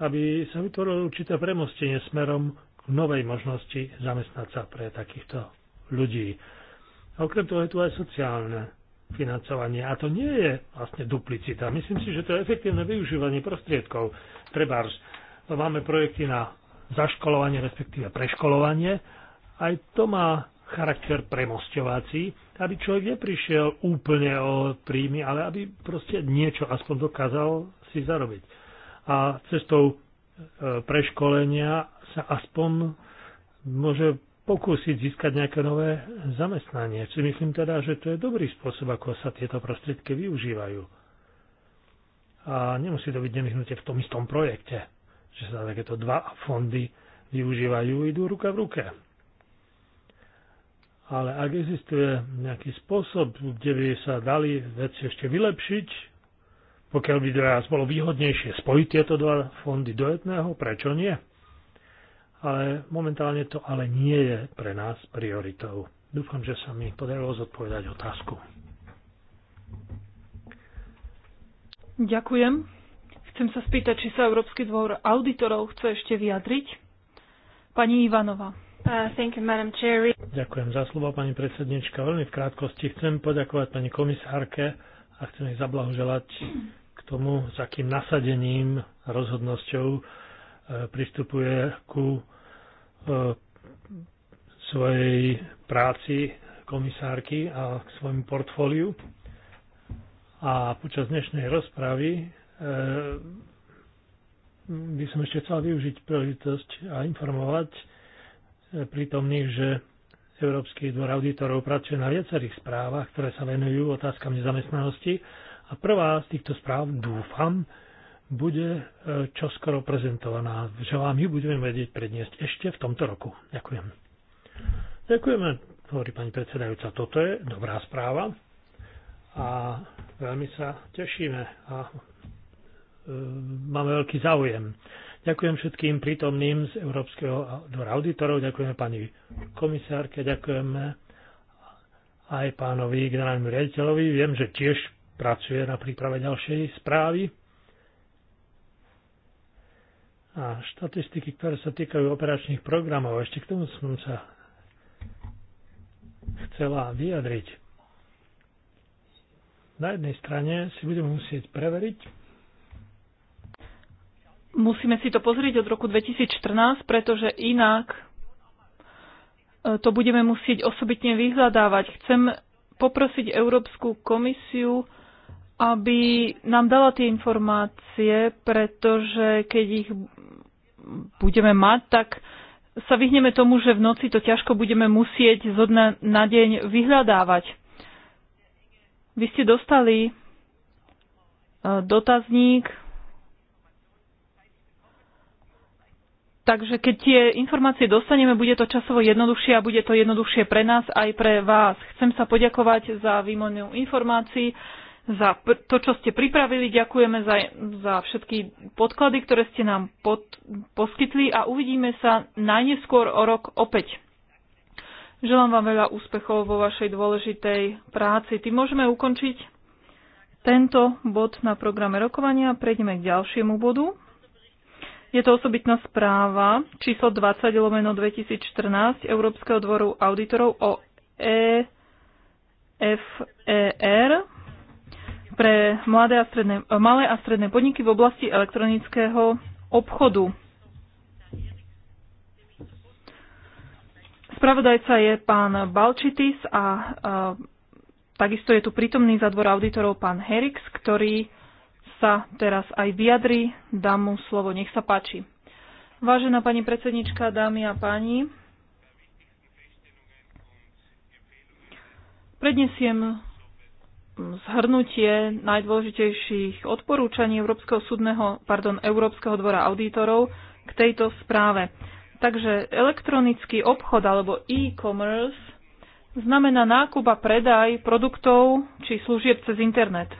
S2: aby sa vytvorilo určité premostenie smerom k novej možnosti zamestnať sa pre takýchto ľudí. A okrem toho je tu aj sociálne financovanie. A to nie je vlastne duplicita. Myslím si, že to je efektívne využívanie prostriedkov. Treba máme projekty na zaškolovanie, respektíve preškolovanie. Aj to má charakter premostovací, aby človek neprišiel úplne o príjmy, ale aby proste niečo aspoň dokázal si zarobiť. A cestou e, preškolenia sa aspoň môže pokúsiť získať nejaké nové zamestnanie. Si myslím teda, že to je dobrý spôsob, ako sa tieto prostriedky využívajú. A nemusí to byť nevyhnutie v tom istom projekte, že sa takéto dva fondy využívajú, idú ruka v ruke. Ale ak existuje nejaký spôsob, kde by sa dali veci ešte vylepšiť, pokiaľ by teraz bolo výhodnejšie spojiť tieto dva fondy do jedného, prečo nie? Ale momentálne to ale nie je pre nás prioritou. Dúfam, že sa mi podarilo zodpovedať otázku.
S3: Ďakujem. Chcem sa spýtať, či sa Európsky dvor auditorov chce ešte vyjadriť. Pani Ivanová. Uh, you,
S2: Ďakujem za slovo, pani predsednička. Veľmi v krátkosti chcem poďakovať pani komisárke a chcem jej zablahoželať k tomu, s akým nasadením rozhodnosťou uh, pristupuje ku uh, svojej práci komisárky a k svojmu portfóliu. A počas dnešnej rozpravy by som ešte chcel využiť príležitosť a informovať prítomných, že Európsky dvor auditorov pracuje na viacerých správach, ktoré sa venujú otázkam nezamestnanosti. A prvá z týchto správ, dúfam, bude e, čoskoro prezentovaná, že vám ju budeme vedieť predniesť ešte v tomto roku. Ďakujem. Ďakujeme, hovorí pani predsedajúca. Toto je dobrá správa a veľmi sa tešíme a e, máme veľký záujem. Ďakujem všetkým prítomným z Európskeho dvora auditorov, ďakujeme pani komisárke, ďakujeme aj pánovi generálnemu riaditeľovi. Viem, že tiež pracuje na príprave ďalšej správy. A štatistiky, ktoré sa týkajú operačných programov, ešte k tomu som sa chcela vyjadriť.
S3: Na jednej strane si budeme musieť preveriť, musíme si to pozrieť od roku 2014, pretože inak e, to budeme musieť osobitne vyhľadávať. Chcem poprosiť Európsku komisiu, aby nám dala tie informácie, pretože keď ich budeme mať, tak sa vyhneme tomu, že v noci to ťažko budeme musieť zo dna na deň vyhľadávať. Vy ste dostali e, dotazník Takže keď tie informácie dostaneme, bude to časovo jednoduchšie a bude to jednoduchšie pre nás aj pre vás. Chcem sa poďakovať za výmonnú informácií, za to, čo ste pripravili. Ďakujeme za, za všetky podklady, ktoré ste nám pod, poskytli a uvidíme sa najneskôr o rok opäť. Želám vám veľa úspechov vo vašej dôležitej práci. Ty môžeme ukončiť tento bod na programe rokovania. Prejdeme k ďalšiemu bodu. Je to osobitná správa číslo 20 lomeno 2014 Európskeho dvoru auditorov o EFER pre mladé a stredné, malé a stredné podniky v oblasti elektronického obchodu. Spravodajca je pán Balčitis a, a takisto je tu prítomný za dvor auditorov pán Herix, ktorý sa teraz aj vyjadri. Dám mu slovo. Nech sa páči. Vážená pani predsednička, dámy a páni, prednesiem zhrnutie najdôležitejších odporúčaní Európskeho súdneho, pardon, Európskeho dvora auditorov k tejto správe. Takže elektronický obchod alebo e-commerce znamená nákup a predaj produktov či služieb cez internet.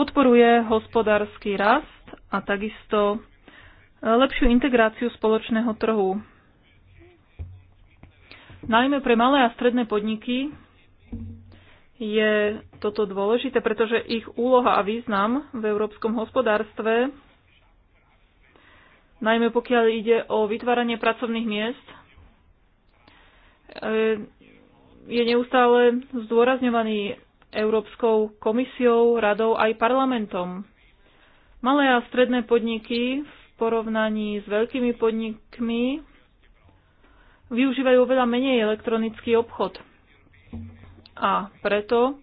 S3: podporuje hospodársky rast a takisto e, lepšiu integráciu spoločného trhu. Najmä pre malé a stredné podniky je toto dôležité, pretože ich úloha a význam v európskom hospodárstve, najmä pokiaľ ide o vytváranie pracovných miest, e, je neustále zdôrazňovaný Európskou komisiou, radou aj parlamentom. Malé a stredné podniky v porovnaní s veľkými podnikmi využívajú oveľa menej elektronický obchod. A preto,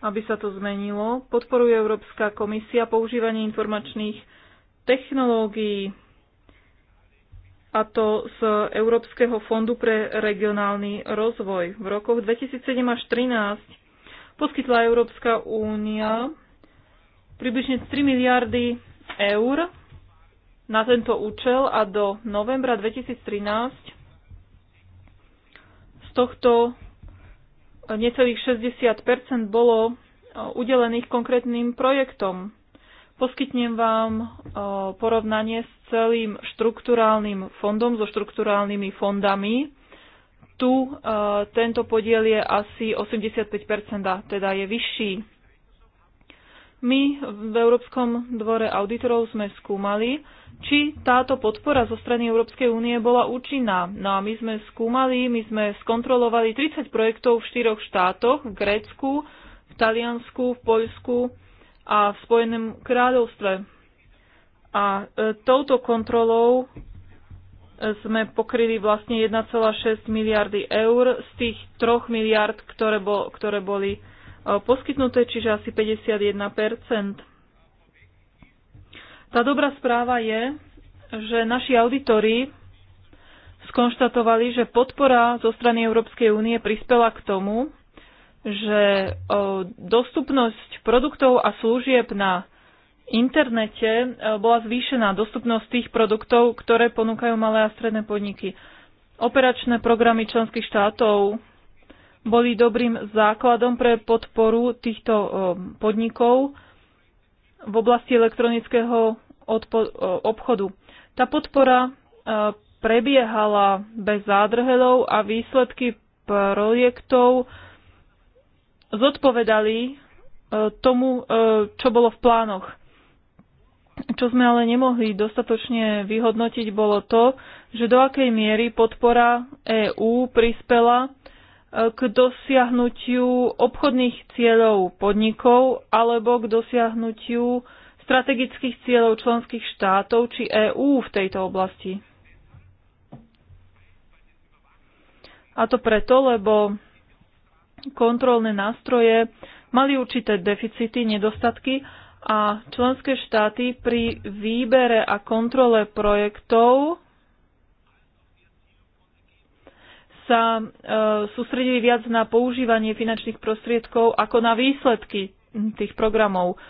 S3: aby sa to zmenilo, podporuje Európska komisia používanie informačných technológií, a to z Európskeho fondu pre regionálny rozvoj. V rokoch 2007 až 2013 poskytla Európska únia približne 3 miliardy eur na tento účel a do novembra 2013 z tohto necelých 60 bolo e, udelených konkrétnym projektom. Poskytnem vám e, porovnanie s celým štruktúrálnym fondom, so štruktúrálnymi fondami tu e, tento podiel je asi 85%, teda je vyšší. My v Európskom dvore auditorov sme skúmali, či táto podpora zo strany Európskej únie bola účinná. No a my sme skúmali, my sme skontrolovali 30 projektov v štyroch štátoch, v Grécku, v Taliansku, v Poľsku a v Spojenom kráľovstve. A e, touto kontrolou sme pokryli vlastne 1,6 miliardy eur z tých 3 miliard, ktoré, bol, ktoré boli e, poskytnuté, čiže asi 51 Tá dobrá správa je, že naši auditori skonštatovali, že podpora zo strany Európskej únie prispela k tomu, že e, dostupnosť produktov a služieb na internete e, bola zvýšená dostupnosť tých produktov, ktoré ponúkajú malé a stredné podniky. Operačné programy členských štátov boli dobrým základom pre podporu týchto e, podnikov v oblasti elektronického e, obchodu. Tá podpora prebiehala bez zádrhelov a výsledky projektov zodpovedali tomu, čo bolo v plánoch. Čo sme ale nemohli dostatočne vyhodnotiť, bolo to, že do akej miery podpora EÚ prispela e, k dosiahnutiu obchodných cieľov podnikov alebo k dosiahnutiu strategických cieľov členských štátov či EÚ v tejto oblasti. A to preto, lebo kontrolné nástroje mali určité deficity, nedostatky a členské štáty pri výbere a kontrole projektov sa e, sústredili viac na používanie finančných prostriedkov ako na výsledky tých programov.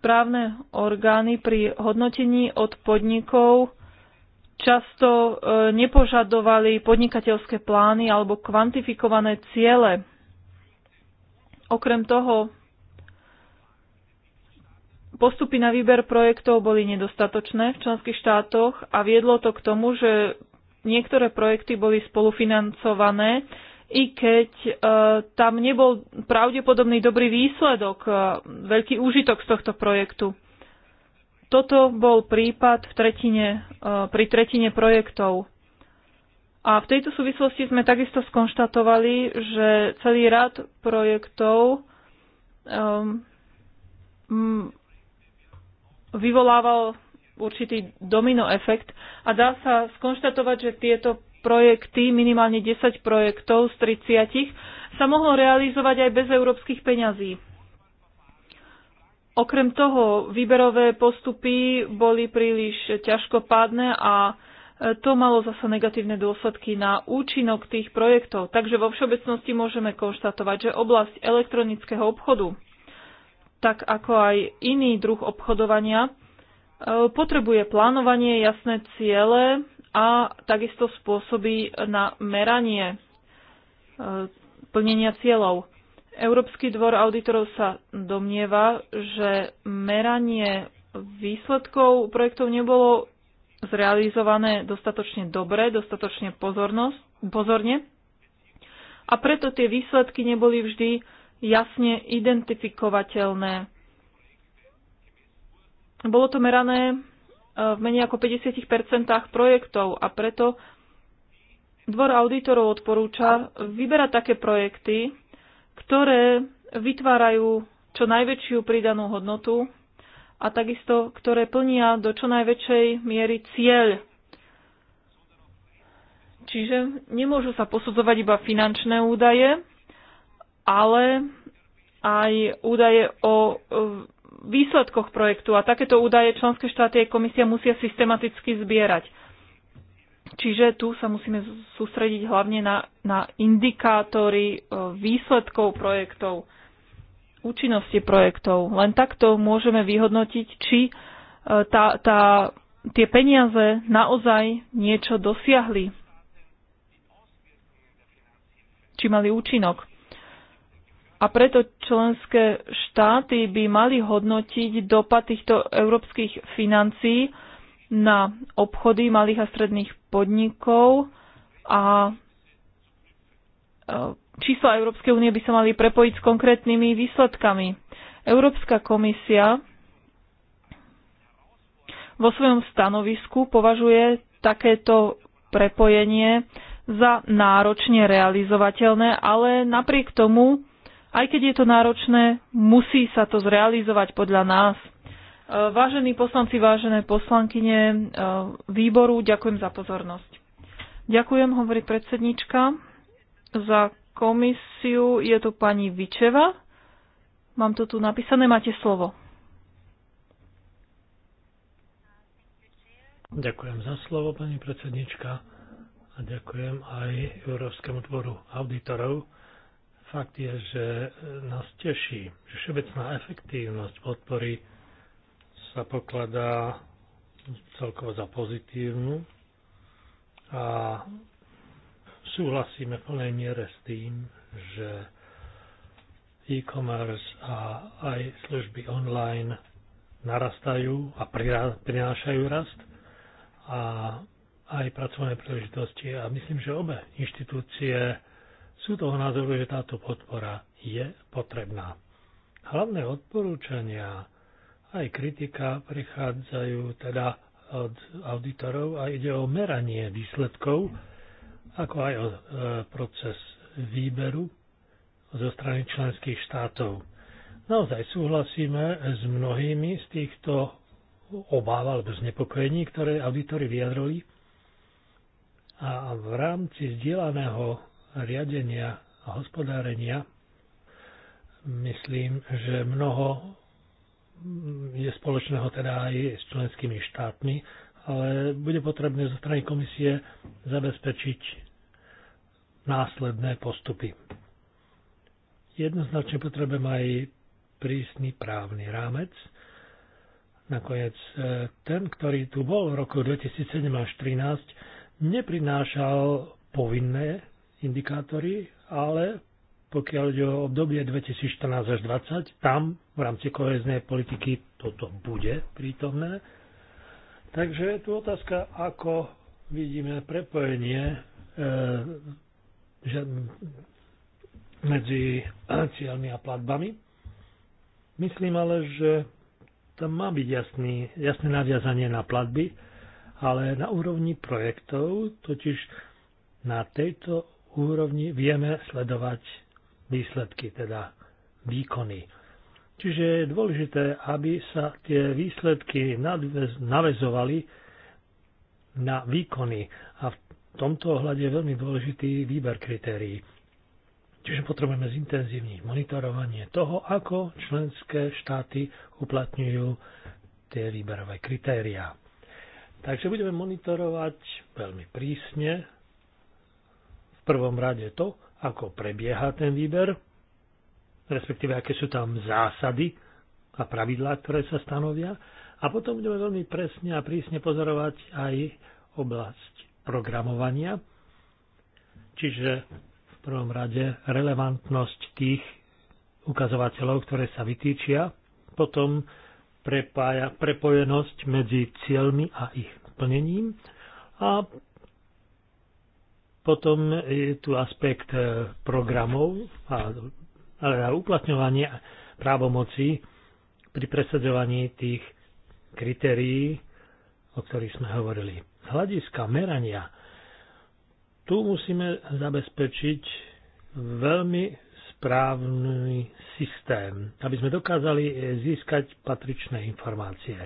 S3: Správne orgány pri hodnotení od podnikov často e, nepožadovali podnikateľské plány alebo kvantifikované ciele. Okrem toho, Postupy na výber projektov boli nedostatočné v členských štátoch a viedlo to k tomu, že niektoré projekty boli spolufinancované, i keď e, tam nebol pravdepodobný dobrý výsledok, e, veľký úžitok z tohto projektu. Toto bol prípad v tretine, e, pri tretine projektov. A v tejto súvislosti sme takisto skonštatovali, že celý rad projektov E, vyvolával určitý domino efekt a dá sa skonštatovať, že tieto projekty, minimálne 10 projektov z 30, sa mohlo realizovať aj bez európskych peňazí. Okrem toho, výberové postupy boli príliš ťažkopádne a e, to malo zasa negatívne dôsledky na účinok tých projektov. Takže vo všeobecnosti môžeme konštatovať, že oblasť elektronického obchodu tak ako aj iný druh obchodovania, e, potrebuje plánovanie, jasné ciele a takisto spôsoby na meranie e, plnenia cieľov. Európsky dvor auditorov sa domnieva, že meranie výsledkov projektov nebolo zrealizované dostatočne dobre, dostatočne pozornosť, pozorne a preto tie výsledky neboli vždy jasne identifikovateľné. Bolo to merané e, v menej ako 50% projektov a preto Dvor auditorov odporúča vyberať také projekty, ktoré vytvárajú čo najväčšiu pridanú hodnotu a takisto, ktoré plnia do čo najväčšej miery cieľ. Čiže nemôžu sa posudzovať iba finančné údaje, ale aj údaje o e, výsledkoch projektu a takéto údaje členské štáty a komisia musia systematicky zbierať. Čiže tu sa musíme sústrediť hlavne na, na indikátory e, výsledkov projektov, účinnosti projektov. Len takto môžeme vyhodnotiť, či e, tá, tá, tie peniaze naozaj niečo dosiahli, či mali účinok. A preto členské štáty by mali hodnotiť dopad týchto európskych financií na obchody malých a stredných podnikov a e, čísla Európskej únie by sa mali prepojiť s konkrétnymi výsledkami. Európska komisia vo svojom stanovisku považuje takéto prepojenie za náročne realizovateľné, ale napriek tomu aj keď je to náročné, musí sa to zrealizovať podľa nás. E, vážení poslanci, vážené poslankyne e, výboru, ďakujem za pozornosť. Ďakujem, hovorí predsednička. Za komisiu je tu pani Vičeva. Mám to tu napísané, máte slovo.
S2: Ďakujem za slovo, pani predsednička. A ďakujem aj Európskemu tvoru auditorov Fakt je, že e, nás teší, že všeobecná efektívnosť podpory sa pokladá celkovo za pozitívnu a súhlasíme v plnej miere s tým, že e-commerce a aj služby online narastajú a prinášajú rast a aj pracovné príležitosti a myslím, že obe inštitúcie sú toho názoru, že táto podpora je potrebná. Hlavné odporúčania aj kritika prichádzajú teda od auditorov a ide o meranie výsledkov, ako aj o e, proces výberu zo strany členských štátov. Naozaj súhlasíme s mnohými z týchto obáv alebo znepokojení, ktoré auditory vyjadrili. A v rámci zdieľaného riadenia a hospodárenia, myslím, že mnoho je spoločného teda aj s členskými štátmi, ale bude potrebné zo strany komisie zabezpečiť následné postupy. Jednoznačne potrebujem aj prísny právny rámec. Nakoniec e, ten, ktorý tu bol v roku 2007 až 2013, neprinášal povinné indikátory, ale pokiaľ ide o obdobie 2014 až 2020, tam v rámci koheznej politiky toto bude prítomné. Takže je tu otázka, ako vidíme prepojenie e, že, medzi cieľmi a platbami. Myslím ale, že tam má byť jasný, jasné naviazanie na platby, ale na úrovni projektov, totiž na tejto úrovni vieme sledovať výsledky, teda výkony. Čiže je dôležité, aby sa tie výsledky navezovali na výkony. A v tomto ohľade je veľmi dôležitý výber kritérií. Čiže potrebujeme zintenzívniť monitorovanie toho, ako členské štáty uplatňujú tie výberové kritériá. Takže budeme monitorovať veľmi prísne prvom rade to, ako prebieha ten výber, respektíve aké sú tam zásady a pravidlá, ktoré sa stanovia. A potom budeme veľmi presne a prísne pozorovať aj oblasť programovania, čiže v prvom rade relevantnosť tých ukazovateľov, ktoré sa vytýčia, potom prepája, prepojenosť medzi cieľmi a ich plnením a potom je tu aspekt e, programov, a, ale na uplatňovanie právomoci pri presadzovaní tých kritérií, o ktorých sme hovorili. Z hľadiska merania tu musíme zabezpečiť veľmi správny systém, aby sme dokázali získať patričné informácie.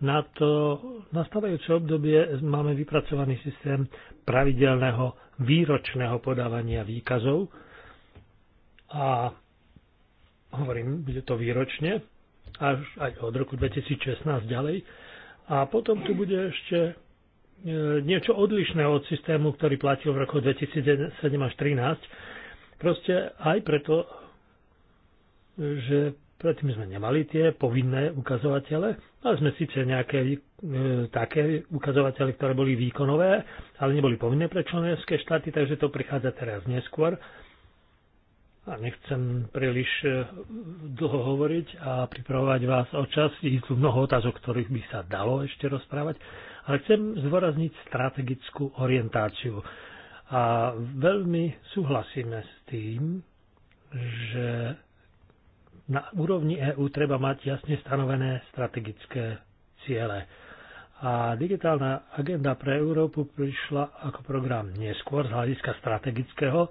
S2: Na to nastávajúce obdobie máme vypracovaný systém pravidelného výročného podávania výkazov a hovorím, bude to výročne, až aj od roku 2016 ďalej. A potom tu bude ešte e, niečo odlišné od systému, ktorý platil v roku 2007 až 2013. Proste aj preto, že predtým sme nemali tie povinné ukazovatele, Mali sme síce nejaké e, také ukazovatele, ktoré boli výkonové, ale neboli povinné pre členské štáty, takže to prichádza teraz neskôr. A nechcem príliš e, dlho hovoriť a pripravovať vás o čas. Je tu mnoho otázok, ktorých by sa dalo ešte rozprávať, ale chcem zdôrazniť strategickú orientáciu. A veľmi súhlasíme s tým, že na úrovni EÚ treba mať jasne stanovené strategické ciele. A digitálna agenda pre Európu prišla ako program neskôr z hľadiska strategického.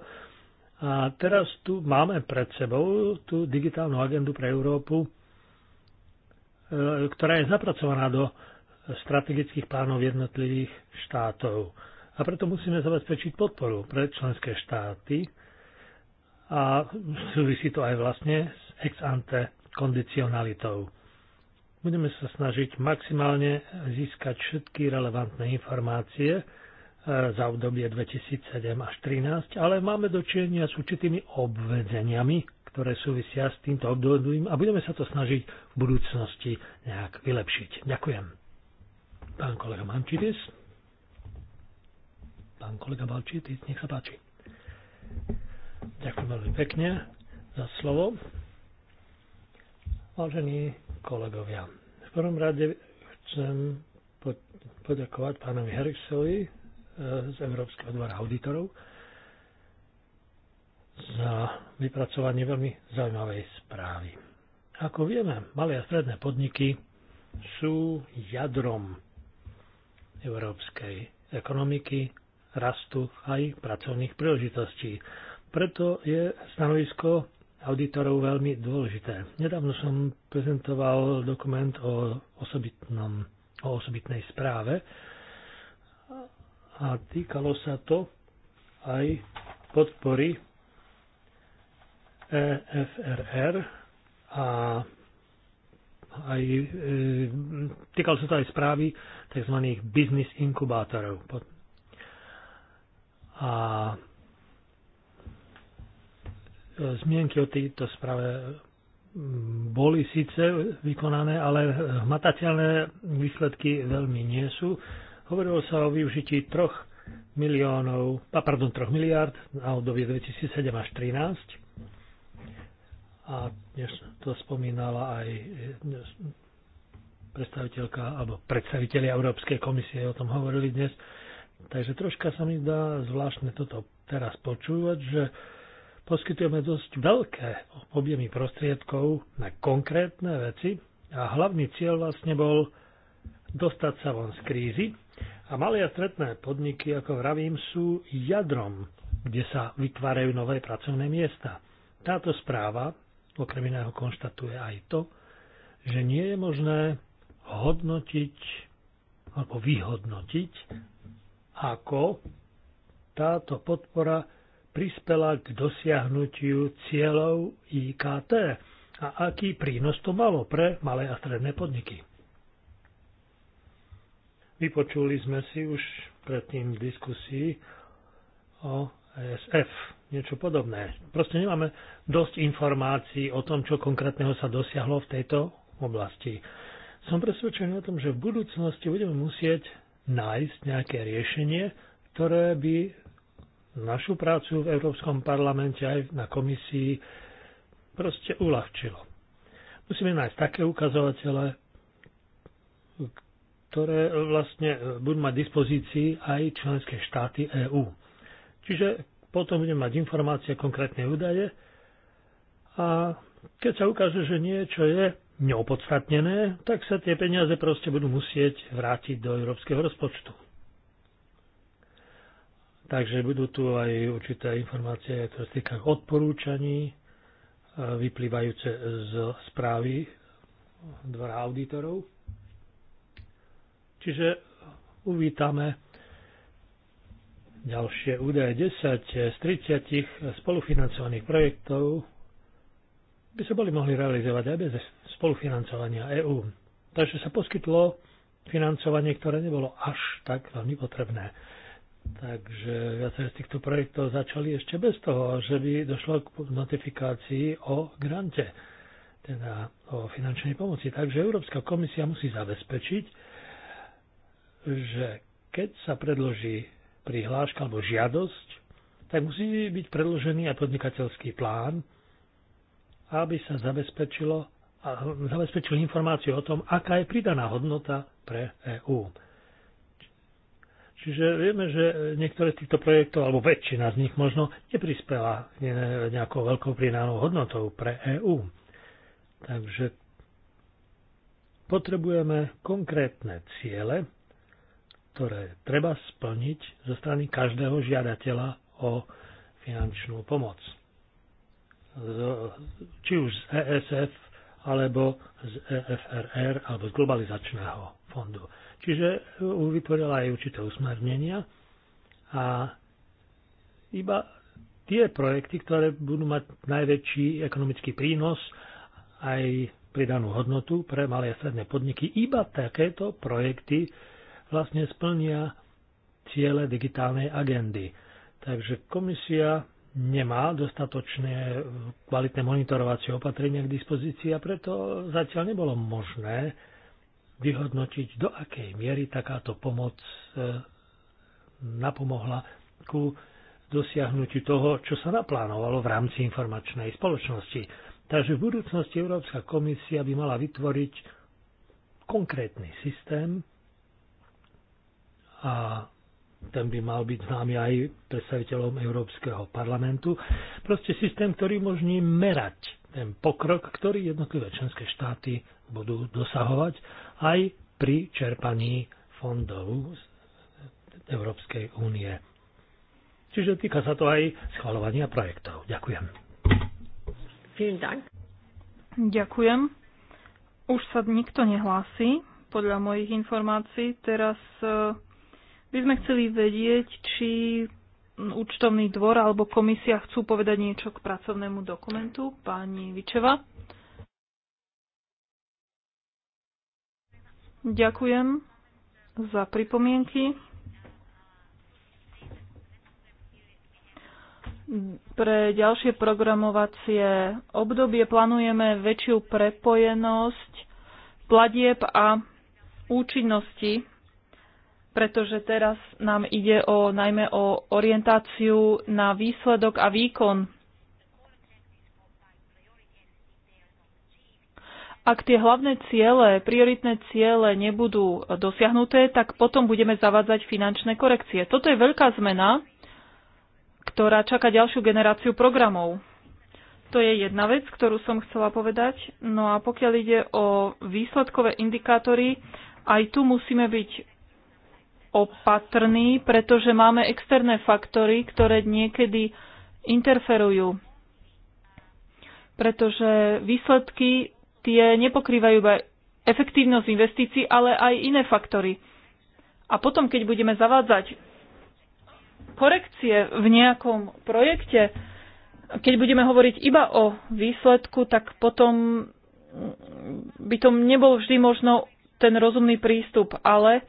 S2: A teraz tu máme pred sebou tú digitálnu agendu pre Európu, e, ktorá je zapracovaná do strategických plánov jednotlivých štátov. A preto musíme zabezpečiť podporu pre členské štáty a súvisí to aj vlastne s ex ante kondicionalitou. Budeme sa snažiť maximálne získať všetky relevantné informácie e, za obdobie 2007 až 2013, ale máme dočinenia s určitými obvedzeniami, ktoré súvisia s týmto obdobím a budeme sa to snažiť v budúcnosti nejak vylepšiť. Ďakujem. Pán kolega Mančitis. Pán kolega Balčitis, nech sa páči. Ďakujem veľmi pekne za slovo. Vážení kolegovia, v prvom rade chcem poďakovať pánovi Herxovi eh, z Európskeho dvora auditorov za vypracovanie veľmi zaujímavej správy. Ako vieme, malé a stredné podniky sú jadrom európskej ekonomiky, rastu aj pracovných príležitostí. Preto je stanovisko auditorov veľmi dôležité. Nedávno som prezentoval dokument o, osobitnom, o osobitnej správe a týkalo sa to aj podpory EFRR a aj, e, týkalo sa to aj správy tzv. business inkubátorov. A zmienky o tejto správe mm, boli síce vykonané, ale hmatateľné výsledky veľmi nie sú. Hovorilo sa o využití 3 miliónov, a pardon, 3 miliard na obdobie 2007 až 2013. A dnes to spomínala aj predstaviteľka alebo predstaviteľi Európskej komisie o tom hovorili dnes. Takže troška sa mi dá zvláštne toto teraz počúvať, že poskytujeme dosť veľké objemy prostriedkov na konkrétne veci a hlavný cieľ vlastne bol dostať sa von z krízy a malé a stretné podniky, ako vravím, sú jadrom, kde sa vytvárajú nové pracovné miesta. Táto správa okrem iného konštatuje aj to, že nie je možné hodnotiť alebo vyhodnotiť, ako táto podpora prispela k dosiahnutiu cieľov IKT a aký prínos to malo pre malé a stredné podniky. Vypočuli sme si už predtým v diskusii o ESF, niečo podobné. Proste nemáme dosť informácií o tom, čo konkrétneho sa dosiahlo v tejto oblasti. Som presvedčený o tom, že v budúcnosti budeme musieť nájsť nejaké riešenie, ktoré by našu prácu v Európskom parlamente aj na komisii proste uľahčilo. Musíme nájsť také ukazovatele, ktoré vlastne budú mať dispozícii aj členské štáty EÚ. Čiže potom budeme mať informácie, konkrétne údaje a keď sa ukáže, že niečo je neopodstatnené, tak sa tie peniaze proste budú musieť vrátiť do európskeho rozpočtu. Takže budú tu aj určité informácie, ktoré sa týka odporúčaní, e, vyplývajúce z správy dvora auditorov. Čiže uvítame ďalšie údaje. 10 z 30 spolufinancovaných projektov by sa boli mohli realizovať aj bez spolufinancovania EÚ. Takže sa poskytlo financovanie, ktoré nebolo až tak veľmi potrebné. Takže viacej z týchto projektov začali ešte bez toho, že by došlo k notifikácii o grante, teda o finančnej pomoci. Takže Európska komisia musí zabezpečiť, že keď sa predloží prihláška alebo žiadosť, tak musí byť predložený aj podnikateľský plán, aby sa zabezpečilo a zabezpečili informáciu o tom, aká je pridaná hodnota pre EÚ. Čiže vieme, že niektoré z týchto projektov, alebo väčšina z nich možno, neprispela nejakou veľkou prinánou hodnotou pre EÚ. Takže potrebujeme konkrétne ciele, ktoré treba splniť zo strany každého žiadateľa o finančnú pomoc. Či už z ESF, alebo z EFRR, alebo z globalizačného fondu. Čiže e, vytvorila aj určité usmernenia a iba tie projekty, ktoré budú mať najväčší ekonomický prínos aj pridanú hodnotu pre malé a stredné podniky, iba takéto projekty vlastne splnia ciele digitálnej agendy. Takže komisia nemá dostatočné kvalitné monitorovacie opatrenia k dispozícii a preto zatiaľ nebolo možné vyhodnotiť, do akej miery takáto pomoc e, napomohla ku dosiahnutiu toho, čo sa naplánovalo v rámci informačnej spoločnosti. Takže v budúcnosti Európska komisia by mala vytvoriť konkrétny systém a ten by mal byť známy aj predstaviteľom Európskeho parlamentu. Proste systém, ktorý možní merať ten pokrok, ktorý jednotlivé členské štáty budú dosahovať aj pri čerpaní fondov Európskej únie.
S3: Čiže týka sa to aj
S2: schvalovania projektov. Ďakujem.
S3: Ďakujem. Už sa nikto nehlási, podľa mojich informácií. Teraz eh, by sme chceli vedieť, či účtovný dvor alebo komisia chcú povedať niečo k pracovnému dokumentu? Pani Vičeva? Ďakujem za pripomienky. Pre ďalšie programovacie obdobie plánujeme väčšiu prepojenosť platieb a účinnosti pretože teraz nám ide o, najmä o orientáciu na výsledok a výkon. Ak tie hlavné ciele, prioritné ciele nebudú dosiahnuté, tak potom budeme zavádzať finančné korekcie. Toto je veľká zmena, ktorá čaká ďalšiu generáciu programov. To je jedna vec, ktorú som chcela povedať. No a pokiaľ ide o výsledkové indikátory, aj tu musíme byť opatrní, pretože máme externé faktory, ktoré niekedy interferujú. Pretože výsledky tie nepokrývajú iba efektívnosť investícií, ale aj iné faktory. A potom, keď budeme zavádzať korekcie v nejakom projekte, keď budeme hovoriť iba o výsledku, tak potom by to nebol vždy možno ten rozumný prístup, ale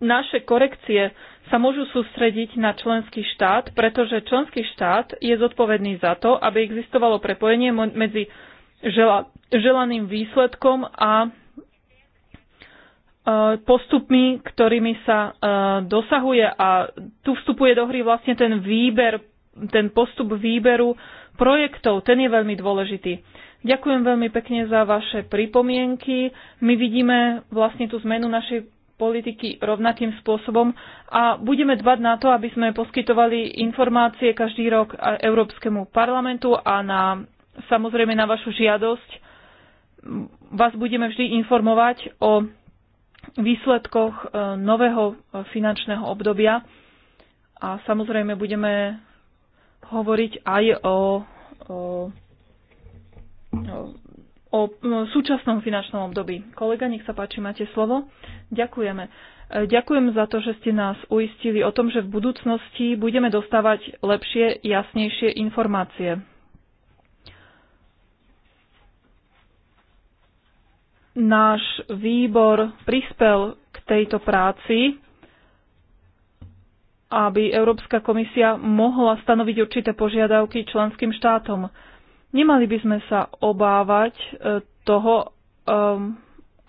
S3: naše korekcie sa môžu sústrediť na členský štát, pretože členský štát je zodpovedný za to, aby existovalo prepojenie medzi želaným výsledkom a e, postupmi, ktorými sa e, dosahuje a tu vstupuje do hry vlastne ten výber, ten postup výberu projektov, ten je veľmi dôležitý. Ďakujem veľmi pekne za vaše pripomienky. My vidíme vlastne tú zmenu našej politiky rovnakým spôsobom a budeme dbať na to, aby sme poskytovali informácie každý rok Európskemu parlamentu a na, samozrejme na vašu žiadosť vás budeme vždy informovať o výsledkoch e, nového e, finančného obdobia a samozrejme budeme hovoriť aj o, o, o o no, súčasnom finančnom období. Kolega, nech sa páči, máte slovo. Ďakujeme. E, ďakujem za to, že ste nás uistili o tom, že v budúcnosti budeme dostávať lepšie, jasnejšie informácie. Náš výbor prispel k tejto práci, aby Európska komisia mohla stanoviť určité požiadavky členským štátom. Nemali by sme sa obávať e, toho, ehm,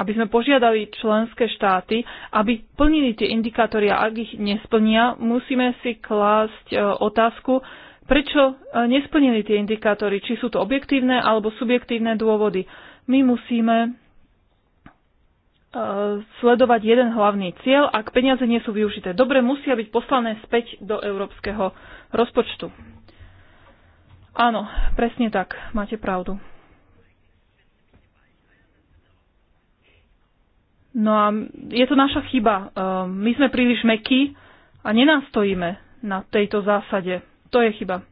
S3: aby sme požiadali členské štáty, aby plnili tie indikátory a ak ich nesplnia, musíme si klásť e, otázku, prečo e, nesplnili tie indikátory, či sú to objektívne alebo subjektívne dôvody. My musíme sledovať jeden hlavný cieľ, ak peniaze nie sú využité. Dobre, musia byť poslané späť do európskeho rozpočtu. Áno, presne tak, máte pravdu. No a je to naša chyba. Ehm, my sme príliš mekí a nenastojíme na tejto zásade. To je chyba.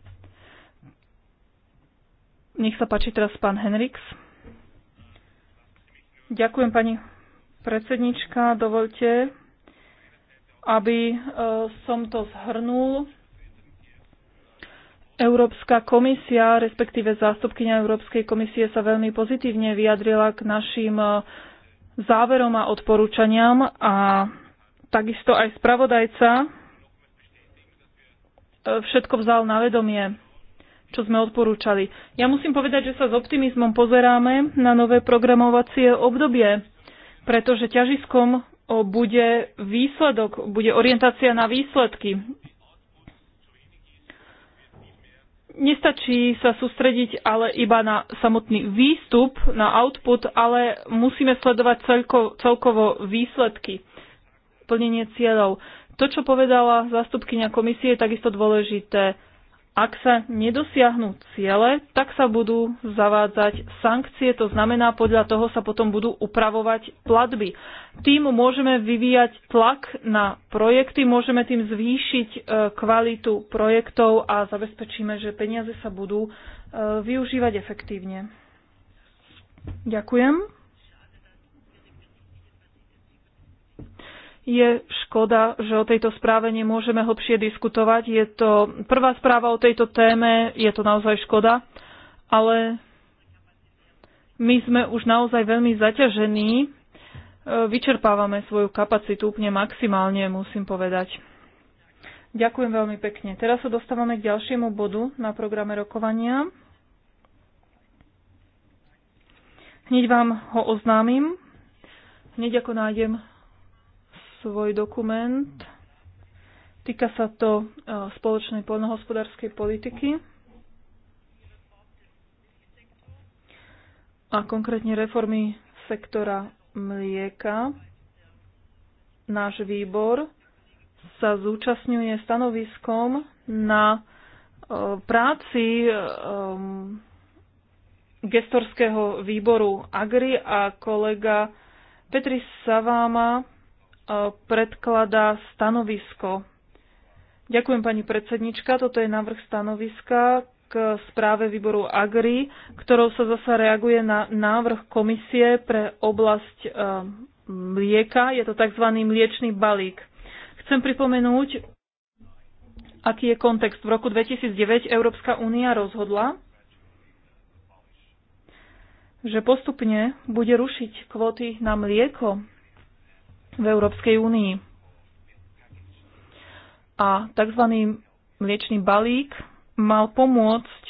S3: Nech sa páči teraz pán Henrix. Ďakujem pani predsednička. Dovolte, aby ehm, som to zhrnul. Európska komisia, respektíve zástupkynia Európskej komisie sa veľmi pozitívne vyjadrila k našim e, záverom a odporúčaniam a takisto aj spravodajca e, všetko vzal na vedomie, čo sme odporúčali. Ja musím povedať, že sa s optimizmom pozeráme na nové programovacie obdobie, pretože ťažiskom bude výsledok, bude orientácia na výsledky nestačí sa sústrediť ale iba na samotný výstup, na output, ale musíme sledovať celko, celkovo výsledky, plnenie cieľov. To, čo povedala zástupkynia komisie, je takisto dôležité. Ak sa nedosiahnu ciele, tak sa budú zavádzať sankcie, to znamená, podľa toho sa potom budú upravovať platby. Tým môžeme vyvíjať tlak na projekty, môžeme tým zvýšiť e, kvalitu projektov a zabezpečíme, že peniaze sa budú e, využívať efektívne. Ďakujem. Je škoda, že o tejto správe nemôžeme hlbšie diskutovať. Je to prvá správa o tejto téme, je to naozaj škoda, ale my sme už naozaj veľmi zaťažení, e, vyčerpávame svoju kapacitu úplne maximálne, musím povedať. Ďakujem veľmi pekne. Teraz sa dostávame k ďalšiemu bodu na programe rokovania. Hneď vám ho oznámim. Hneď ako nájdem svoj dokument. Týka sa to e, spoločnej poľnohospodárskej politiky a konkrétne reformy sektora mlieka. Náš výbor sa zúčastňuje stanoviskom na e, práci e, gestorského výboru Agri a kolega Petri Saváma E, predkladá stanovisko. Ďakujem pani predsednička, toto je návrh stanoviska k správe výboru AGRI, ktorou sa zasa reaguje na návrh komisie pre oblasť e, mlieka. Je to tzv. mliečný balík. Chcem pripomenúť, aký je kontext. V roku 2009 Európska únia rozhodla, že postupne bude rušiť kvóty na mlieko v Európskej únii. A tzv. mliečný balík mal pomôcť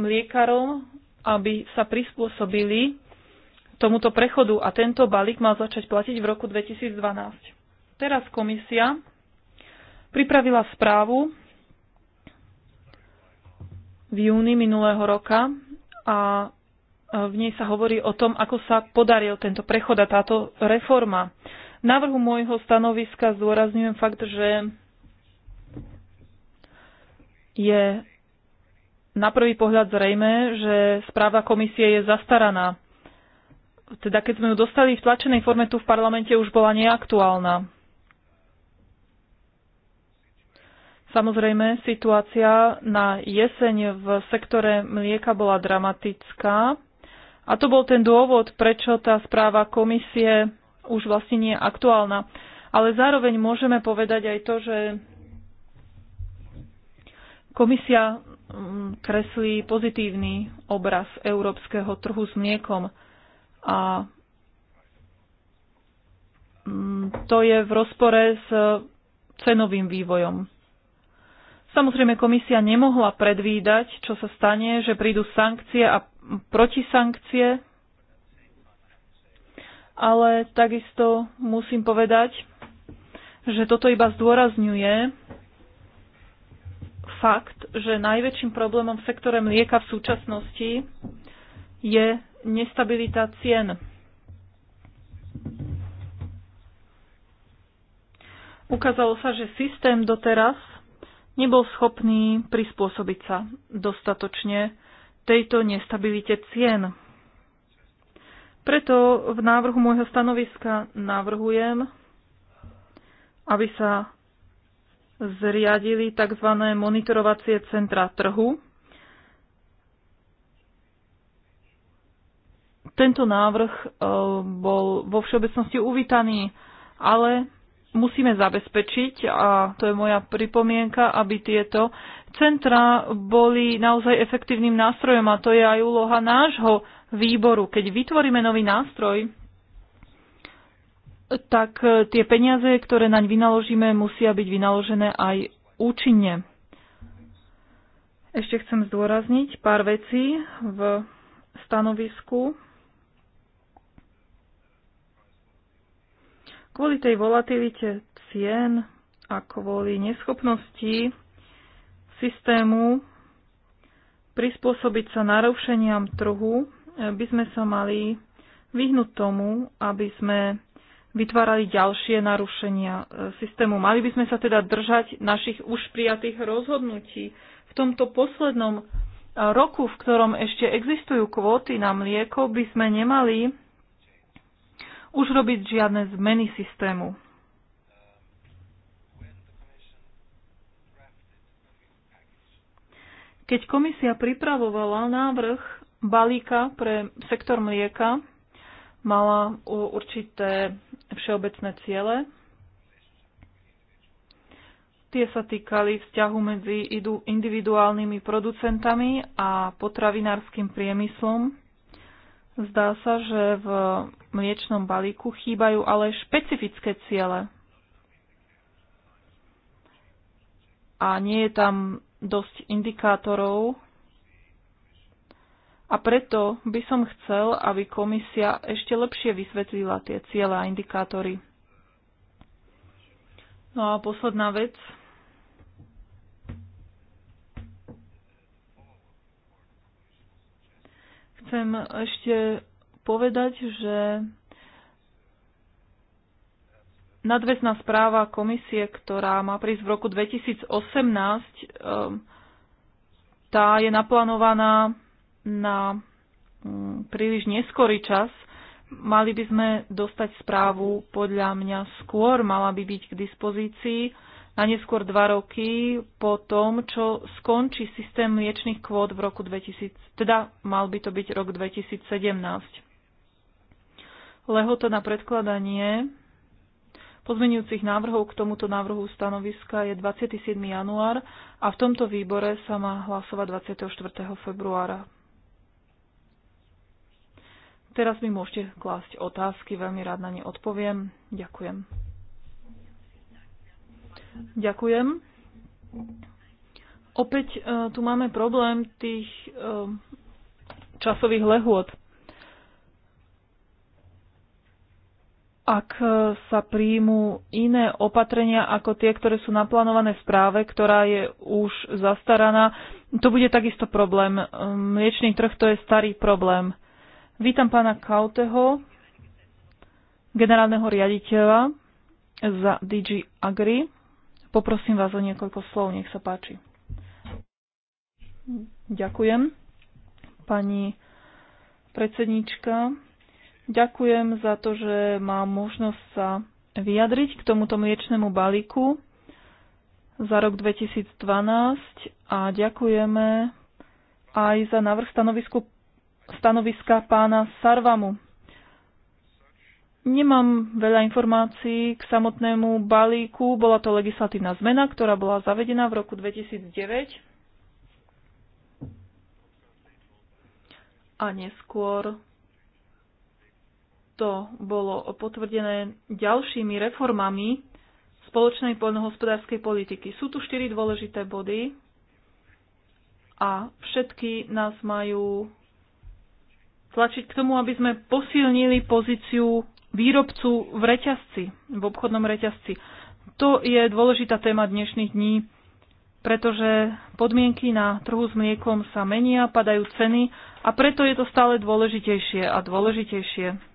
S3: mliekarom, aby sa prispôsobili tomuto prechodu a tento balík mal začať platiť v roku 2012. Teraz komisia pripravila správu v júni minulého roka a v nej sa hovorí o tom, ako sa podaril tento prechod a táto reforma. V návrhu môjho stanoviska zdôrazňujem fakt, že je na prvý pohľad zrejme, že správa komisie je zastaraná. Teda keď sme ju dostali v tlačenej forme tu v parlamente, už bola neaktuálna. Samozrejme, situácia na jeseň v sektore mlieka bola dramatická a to bol ten dôvod, prečo tá správa komisie už vlastne nie je aktuálna. Ale zároveň môžeme povedať aj to, že komisia mm, kreslí pozitívny obraz európskeho trhu s mliekom a mm, to je v rozpore s cenovým vývojom. Samozrejme, komisia nemohla predvídať, čo sa stane, že prídu sankcie a protisankcie, ale takisto musím povedať, že toto iba zdôrazňuje fakt, že najväčším problémom v sektore mlieka v súčasnosti je nestabilita cien. Ukázalo sa, že systém doteraz nebol schopný prispôsobiť sa dostatočne tejto nestabilite cien. Preto v návrhu môjho stanoviska navrhujem, aby sa zriadili tzv. monitorovacie centra trhu. Tento návrh e, bol vo všeobecnosti uvítaný, ale musíme zabezpečiť, a to je moja pripomienka, aby tieto Centra boli naozaj efektívnym nástrojom a to je aj úloha nášho výboru. Keď vytvoríme nový nástroj, tak e, tie peniaze, ktoré naň vynaložíme, musia byť vynaložené aj účinne. Ešte chcem zdôrazniť pár vecí v stanovisku. Kvôli tej volatilite cien a kvôli neschopnosti systému prispôsobiť sa narušeniam trhu, by sme sa mali vyhnúť tomu, aby sme vytvárali ďalšie narušenia e, systému. Mali by sme sa teda držať našich už prijatých rozhodnutí. V tomto poslednom e, roku, v ktorom ešte existujú kvóty na mlieko, by sme nemali už robiť žiadne zmeny systému. Keď komisia pripravovala návrh balíka pre sektor mlieka, mala určité všeobecné ciele. Tie sa týkali vzťahu medzi individuálnymi producentami a potravinárskym priemyslom. Zdá sa, že v mliečnom balíku chýbajú ale špecifické ciele. A nie je tam dosť indikátorov a preto by som chcel, aby komisia ešte lepšie vysvetlila tie ciele a indikátory. No a posledná vec. Chcem ešte povedať, že Nadväzná správa komisie, ktorá má prísť v roku 2018, ehm, tá je naplánovaná na mm, príliš neskorý čas. Mali by sme dostať správu podľa mňa skôr, mala by byť k dispozícii na neskôr dva roky po tom, čo skončí systém liečných kvót v roku 2000, teda mal by to byť rok 2017. Lehota na predkladanie Pozmenujúcich návrhov k tomuto návrhu stanoviska je 27. január a v tomto výbore sa má hlasovať 24. februára. Teraz mi môžete klásť otázky, veľmi rád na ne odpoviem. Ďakujem. Ďakujem. Opäť e, tu máme problém tých e, časových lehôd. ak e, sa príjmú iné opatrenia ako tie, ktoré sú naplánované v správe, ktorá je už zastaraná, to bude takisto problém. E, Mliečný trh to je starý problém. Vítam pána Kauteho, generálneho riaditeľa za DG Agri. Poprosím vás o niekoľko slov, nech sa páči. Ďakujem. Pani predsednička, Ďakujem za to, že mám možnosť sa vyjadriť k tomuto mliečnemu balíku za rok 2012 a ďakujeme aj za návrh stanovisku, stanoviska pána Sarvamu. Nemám veľa informácií k samotnému balíku. Bola to legislatívna zmena, ktorá bola zavedená v roku 2009 a neskôr to bolo potvrdené ďalšími reformami spoločnej poľnohospodárskej politiky. Sú tu štyri dôležité body a všetky nás majú tlačiť k tomu, aby sme posilnili pozíciu výrobcu v reťazci, v obchodnom reťazci. To je dôležitá téma dnešných dní, pretože podmienky na trhu s mliekom sa menia, padajú ceny a preto je to stále dôležitejšie a dôležitejšie.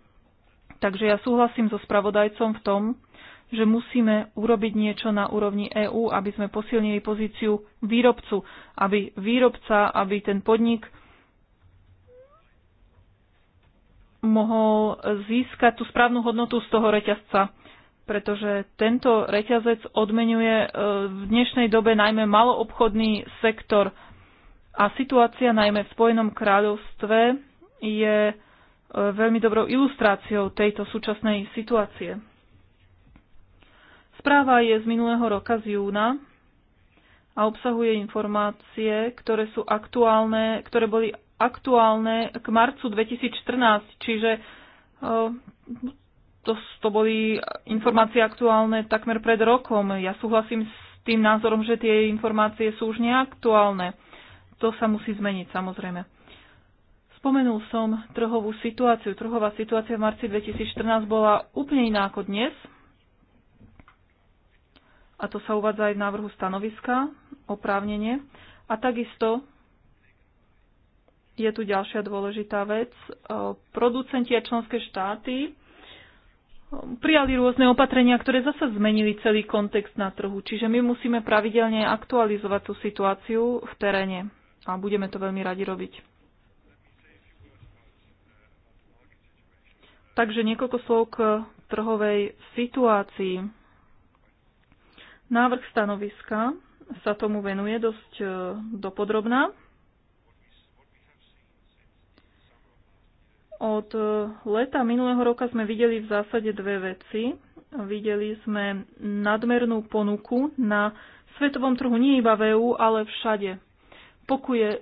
S3: Takže ja súhlasím so spravodajcom v tom, že musíme urobiť niečo na úrovni EÚ, aby sme posilnili pozíciu výrobcu, aby výrobca, aby ten podnik mohol získať tú správnu hodnotu z toho reťazca, pretože tento reťazec odmenuje e, v dnešnej dobe najmä maloobchodný sektor a situácia najmä v Spojenom kráľovstve je veľmi dobrou ilustráciou tejto súčasnej situácie. Správa je z minulého roka z júna a obsahuje informácie, ktoré sú aktuálne, ktoré boli aktuálne k marcu 2014, čiže to, to boli informácie aktuálne takmer pred rokom. Ja súhlasím s tým názorom, že tie informácie sú už neaktuálne. To sa musí zmeniť samozrejme. Spomenul som trhovú situáciu. Trhová situácia v marci 2014 bola úplne iná ako dnes. A to sa uvádza aj v návrhu stanoviska, oprávnenie. A takisto je tu ďalšia dôležitá vec. E, producenti a členské štáty e, prijali rôzne opatrenia, ktoré zase zmenili celý kontext na trhu. Čiže my musíme pravidelne aktualizovať tú situáciu v teréne a budeme to veľmi radi robiť. Takže niekoľko slov k trhovej situácii. Návrh stanoviska sa tomu venuje dosť e, dopodrobná. Od e, leta minulého roka sme videli v zásade dve veci. Videli sme nadmernú ponuku na svetovom trhu, nie iba v EU, ale všade. Pokuje, e,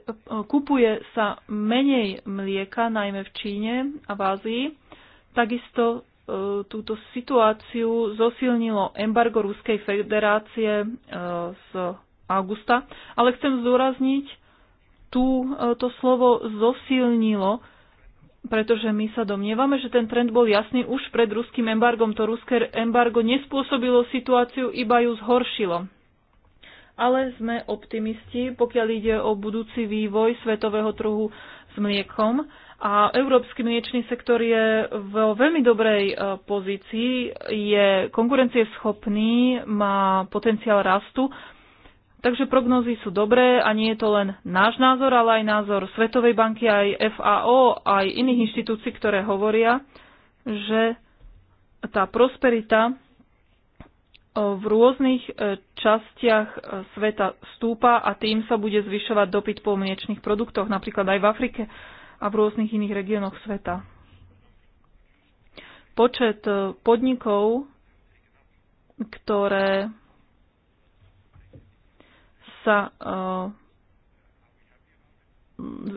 S3: kupuje sa menej mlieka, najmä v Číne a v Ázii, Takisto e, túto situáciu zosilnilo embargo Ruskej federácie e, z augusta, ale chcem zdôrazniť, tu e, to slovo zosilnilo, pretože my sa domnievame, že ten trend bol jasný už pred ruským embargom. To ruské embargo nespôsobilo situáciu, iba ju zhoršilo. Ale sme optimisti, pokiaľ ide o budúci vývoj svetového trhu s mliekom a európsky mliečný sektor je vo veľmi dobrej e, pozícii, je konkurencieschopný, má potenciál rastu, takže prognozy sú dobré a nie je to len náš názor, ale aj názor Svetovej banky, aj FAO, aj iných inštitúcií, ktoré hovoria, že tá prosperita e, v rôznych e, častiach sveta stúpa a tým sa bude zvyšovať dopyt po mliečných produktoch, napríklad aj v Afrike a v rôznych iných regiónoch sveta. Počet e, podnikov, ktoré sa e,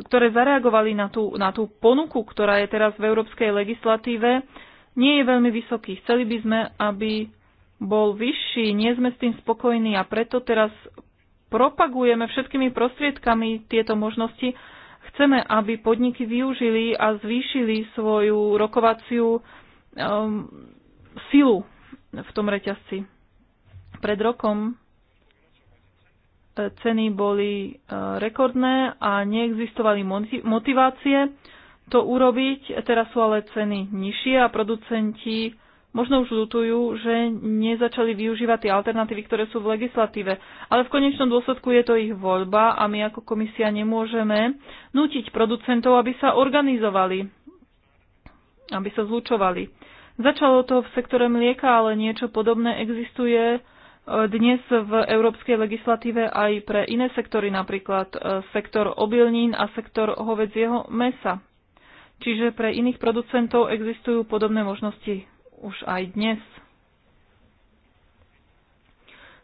S3: ktoré zareagovali na tú, na tú ponuku, ktorá je teraz v európskej legislatíve, nie je veľmi vysoký. Chceli by sme, aby bol vyšší, nie sme s tým spokojní a preto teraz propagujeme všetkými prostriedkami tieto možnosti Chceme, aby podniky využili a zvýšili svoju rokovaciu um, silu v tom reťazci. Pred rokom e, ceny boli e, rekordné a neexistovali motivácie to urobiť. Teraz sú ale ceny nižšie a producenti možno už ľutujú, že nezačali využívať tie alternatívy, ktoré sú v legislatíve. Ale v konečnom dôsledku je to ich voľba a my ako komisia nemôžeme nútiť producentov, aby sa organizovali, aby sa zlučovali. Začalo to v sektore mlieka, ale niečo podobné existuje e, dnes v európskej legislatíve aj pre iné sektory, napríklad e, sektor obilnín a sektor hovedzieho mesa. Čiže pre iných producentov existujú podobné možnosti už aj dnes.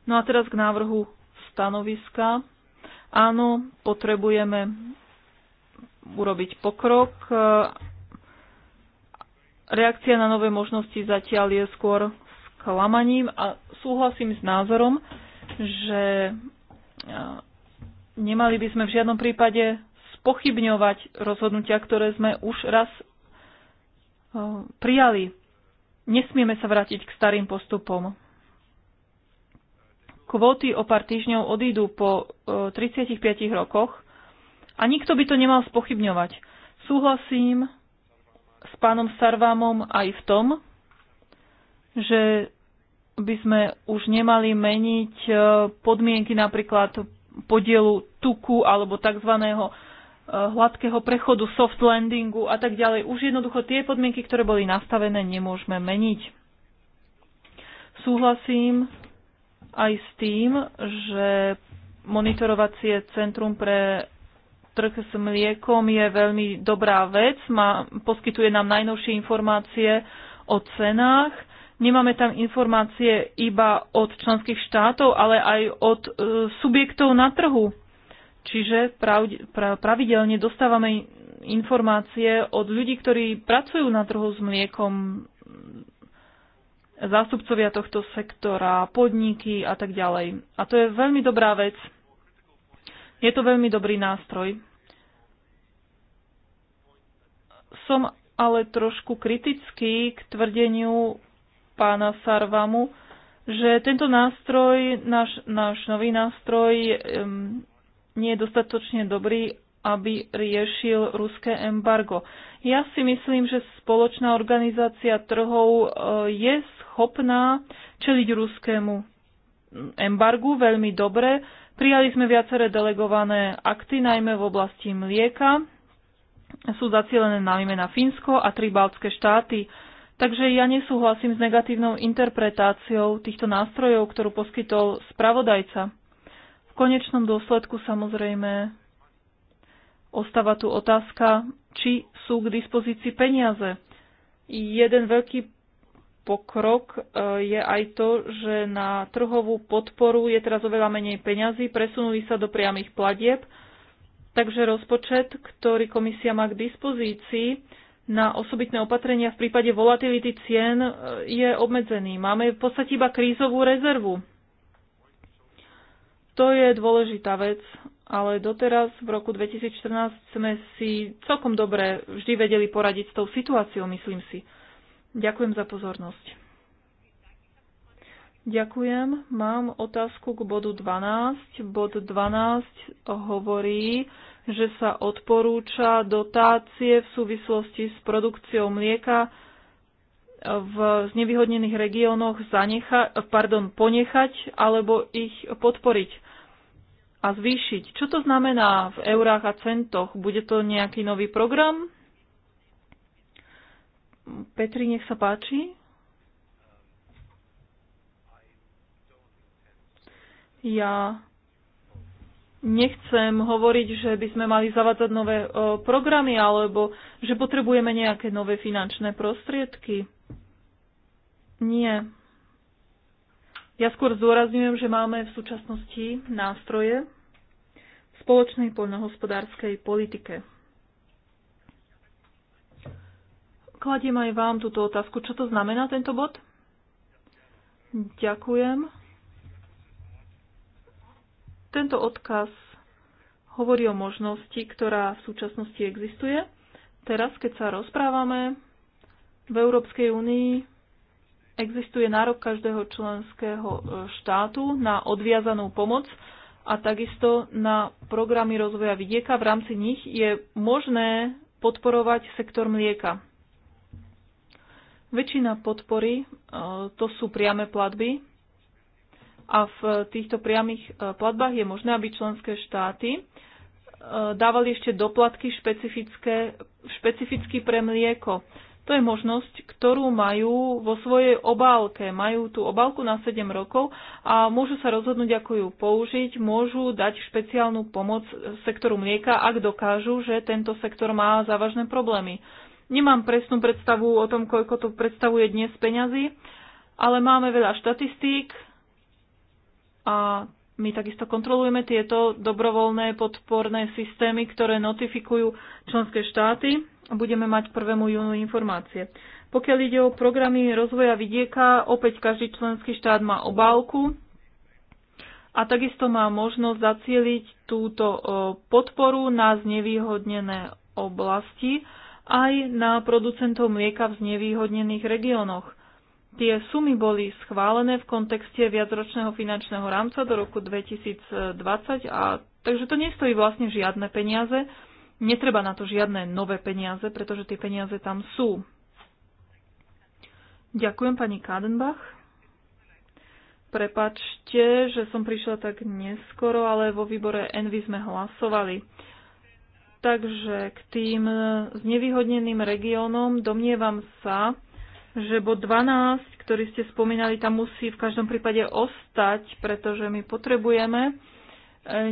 S3: No a teraz k návrhu stanoviska. Áno, potrebujeme urobiť pokrok. Reakcia na nové možnosti zatiaľ je skôr sklamaním a súhlasím s názorom, že nemali by sme v žiadnom prípade spochybňovať rozhodnutia, ktoré sme už raz prijali. Nesmieme sa vrátiť k starým postupom. Kvóty o pár týždňov odídu po 35 e, rokoch a nikto by to nemal spochybňovať. Súhlasím s pánom Sarvámom aj v tom, že by sme už nemali meniť e, podmienky napríklad podielu tuku alebo tzv hladkého prechodu, soft landingu a tak ďalej. Už jednoducho tie podmienky, ktoré boli nastavené, nemôžeme meniť. Súhlasím aj s tým, že monitorovacie centrum pre trh s mliekom je veľmi dobrá vec, má, poskytuje nám najnovšie informácie o cenách. Nemáme tam informácie iba od členských štátov, ale aj od e, subjektov na trhu Čiže pravidelne dostávame informácie od ľudí, ktorí pracujú na trhu s mliekom, zástupcovia tohto sektora, podniky a tak ďalej. A to je veľmi dobrá vec. Je to veľmi dobrý nástroj. Som ale trošku kritický k tvrdeniu pána Sarvamu, že tento nástroj, náš, náš nový nástroj, um, nie je dostatočne dobrý, aby riešil ruské embargo. Ja si myslím, že spoločná organizácia trhov e, je schopná čeliť ruskému embargu veľmi dobre. Prijali sme viaceré delegované akty, najmä v oblasti mlieka. Sú zacielené najmä na Fínsko a tri baltské štáty. Takže ja nesúhlasím s negatívnou interpretáciou týchto nástrojov, ktorú poskytol spravodajca konečnom dôsledku samozrejme ostáva tu otázka, či sú k dispozícii peniaze. Jeden veľký pokrok e, je aj to, že na trhovú podporu je teraz oveľa menej peňazí, presunuli sa do priamých platieb, takže rozpočet, ktorý komisia má k dispozícii na osobitné opatrenia v prípade volatility cien e, je obmedzený. Máme v podstate iba krízovú rezervu to je dôležitá vec, ale doteraz v roku 2014 sme si celkom dobre vždy vedeli poradiť s tou situáciou, myslím si. Ďakujem za pozornosť. Ďakujem. Mám otázku k bodu 12. Bod 12 hovorí, že sa odporúča dotácie v súvislosti s produkciou mlieka v znevýhodnených regiónoch zanecha, pardon, ponechať alebo ich podporiť a zvýšiť. Čo to znamená v eurách a centoch? Bude to nejaký nový program? Petri, nech sa páči. Ja nechcem hovoriť, že by sme mali zavádzať nové programy alebo že potrebujeme nejaké nové finančné prostriedky. Nie. Ja skôr zdôrazňujem, že máme v súčasnosti nástroje v spoločnej poľnohospodárskej politike. Kladiem aj vám túto otázku. Čo to znamená tento bod? Ďakujem. Tento odkaz hovorí o možnosti, ktorá v súčasnosti existuje. Teraz, keď sa rozprávame v Európskej únii Existuje nárok každého členského e, štátu na odviazanú pomoc a takisto na programy rozvoja vidieka. V rámci nich je možné podporovať sektor mlieka. Väčšina podpory e, to sú priame platby a v e, týchto priamých platbách je možné, aby členské štáty dávali ešte doplatky špecifické, špecificky pre mlieko. To je možnosť, ktorú majú vo svojej obálke. Majú tú obálku na 7 rokov a môžu sa rozhodnúť, ako ju použiť. Môžu dať špeciálnu pomoc sektoru mlieka, ak dokážu, že tento sektor má závažné problémy. Nemám presnú predstavu o tom, koľko to predstavuje dnes peňazí, ale máme veľa štatistík a my takisto kontrolujeme tieto dobrovoľné podporné systémy, ktoré notifikujú členské štáty budeme mať 1. júnu informácie. Pokiaľ ide o programy rozvoja vidieka, opäť každý členský štát má obálku a takisto má možnosť zacieliť túto podporu na znevýhodnené oblasti aj na producentov mlieka v znevýhodnených regiónoch. Tie sumy boli schválené v kontexte viacročného finančného rámca do roku 2020 a takže to nestojí vlastne žiadne peniaze Netreba na to žiadne nové peniaze, pretože tie peniaze tam sú. Ďakujem pani Kadenbach. Prepačte, že som prišla tak neskoro, ale vo výbore Envy sme hlasovali. Takže k tým znevýhodneným regiónom domnievam sa, že bod 12, ktorý ste spomínali, tam musí v každom prípade ostať, pretože my potrebujeme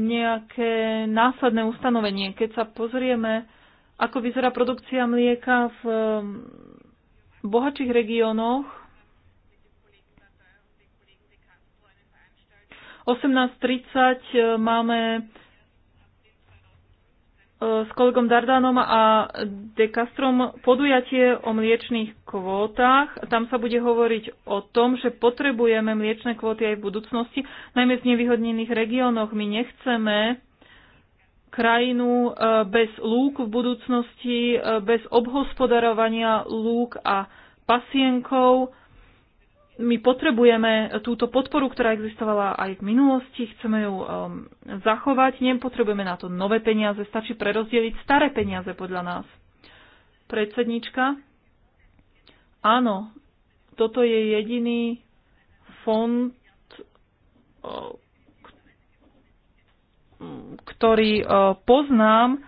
S3: nejaké následné ustanovenie. Keď sa pozrieme, ako vyzerá produkcia mlieka v um, bohatších regiónoch, 18.30 e, máme s kolegom Dardanom a Dekastrom podujatie o mliečných kvótach. Tam sa bude hovoriť o tom, že potrebujeme mliečne kvóty aj v budúcnosti, najmä v nevyhodnených regiónoch. My nechceme krajinu e, bez lúk v budúcnosti, e, bez obhospodarovania lúk a pasienkov my potrebujeme túto podporu, ktorá existovala aj v minulosti, chceme ju um, zachovať, nepotrebujeme na to nové peniaze, stačí prerozdeliť staré peniaze podľa nás. Predsednička? Áno, toto je jediný fond, uh, ktorý uh, poznám, uh,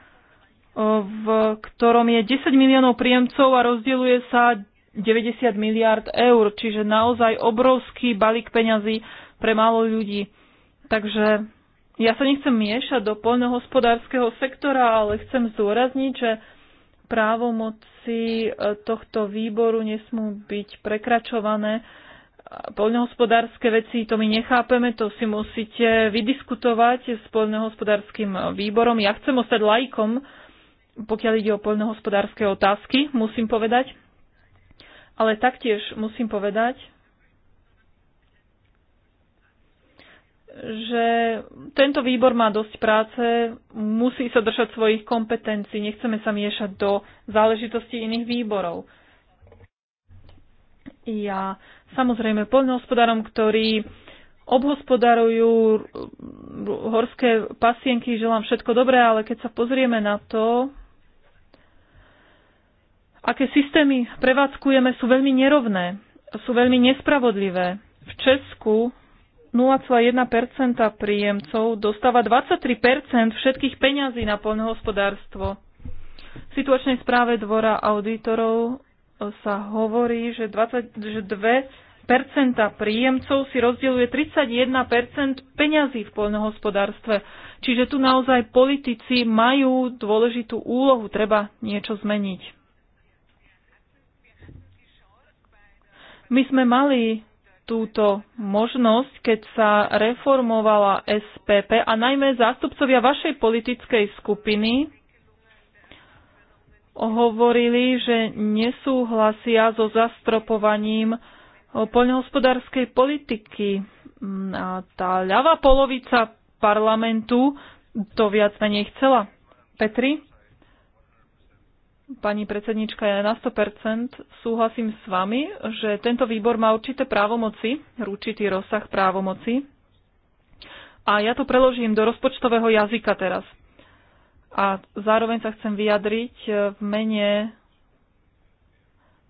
S3: v ktorom je 10 miliónov príjemcov a rozdieluje sa 90 miliard eur, čiže naozaj obrovský balík peňazí pre málo ľudí. Takže ja sa nechcem miešať do poľnohospodárskeho sektora, ale chcem zdôrazniť, že právomoci e, tohto výboru nesmú byť prekračované. Poľnohospodárske veci, to my nechápeme, to si musíte vydiskutovať s poľnohospodárským výborom. Ja chcem ostať lajkom, pokiaľ ide o poľnohospodárske otázky, musím povedať. Ale taktiež musím povedať, že tento výbor má dosť práce, musí sa držať svojich kompetencií, nechceme sa miešať do záležitostí iných výborov. Ja samozrejme poľnohospodárom, ktorí obhospodarujú horské pasienky, želám všetko dobré, ale keď sa pozrieme na to, aké systémy prevádzkujeme, sú veľmi nerovné, sú veľmi nespravodlivé. V Česku 0,1% príjemcov dostáva 23% všetkých peňazí na poľnohospodárstvo. V situačnej správe Dvora auditorov sa hovorí, že, 20, že 2% príjemcov si rozdieluje 31% peňazí v poľnohospodárstve. Čiže tu naozaj politici majú dôležitú úlohu, treba niečo zmeniť. My sme mali túto možnosť, keď sa reformovala SPP a najmä zástupcovia vašej politickej skupiny hovorili, že nesúhlasia so zastropovaním poľnohospodárskej politiky. A tá ľavá polovica parlamentu to viac menej chcela. Petri? pani predsednička, ja na 100% súhlasím s vami, že tento výbor má určité právomoci, určitý rozsah právomoci. A ja to preložím do rozpočtového jazyka teraz. A zároveň sa chcem vyjadriť v mene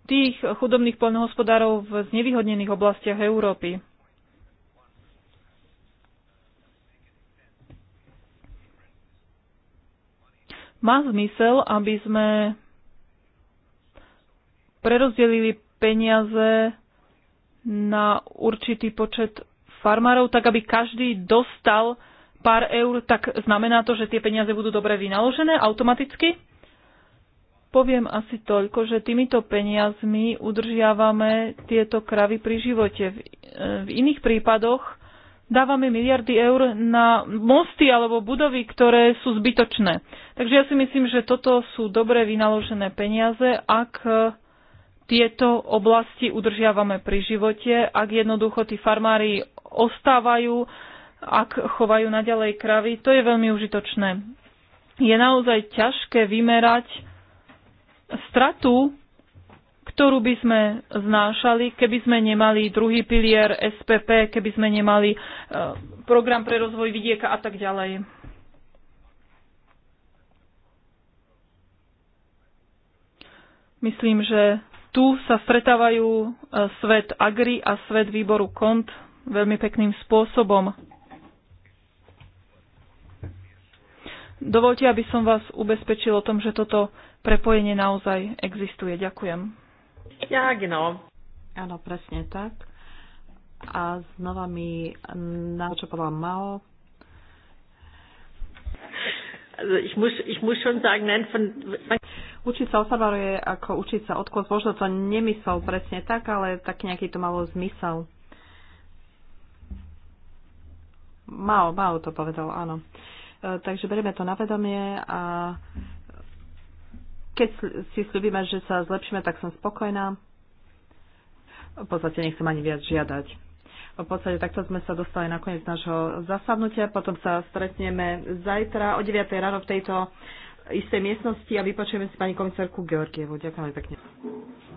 S3: tých chudobných poľnohospodárov v znevýhodnených oblastiach Európy. Má zmysel, aby sme prerozdelili peniaze na určitý počet farmárov, tak aby každý dostal pár eur, tak znamená to, že tie peniaze budú dobre vynaložené automaticky? Poviem asi toľko, že týmito peniazmi udržiavame tieto kravy pri živote. V, iných prípadoch dávame miliardy eur na mosty alebo budovy, ktoré sú zbytočné. Takže ja si myslím, že toto sú dobre vynaložené peniaze, ak tieto oblasti udržiavame pri živote, ak jednoducho tí farmári ostávajú, ak chovajú naďalej kravy, to je veľmi užitočné. Je naozaj ťažké vymerať stratu, ktorú by sme znášali, keby sme nemali druhý pilier SPP, keby sme nemali e, program pre rozvoj vidieka a tak ďalej. Myslím, že tu sa stretávajú e, svet Agri a svet výboru KONT veľmi pekným spôsobom. Dovolte, aby som vás ubezpečil o tom, že toto prepojenie naozaj existuje. Ďakujem.
S1: Ja, genau. Áno, presne tak. A znova mi na čo povedal Mao. Also ich muss, ich muss schon sagen, nein, von, von, Učiť sa od je ako učiť sa odkôs, Možno to nemyslel presne tak, ale tak nejaký to malo zmysel. Mao, Mao to povedal, áno. E, takže berieme to na vedomie a keď si slúbime, že sa zlepšíme, tak som spokojná. V podstate nechcem ani viac žiadať. V podstate takto sme sa dostali na koniec nášho zasadnutia. Potom sa stretneme zajtra o 9. ráno v tejto istej miestnosti a vypočujeme si pani komisárku Georgievu. Ďakujem pekne.